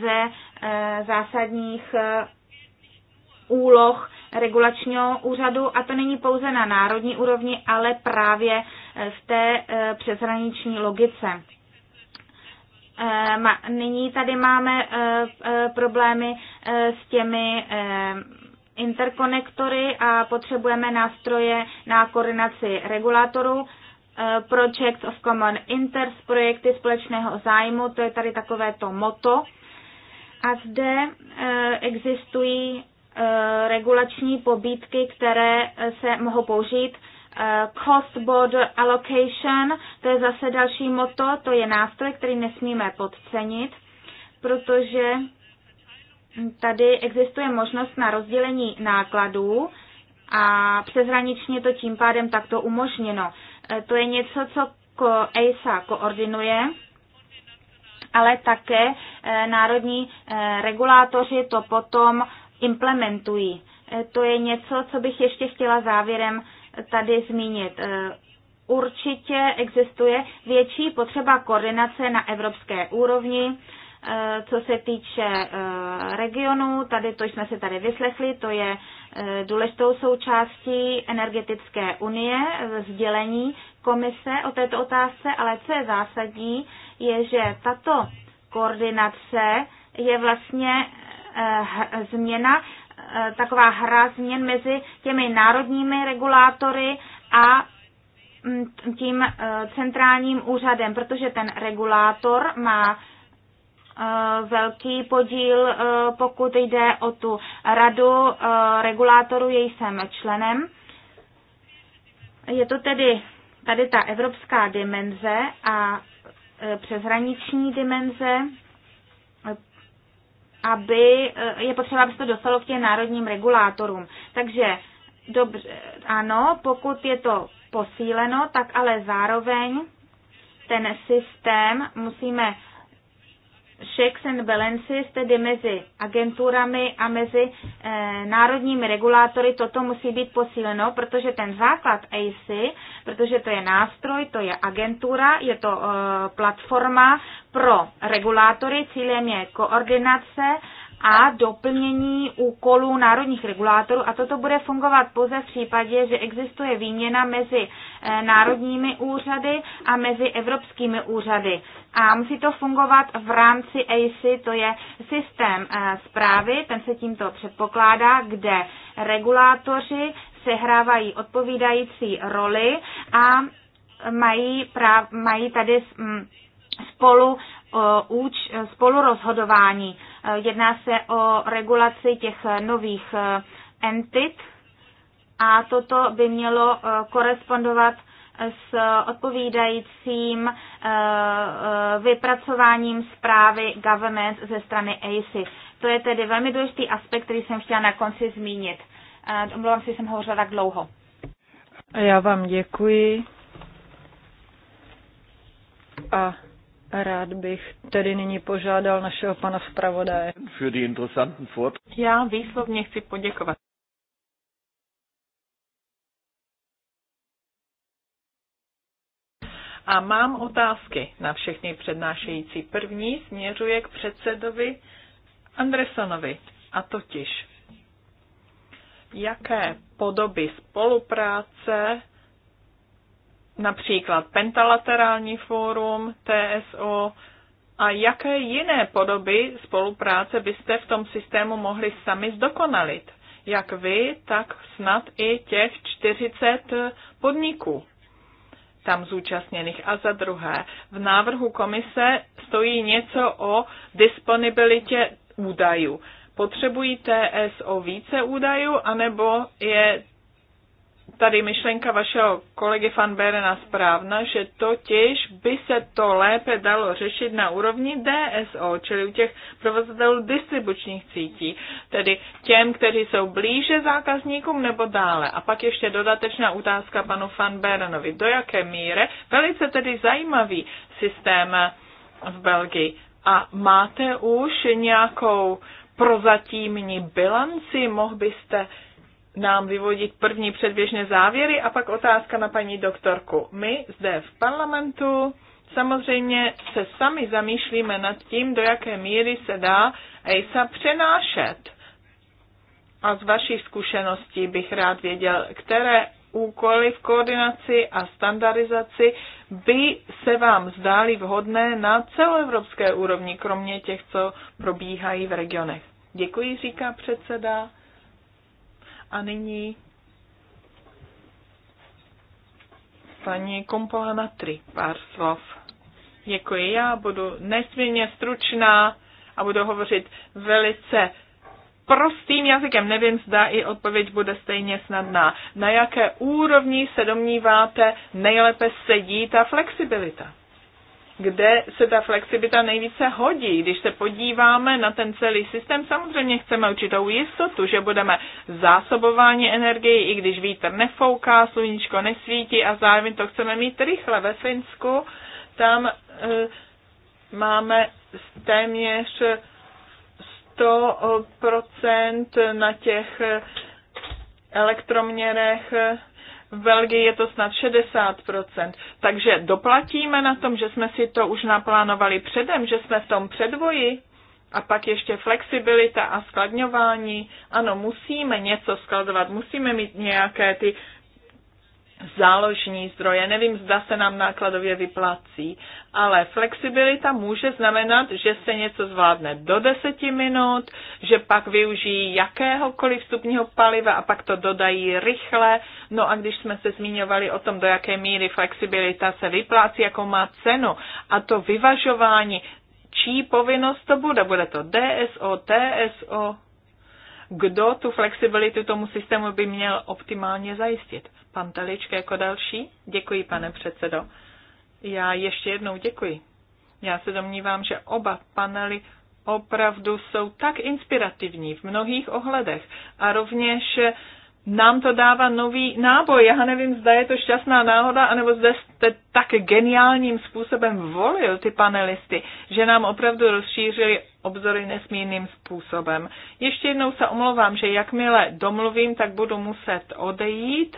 B: ze eh, zásadních eh, úloh regulačního úřadu a to není pouze na národní úrovni, ale právě eh, v té eh, přeshraniční logice. Eh, nyní tady máme problémy s těmi interkonektory a potřebujeme nástroje na koordinaci regulatorů. Project of Common Interest, projekty společného zájmu, to je tady takové to moto. A zde existují Eh, regulační pobídky, které se mohou použít. Eh, cost border allocation, to je zase další moto, to je nástroj, který nesmíme podcenit, protože tady existuje možnost na rozdělení nákladů a přeshraničně to tím pádem takto umožněno. Eh, to je něco, co ASA koordinuje, ale také národní regulátoři to potom implementují. Eh, to je něco, co bych ještě chtěla závěrem tady zmínit. Eh, určitě existuje větší potřeba koordinace na evropské úrovni, eh, co se týče regionu, tady to jsme se tady vyslechli, to je důležitou součástí energetické unie, sdělení komise o této otázce, ale co je zásadní, je, že tato koordinace je vlastně Eh, změna, eh, taková hra změn mezi těmi národními regulátory a mm, tím eh, centrálním úřadem, protože ten regulátor má velký podíl, pokud jde o tu radu regulátorů, její jsem členem. Je to tedy tady ta evropská dimenze a přeshraniční dimenze aby eh, je potřeba, aby se to dostalo k těm národním regulátorům. Takže dobře, ano, pokud je to posíleno, tak ale zároveň ten systém musíme checks and balances, tedy mezi agenturami a mezi e, národními regulátory, toto musí být posíleno, protože ten základ AC, protože to je nástroj, to je agentura, je to e, platforma pro regulátory, cílem je koordinace a doplnění úkolů národních regulátorů a toto bude fungovat pouze v případě, že existuje výměna mezi eh, národními úřady a mezi evropskými úřady. A musí to fungovat v rámci AC, to je systém eh, zprávy, ten se tímto předpokládá, kde regulátoři sehrávají odpovídající roli a mají, práv, mají tady mm, spolu, úč, spolu rozhodování Jedná se o regulaci těch nových eh, entit a toto by mělo eh, korespondovat s odpovídajícím eh, vypracováním zprávy governance ze strany ACI. To je tedy velmi důležitý aspekt, který jsem chtěla na konci zmínit. Omlouvám si, že jsem hovořila tak dlouho.
C: Já vám děkuji. A Rád bych tedy nyní požádal našeho pana zpravodaje. Já výslovně chci poděkovat.
A: A mám otázky na všechny přednášející. První směřuje k předsedovi Andresonovi, a totiž jaké podoby spolupráce například Pentalaterální fórum, TSO, a jaké jiné podoby spolupráce byste v tom systému mohli sami zdokonalit? Jak vy, tak snad i těch 40 podniků tam zúčastněných. A za druhé, v návrhu komise stojí něco o disponibilitě údajů. Potřebují TSO více údajů, anebo je tady myšlenka vašeho kolegy Van Berena správna, že totiž by se to lépe dalo řešit na úrovni DSO, čili u těch provozatelů distribučních cítí, tedy těm, kteří jsou blíže zákazníkům nebo dále. A pak ještě dodatečná otázka panu Van Berenovi. Do jaké míry? Velice tedy zajímavý systém v Belgii. A máte už nějakou prozatímní bilanci? Mohl byste nám vyvodit první předběžné závěry a pak otázka na paní doktorku. My zde v parlamentu samozřejmě se sami zamýšlíme nad tím, do jaké míry se dá EISA přenášet. A z vašich zkušeností bych rád věděl, které úkoly v koordinaci a standardizaci by se vám zdály vhodné na celoevropské úrovni, kromě těch, co probíhají v regionech. Děkuji, říká předseda. A nyní paní Kompola na tri, pár slov. Děkuji, já budu nesmírně stručná a budu hovořit velice prostým jazykem. Nevím, zda i odpověď bude stejně snadná. Na jaké úrovni se domníváte nejlépe sedí ta flexibilita? kde se ta flexibilita nejvíce hodí. Když se podíváme na ten celý systém, samozřejmě chceme určitou jistotu, že budeme zásobování energii, i když vítr nefouká, sluníčko nesvítí a zároveň to chceme mít rychle. Ve Finsku tam e, máme téměř 100% eh, na těch eh, elektroměrech v Belgii je to snad 60%. Takže doplatíme na tom, že jsme si to už naplánovali předem, že jsme v tom předvoji. A pak ještě flexibilita a skladňování. Ano, musíme něco skladovat, musíme mít nějaké ty záložní zdroje. Nevím, zda se nám nákladově vyplací, ale flexibilita může znamenat, že se něco zvládne do deseti minut, že pak využijí jakéhokoliv vstupního paliva a pak to dodají rychle. No a když jsme se zmiňovali o tom, do jaké míry flexibilita se vyplácí, jakou má cenu a to vyvažování, čí povinnost to bude. Bude to DSO, TSO, kdo tu flexibilitu tomu systému by měl optimálně zajistit. Pan Talička jako další. Děkuji, pane předsedo. Já ještě jednou děkuji. Já se domnívám, že oba panely opravdu jsou tak inspirativní v mnohých ohledech a rovněž nám to dává nový náboj. Já nevím, zda je to šťastná náhoda, anebo zde jste tak geniálním způsobem volil ty panelisty, že nám opravdu rozšířili obzory nesmírným způsobem. Ještě jednou se omlouvám, že jakmile domluvím, tak budu muset odejít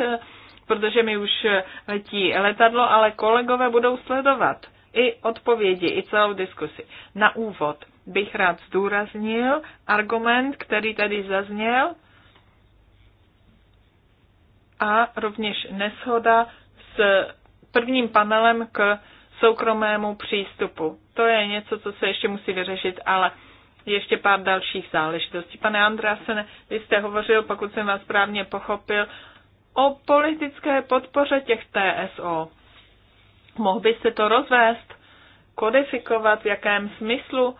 A: protože mi už letí letadlo, ale kolegové budou sledovat i odpovědi, i celou diskusi. Na úvod bych rád zdůraznil argument, který tady zazněl, a rovněž neshoda s prvním panelem k soukromému přístupu. To je něco, co se ještě musí vyřešit, ale ještě pár dalších záležitostí. Pane Andrásen, vy jste hovořil, pokud jsem vás správně pochopil, o politické podpoře těch TSO. Mohl by se to rozvést, kodifikovat, v jakém smyslu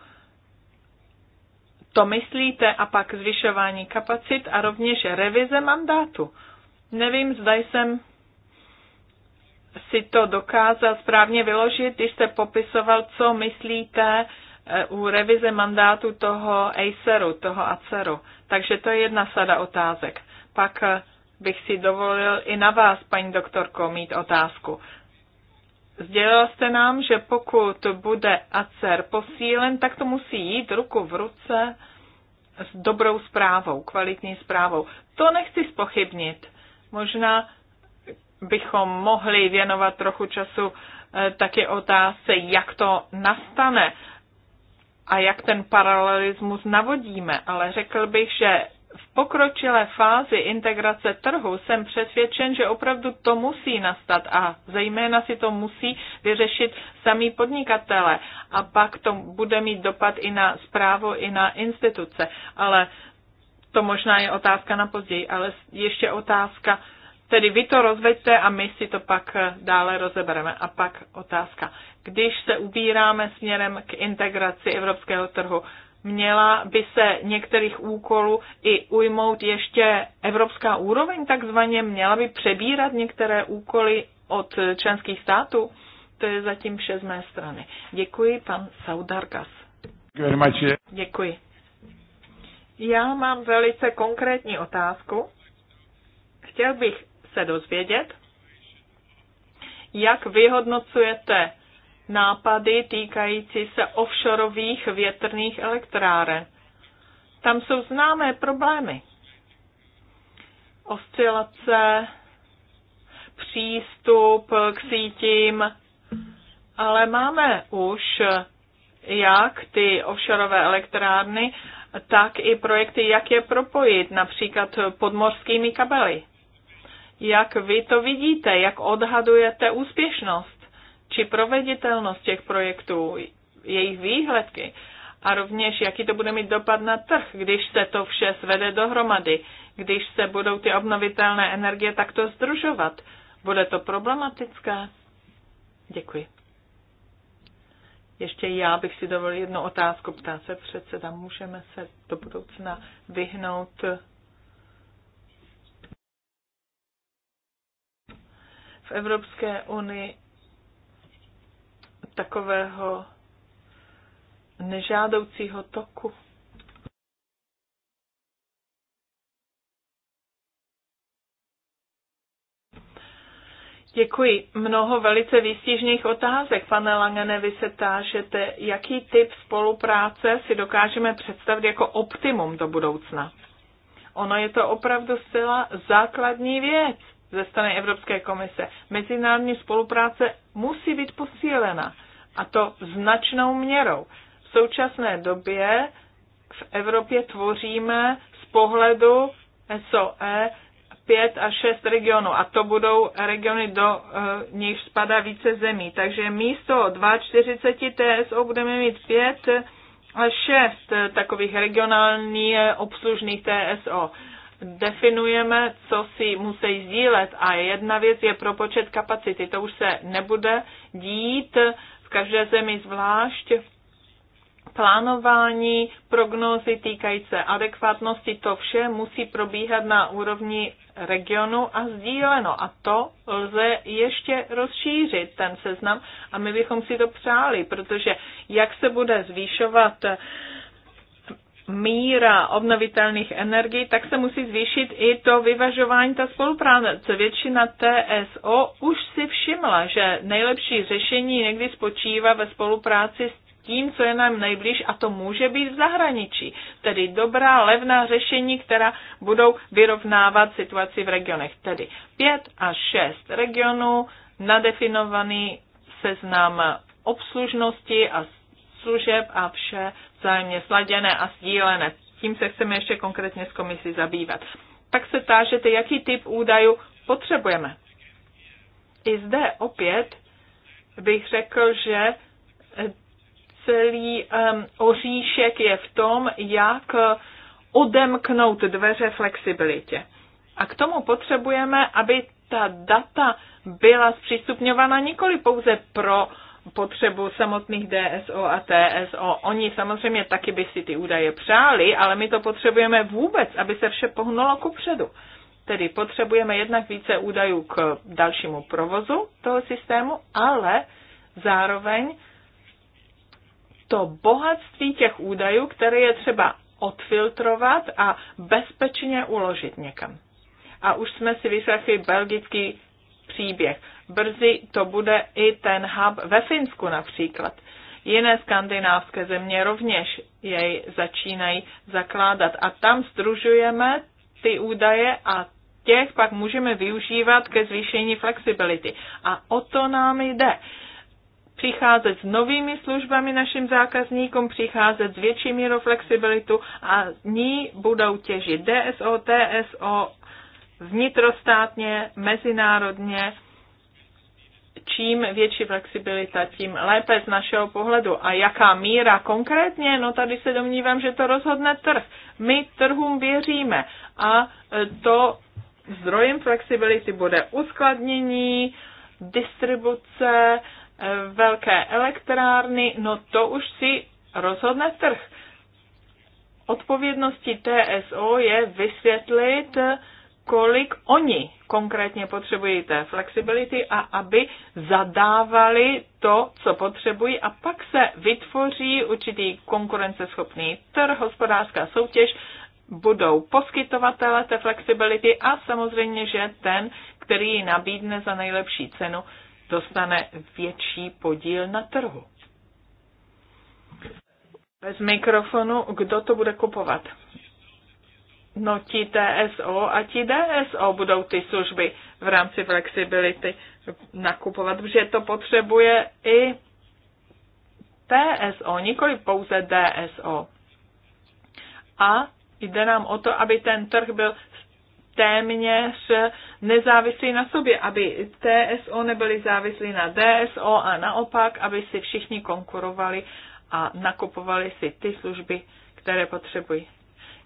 A: to myslíte a pak zvyšování kapacit a rovněž revize mandátu. Nevím, zda jsem si to dokázal správně vyložit, když jste popisoval, co myslíte eh, u revize mandátu toho ACERu, toho ACERu. Takže to je jedna sada otázek. Pak eh, bych si dovolil i na vás, paní doktorko, mít otázku. Sdělil jste nám, že pokud bude ACER posílen, tak to musí jít ruku v ruce s dobrou zprávou, kvalitní zprávou. To nechci spochybnit. Možná bychom mohli věnovat trochu času eh, také otázce, jak to nastane a jak ten paralelismus navodíme, ale řekl bych, že v pokročilé fázi integrace trhu jsem přesvědčen, že opravdu to musí nastat a zejména si to musí vyřešit sami podnikatele a pak to bude mít dopad i na zprávu, i na instituce. Ale to možná je otázka na později, ale ještě otázka, tedy vy to rozveďte a my si to pak dále rozebereme. A pak otázka, když se ubíráme směrem k integraci evropského trhu, měla by se některých úkolů i ujmout ještě evropská úroveň, takzvaně měla by přebírat některé úkoly od členských států. To je zatím vše z mé strany. Děkuji, pan Saudargas. Děkuji. Já mám velice konkrétní otázku. Chtěl bych se dozvědět, jak vyhodnocujete nápady týkající se offshoreových větrných elektráren. Tam jsou známé problémy. Oscilace, přístup k sítím, ale máme už jak ty offshoreové elektrárny, tak i projekty, jak je propojit, například podmořskými kabely. Jak vy to vidíte, jak odhadujete úspěšnost? či proveditelnost těch projektů, jejich výhledky a rovněž jaký to bude mít dopad na trh, když se to vše svede dohromady, když se budou ty obnovitelné energie takto združovat. Bude to problematické? Děkuji. Ještě já bych si dovolil jednu otázku. Ptá se předseda, můžeme se do budoucna vyhnout v Evropské unii takového nežádoucího toku. Děkuji. Mnoho velice výstižných otázek. Pane Langene, vy se tážete, jaký typ spolupráce si dokážeme představit jako optimum do budoucna. Ono je to opravdu zcela základní věc ze strany Evropské komise. Mezinárodní spolupráce musí být posílena. A to značnou měrou. V současné době v Evropě tvoříme z pohledu SOE pět a šest regionů a to budou regiony, do uh, nich spadá více zemí. Takže místo 2,40 TSO budeme mít pět a šest takových regionální eh, obslužných TSO. Definujeme, co si musí sdílet a jedna věc je propočet kapacity. To už se nebude dít každé zemi zvlášť plánování, prognózy týkající se adekvátnosti, to vše musí probíhat na úrovni regionu a sdíleno. A to lze ještě rozšířit, ten seznam, a my bychom si to přáli, protože jak se bude zvýšovat míra obnovitelných energií, tak se musí zvýšit i to vyvažování, ta spolupráce. Většina TSO už si všimla, že nejlepší řešení někdy spočívá ve spolupráci s tím, co je nám nejblíž a to může být v zahraničí. Tedy dobrá, levná řešení, která budou vyrovnávat situaci v regionech. Tedy pět a šest regionů, nadefinovaný seznam obslužnosti a služeb a vše vzájemně sladěné a sdílené. Tím se chceme ještě konkrétně s komisí zabývat. Tak se tážete, jaký typ údajů potřebujeme. I zde opět bych řekl, že eh, celý um, oříšek je v tom, jak eh, odemknout dveře flexibilitě. A k tomu potřebujeme, aby ta data byla zpřístupňována nikoli pouze pro uh, potřebu samotných DSO a TSO. Oni samozřejmě taky by si ty údaje přáli, ale my to potřebujeme vůbec, aby se vše pohnulo kupředu. Tedy potřebujeme jednak více údajů k dalšímu provozu toho systému, ale zároveň to bohatství těch údajů, které je třeba odfiltrovat a bezpečně uložit někam. A už jsme si vyslechli belgický příběh brzy to bude i ten hub ve Finsku například. Jiné skandinávské země rovněž jej začínají zakládat a tam združujeme ty údaje a těch pak můžeme využívat ke zvýšení flexibility. A o to nám jde. Přicházet s novými službami našim zákazníkům, přicházet s větší mírou flexibilitu a ní budou těžit DSO, TSO, vnitrostátně, mezinárodně, čím větší flexibilita, tím lépe z našeho pohledu. A jaká míra konkrétně, no tady se domnívám, že to rozhodne trh. My trhům věříme a e, to zdrojem flexibility bude uskladnění, distribuce, e, velké elektrárny, no to už si rozhodne trh. Odpovědností TSO je vysvětlit, kolik oni konkrétně potřebují té flexibility a aby zadávali to, co potřebují a pak se vytvoří určitý konkurenceschopný trh, hospodářská soutěž, budou poskytovatele té flexibility a samozřejmě, že ten, který ji nabídne za nejlepší cenu, dostane větší podíl na trhu. Bez mikrofonu, kdo to bude kupovat? No ti TSO a ti DSO budou ty služby v rámci flexibility nakupovat, protože to potřebuje i TSO, nikoli pouze DSO. A jde nám o to, aby ten trh byl téměř nezávislý na sobě, aby TSO nebyly závislí na DSO a naopak, aby si všichni konkurovali a nakupovali si ty služby, které potřebují.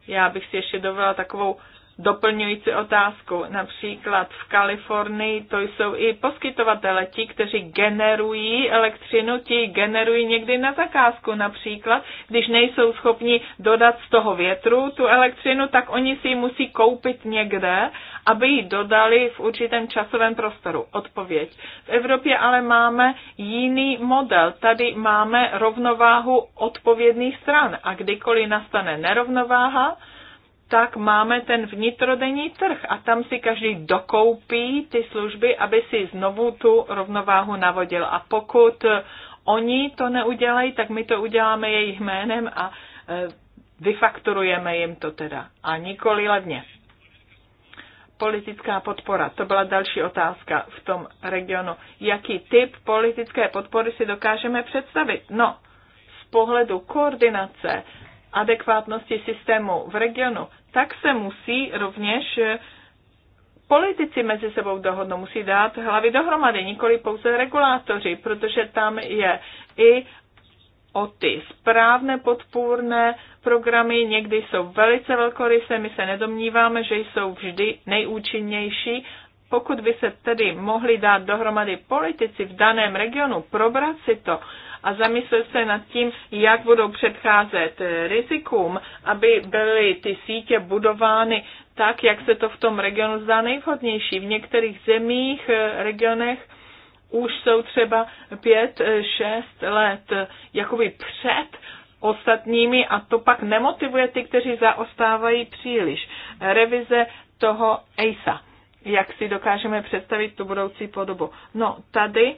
A: Já bych si ještě dovolila takovou doplňující otázku. Například v Kalifornii to jsou i poskytovatele, ti, kteří generují elektřinu, ti generují někdy na zakázku. Například, když nejsou schopni dodat z toho větru tu elektřinu, tak oni si ji musí koupit někde aby ji dodali v určitém časovém prostoru. Odpověď. V Evropě ale máme jiný model. Tady máme rovnováhu odpovědných stran a kdykoliv nastane nerovnováha, tak máme ten vnitrodenní trh a tam si každý dokoupí ty služby, aby si znovu tu rovnováhu navodil. A pokud eh, oni to neudělají, tak my to uděláme jejich jménem a eh, vyfakturujeme jim to teda. A nikoli levně politická podpora? To byla další otázka v tom regionu. Jaký typ politické podpory si dokážeme představit? No, z pohledu koordinace adekvátnosti systému v regionu, tak se musí rovněž eh, politici mezi sebou dohodnout musí dát hlavy dohromady, nikoli pouze regulátoři, protože tam je i o ty správné podpůrné programy někdy jsou velice velkorysé, my se nedomníváme, že jsou vždy nejúčinnější. Pokud by se tedy mohli dát dohromady politici v daném regionu, probrat si to a zamyslet se nad tím, jak budou předcházet rizikům, aby byly ty sítě budovány tak, jak se to v tom regionu zdá nejvhodnější. V některých zemích, eh, regionech už jsou třeba pět, eh, šest let eh, jakoby před ostatními a to pak nemotivuje ty, kteří zaostávají příliš. Revize toho ACE, jak si dokážeme představit tu budoucí podobu. No tady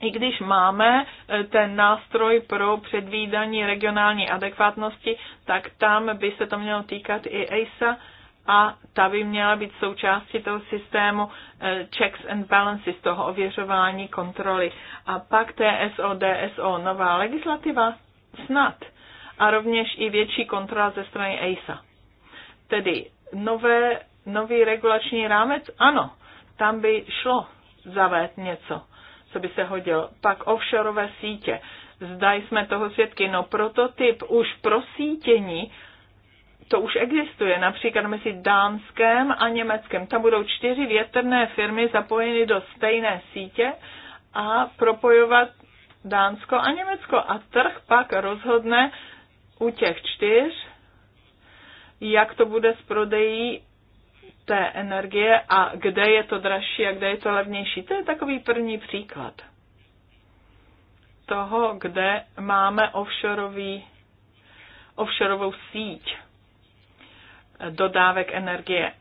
A: i když máme eh, ten nástroj pro předvídání regionální adekvátnosti, tak tam by se to mělo týkat i ACE a ta by měla být součástí toho systému eh, checks and balances, toho ověřování kontroly. A pak TSO, DSO, nová legislativa, snad a rovněž i větší kontrola ze strany EISA. Tedy nové, nový regulační rámec, ano, tam by šlo zavést něco, co by se hodilo. Pak offshoreové sítě. Zda jsme toho svědky, no prototyp už pro sítění, to už existuje, například mezi Dánskem a Německem. Tam budou čtyři větrné firmy zapojeny do stejné sítě a propojovat Dánsko a Německo. A trh pak rozhodne u těch čtyř, jak to bude s prodejí té energie a kde je to dražší a kde je to levnější. To je takový první příklad toho, kde máme offshoreový, offshoreovou síť dodávek energie,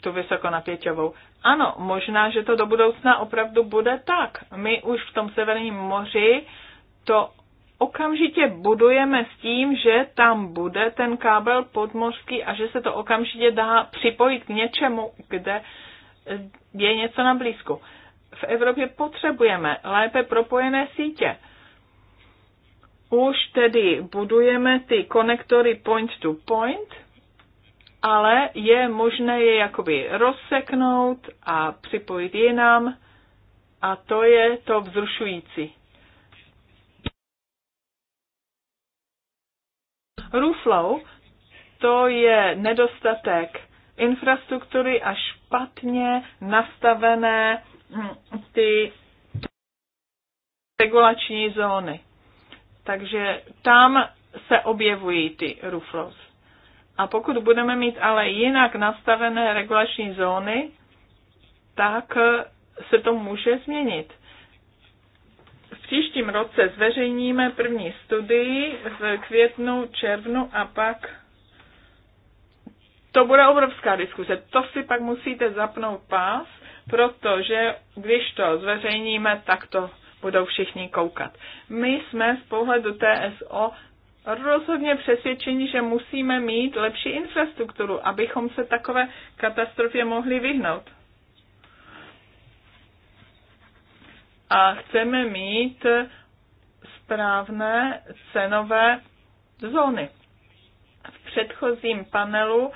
A: tu vysokonapěťovou. Ano, možná, že to do budoucna opravdu bude tak. My už v tom Severním moři to okamžitě budujeme s tím, že tam bude ten kábel podmořský a že se to okamžitě dá připojit k něčemu, kde je něco na blízku. V Evropě potřebujeme lépe propojené sítě. Už tedy budujeme ty konektory point to point, ale je možné je jakoby rozseknout a připojit jinam a to je to vzrušující. Ruflow to je nedostatek infrastruktury a špatně nastavené hm, ty regulační zóny. Takže tam se objevují ty ruflows. A pokud budeme mít ale jinak nastavené regulační zóny, tak e, se to může změnit. V příštím roce zveřejníme první studii v květnu, červnu a pak to bude obrovská diskuse. To si pak musíte zapnout pás, protože když to zveřejníme, tak to budou všichni koukat. My jsme z pohledu TSO rozhodně přesvědčení, že musíme mít lepší infrastrukturu, abychom se takové katastrofě mohli vyhnout. A chceme mít správné cenové zóny. V předchozím panelu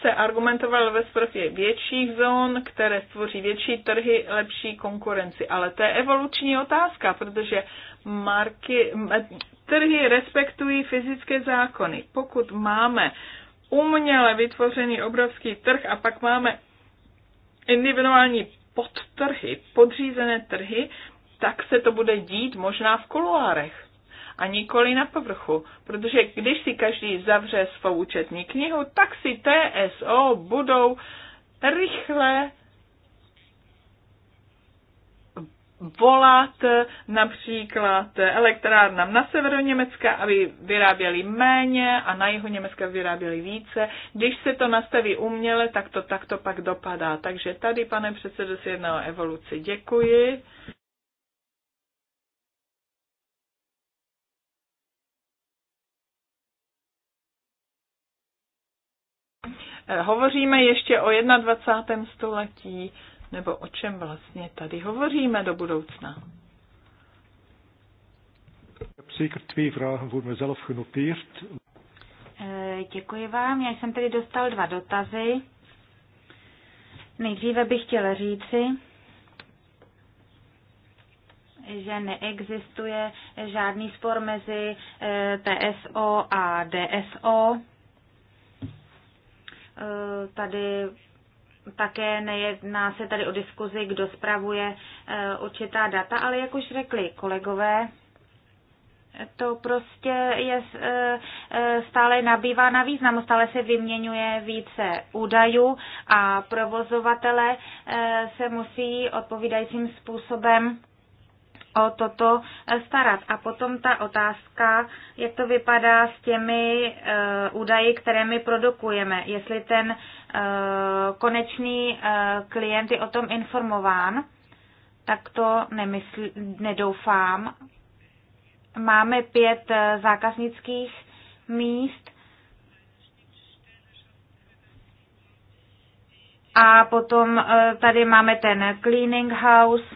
A: se argumentoval ve sprofě větších zón, které stvoří větší trhy, lepší konkurenci. Ale to je evoluční otázka, protože marky, trhy respektují fyzické zákony. Pokud máme uměle vytvořený obrovský trh a pak máme individuální podtrhy, podřízené trhy, tak se to bude dít možná v kuluárech a nikoli na povrchu, protože když si každý zavře svou účetní knihu, tak si TSO budou rychle volat například elektrárnám na severu Německa, aby vyráběli méně a na jihu Německa vyráběli více. Když se to nastaví uměle, tak to takto pak dopadá. Takže tady, pane předsedo, si jedná o evoluci. Děkuji. Hovoříme ještě o 21. století nebo o čem vlastně tady hovoříme do budoucna.
B: Eh, děkuji vám. Já jsem tady dostal dva dotazy. Nejdříve bych chtěla říci, že neexistuje žádný spor mezi eh, TSO a DSO. Eh, tady také nejedná se tady o diskuzi, kdo spravuje eh, určitá data, ale jak už řekli kolegové, to prostě je, eh, eh, stále nabývá na významu, stále se vyměňuje více údajů a provozovatele se musí odpovídajícím způsobem o toto starat. A potom ta otázka, jak to vypadá s těmi údaji, které my produkujeme. Jestli ten Eh, konečný eh, klient je o tom informován, tak to nemysl, nedoufám. Máme pět eh, zákaznických míst a potom tady máme ten cleaning house,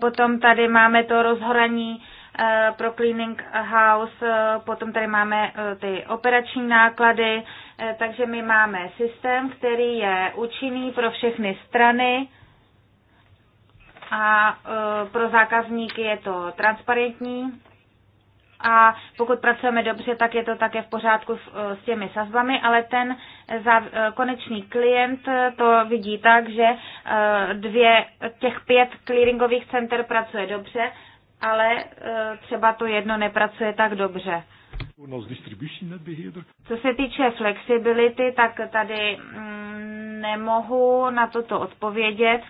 B: potom tady máme to rozhoraní Eh, pro cleaning house, eh, potom tady máme eh, ty operační náklady, takže my máme systém, který je účinný pro všechny strany a pro zákazníky je to transparentní a pokud pracujeme dobře, tak je to také v pořádku s, s těmi sazbami, ale ten konečný klient to vidí tak, že dvě, těch pět clearingových center pracuje dobře ale e, třeba to jedno nepracuje tak dobře. Co se týče flexibility, tak tady mm, nemohu na toto odpovědět,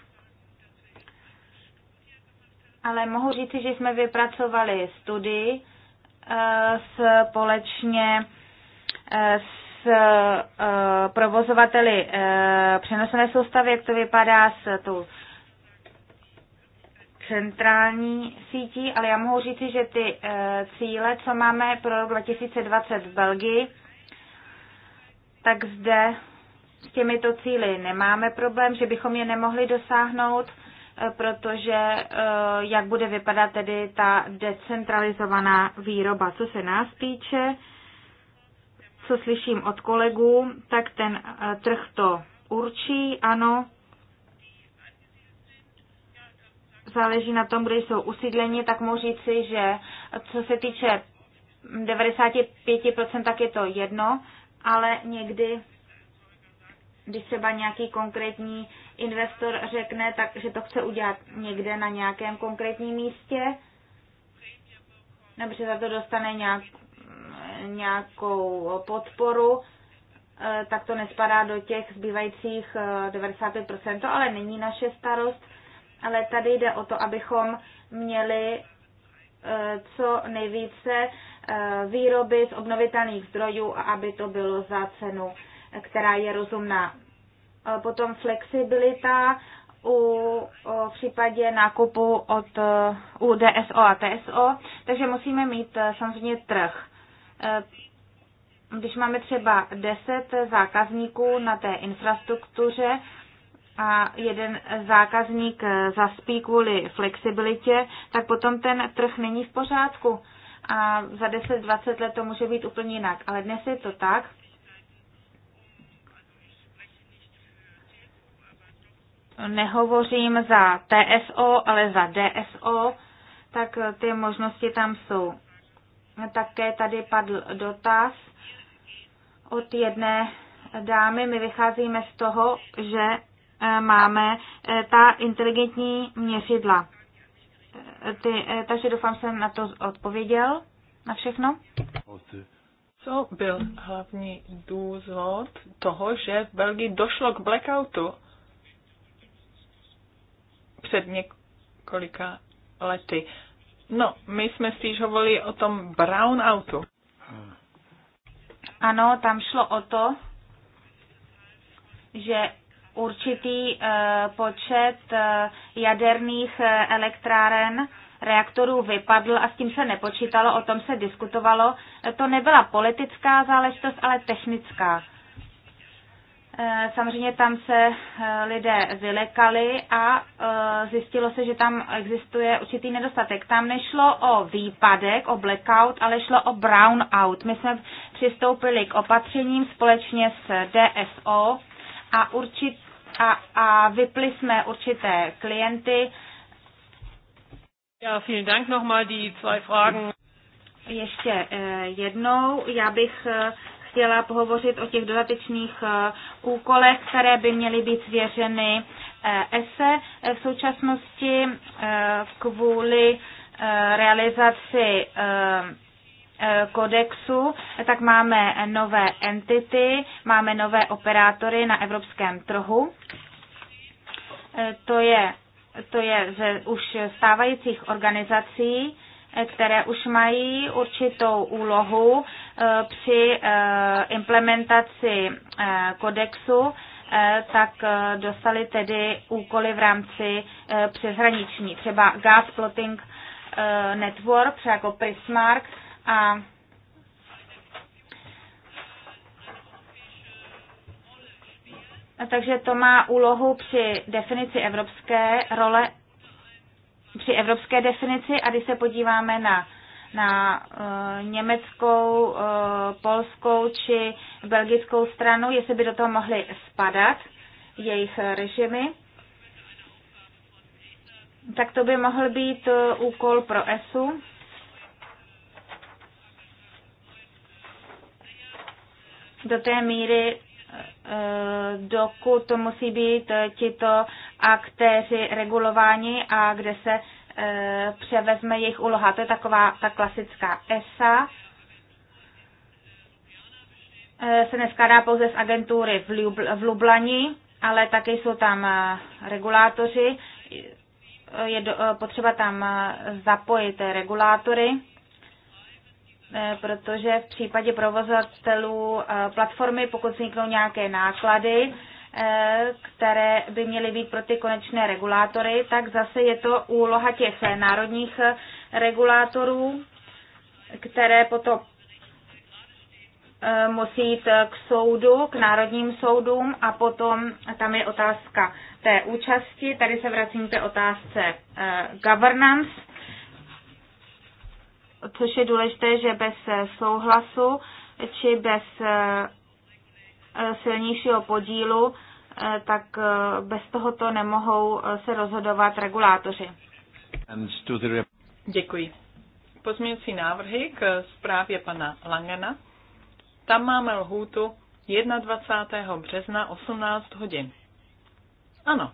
B: ale mohu říci, že jsme vypracovali studii e, společně e, s provozovateli přenosné soustavy, jak to vypadá s tou centrální sítí, ale já mohu říci, že ty eh, cíle, co máme pro rok 2020 v Belgii, tak zde s těmito cíly nemáme problém, že bychom je nemohli dosáhnout, eh, protože eh, jak bude vypadat tedy ta decentralizovaná výroba. Co se nás týče, co slyším od kolegů, tak ten trh to určí, ano, záleží na tom, kde jsou usídleni, tak mohu říci, že co se týče 95%, tak je to jedno, ale někdy, když třeba nějaký konkrétní investor řekne, tak, že to chce udělat někde na nějakém konkrétním místě, nebo že za to dostane nějak, nějakou podporu, eh, tak to nespadá do těch zbývajících 95%, eh, ale není naše starost ale tady jde o to, abychom měli eh, co nejvíce eh, výroby z obnovitelných zdrojů a aby to bylo za cenu, která je rozumná. Eh, potom flexibilita u v případě nákupu od u DSO a TSO, takže musíme mít samozřejmě trh. Když máme třeba 10 zákazníků na té infrastruktuře, a jeden zákazník zaspí kvůli flexibilitě, tak potom ten trh není v pořádku. A za 10-20 let to může být úplně jinak. Ale dnes je to tak, nehovořím za TSO, ale za DSO, tak ty možnosti tam jsou. Také tady padl dotaz od jedné dámy. My vycházíme z toho, že Eh, máme eh, ta inteligentní měřidla. Eh, ty, takže doufám, jsem na to odpověděl, na všechno. Co byl hlavní důvod toho,
A: že v Belgii došlo k blackoutu před několika lety? No, my jsme spíš hovorili o tom
B: brownoutu. Ano, tam šlo o to, že určitý eh, počet eh, jaderných eh, elektráren reaktorů vypadl a s tím se nepočítalo, o tom se diskutovalo. To nebyla politická záležitost, ale technická. Samozřejmě tam se lidé vylekali a zjistilo se, že tam existuje určitý nedostatek. Tam nešlo o výpadek, o blackout, ale šlo o brownout. My jsme přistoupili k opatřením společně s DSO, a, určit, a, a vypli jsme určité klienty.
C: Ja, vielen Dank nochmal die zwei Fragen.
B: Ještě eh, jednou, já bych eh, chtěla pohovořit o těch dodatečných eh, úkolech, které by měly být svěřeny ESE. V současnosti kvůli realizaci Eh, kodexu, tak máme nové entity, máme nové operátory na evropském trhu. Eh, to je, to je ze už stávajících organizací, eh, které už mají určitou úlohu při implementaci kodexu, tak dostali tedy úkoly v rámci přeshraniční, třeba Gas Plotting Network, třeba jako Prismark, a takže to má úlohu při definici evropské role, při evropské definici a když se podíváme na, na uh, německou, uh, polskou či belgickou stranu, jestli by do toho mohly spadat jejich režimy, tak to by mohl být eh, úkol pro ESU. do té míry, eh, dokud to musí být eh, tito aktéři regulováni a kde se eh, převezme jejich úloha. To je taková ta klasická ESA. Se neskládá pouze z agentury v Lublani, ale také jsou tam regulátoři. Je potřeba tam zapojit regulátory Eh, protože v případě provozovatelů eh, platformy, pokud vzniknou nějaké náklady, eh, které by měly být pro ty konečné regulátory, tak zase je to úloha těch národních regulátorů, které potom musí jít k soudu, k národním soudům a potom tam je otázka té účasti. Tady se vracím k té otázce governance což je důležité, že bez eh, souhlasu či bez eh, eh, silnějšího podílu, tak bez tohoto nemohou se rozhodovat regulátoři.
A: Děkuji. Pozměňující návrhy k zprávě pana Langena. Tam máme lhůtu 21. března 18 hodin. Ano,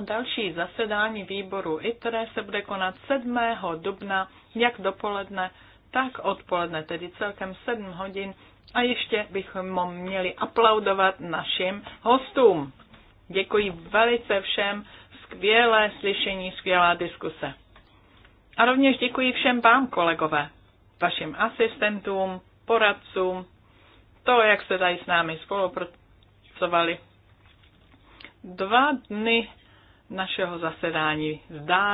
A: Další zasedání výboru ITRE se bude konat 7. dubna, jak dopoledne, tak odpoledne, tedy celkem 7 hodin. A ještě bychom měli aplaudovat našim hostům. Děkuji velice všem, skvělé slyšení, skvělá diskuse. A rovněž děkuji všem vám, kolegové, vašim asistentům, poradcům, to, jak se tady s námi spolupracovali. Dva dny našeho zasedání zdá.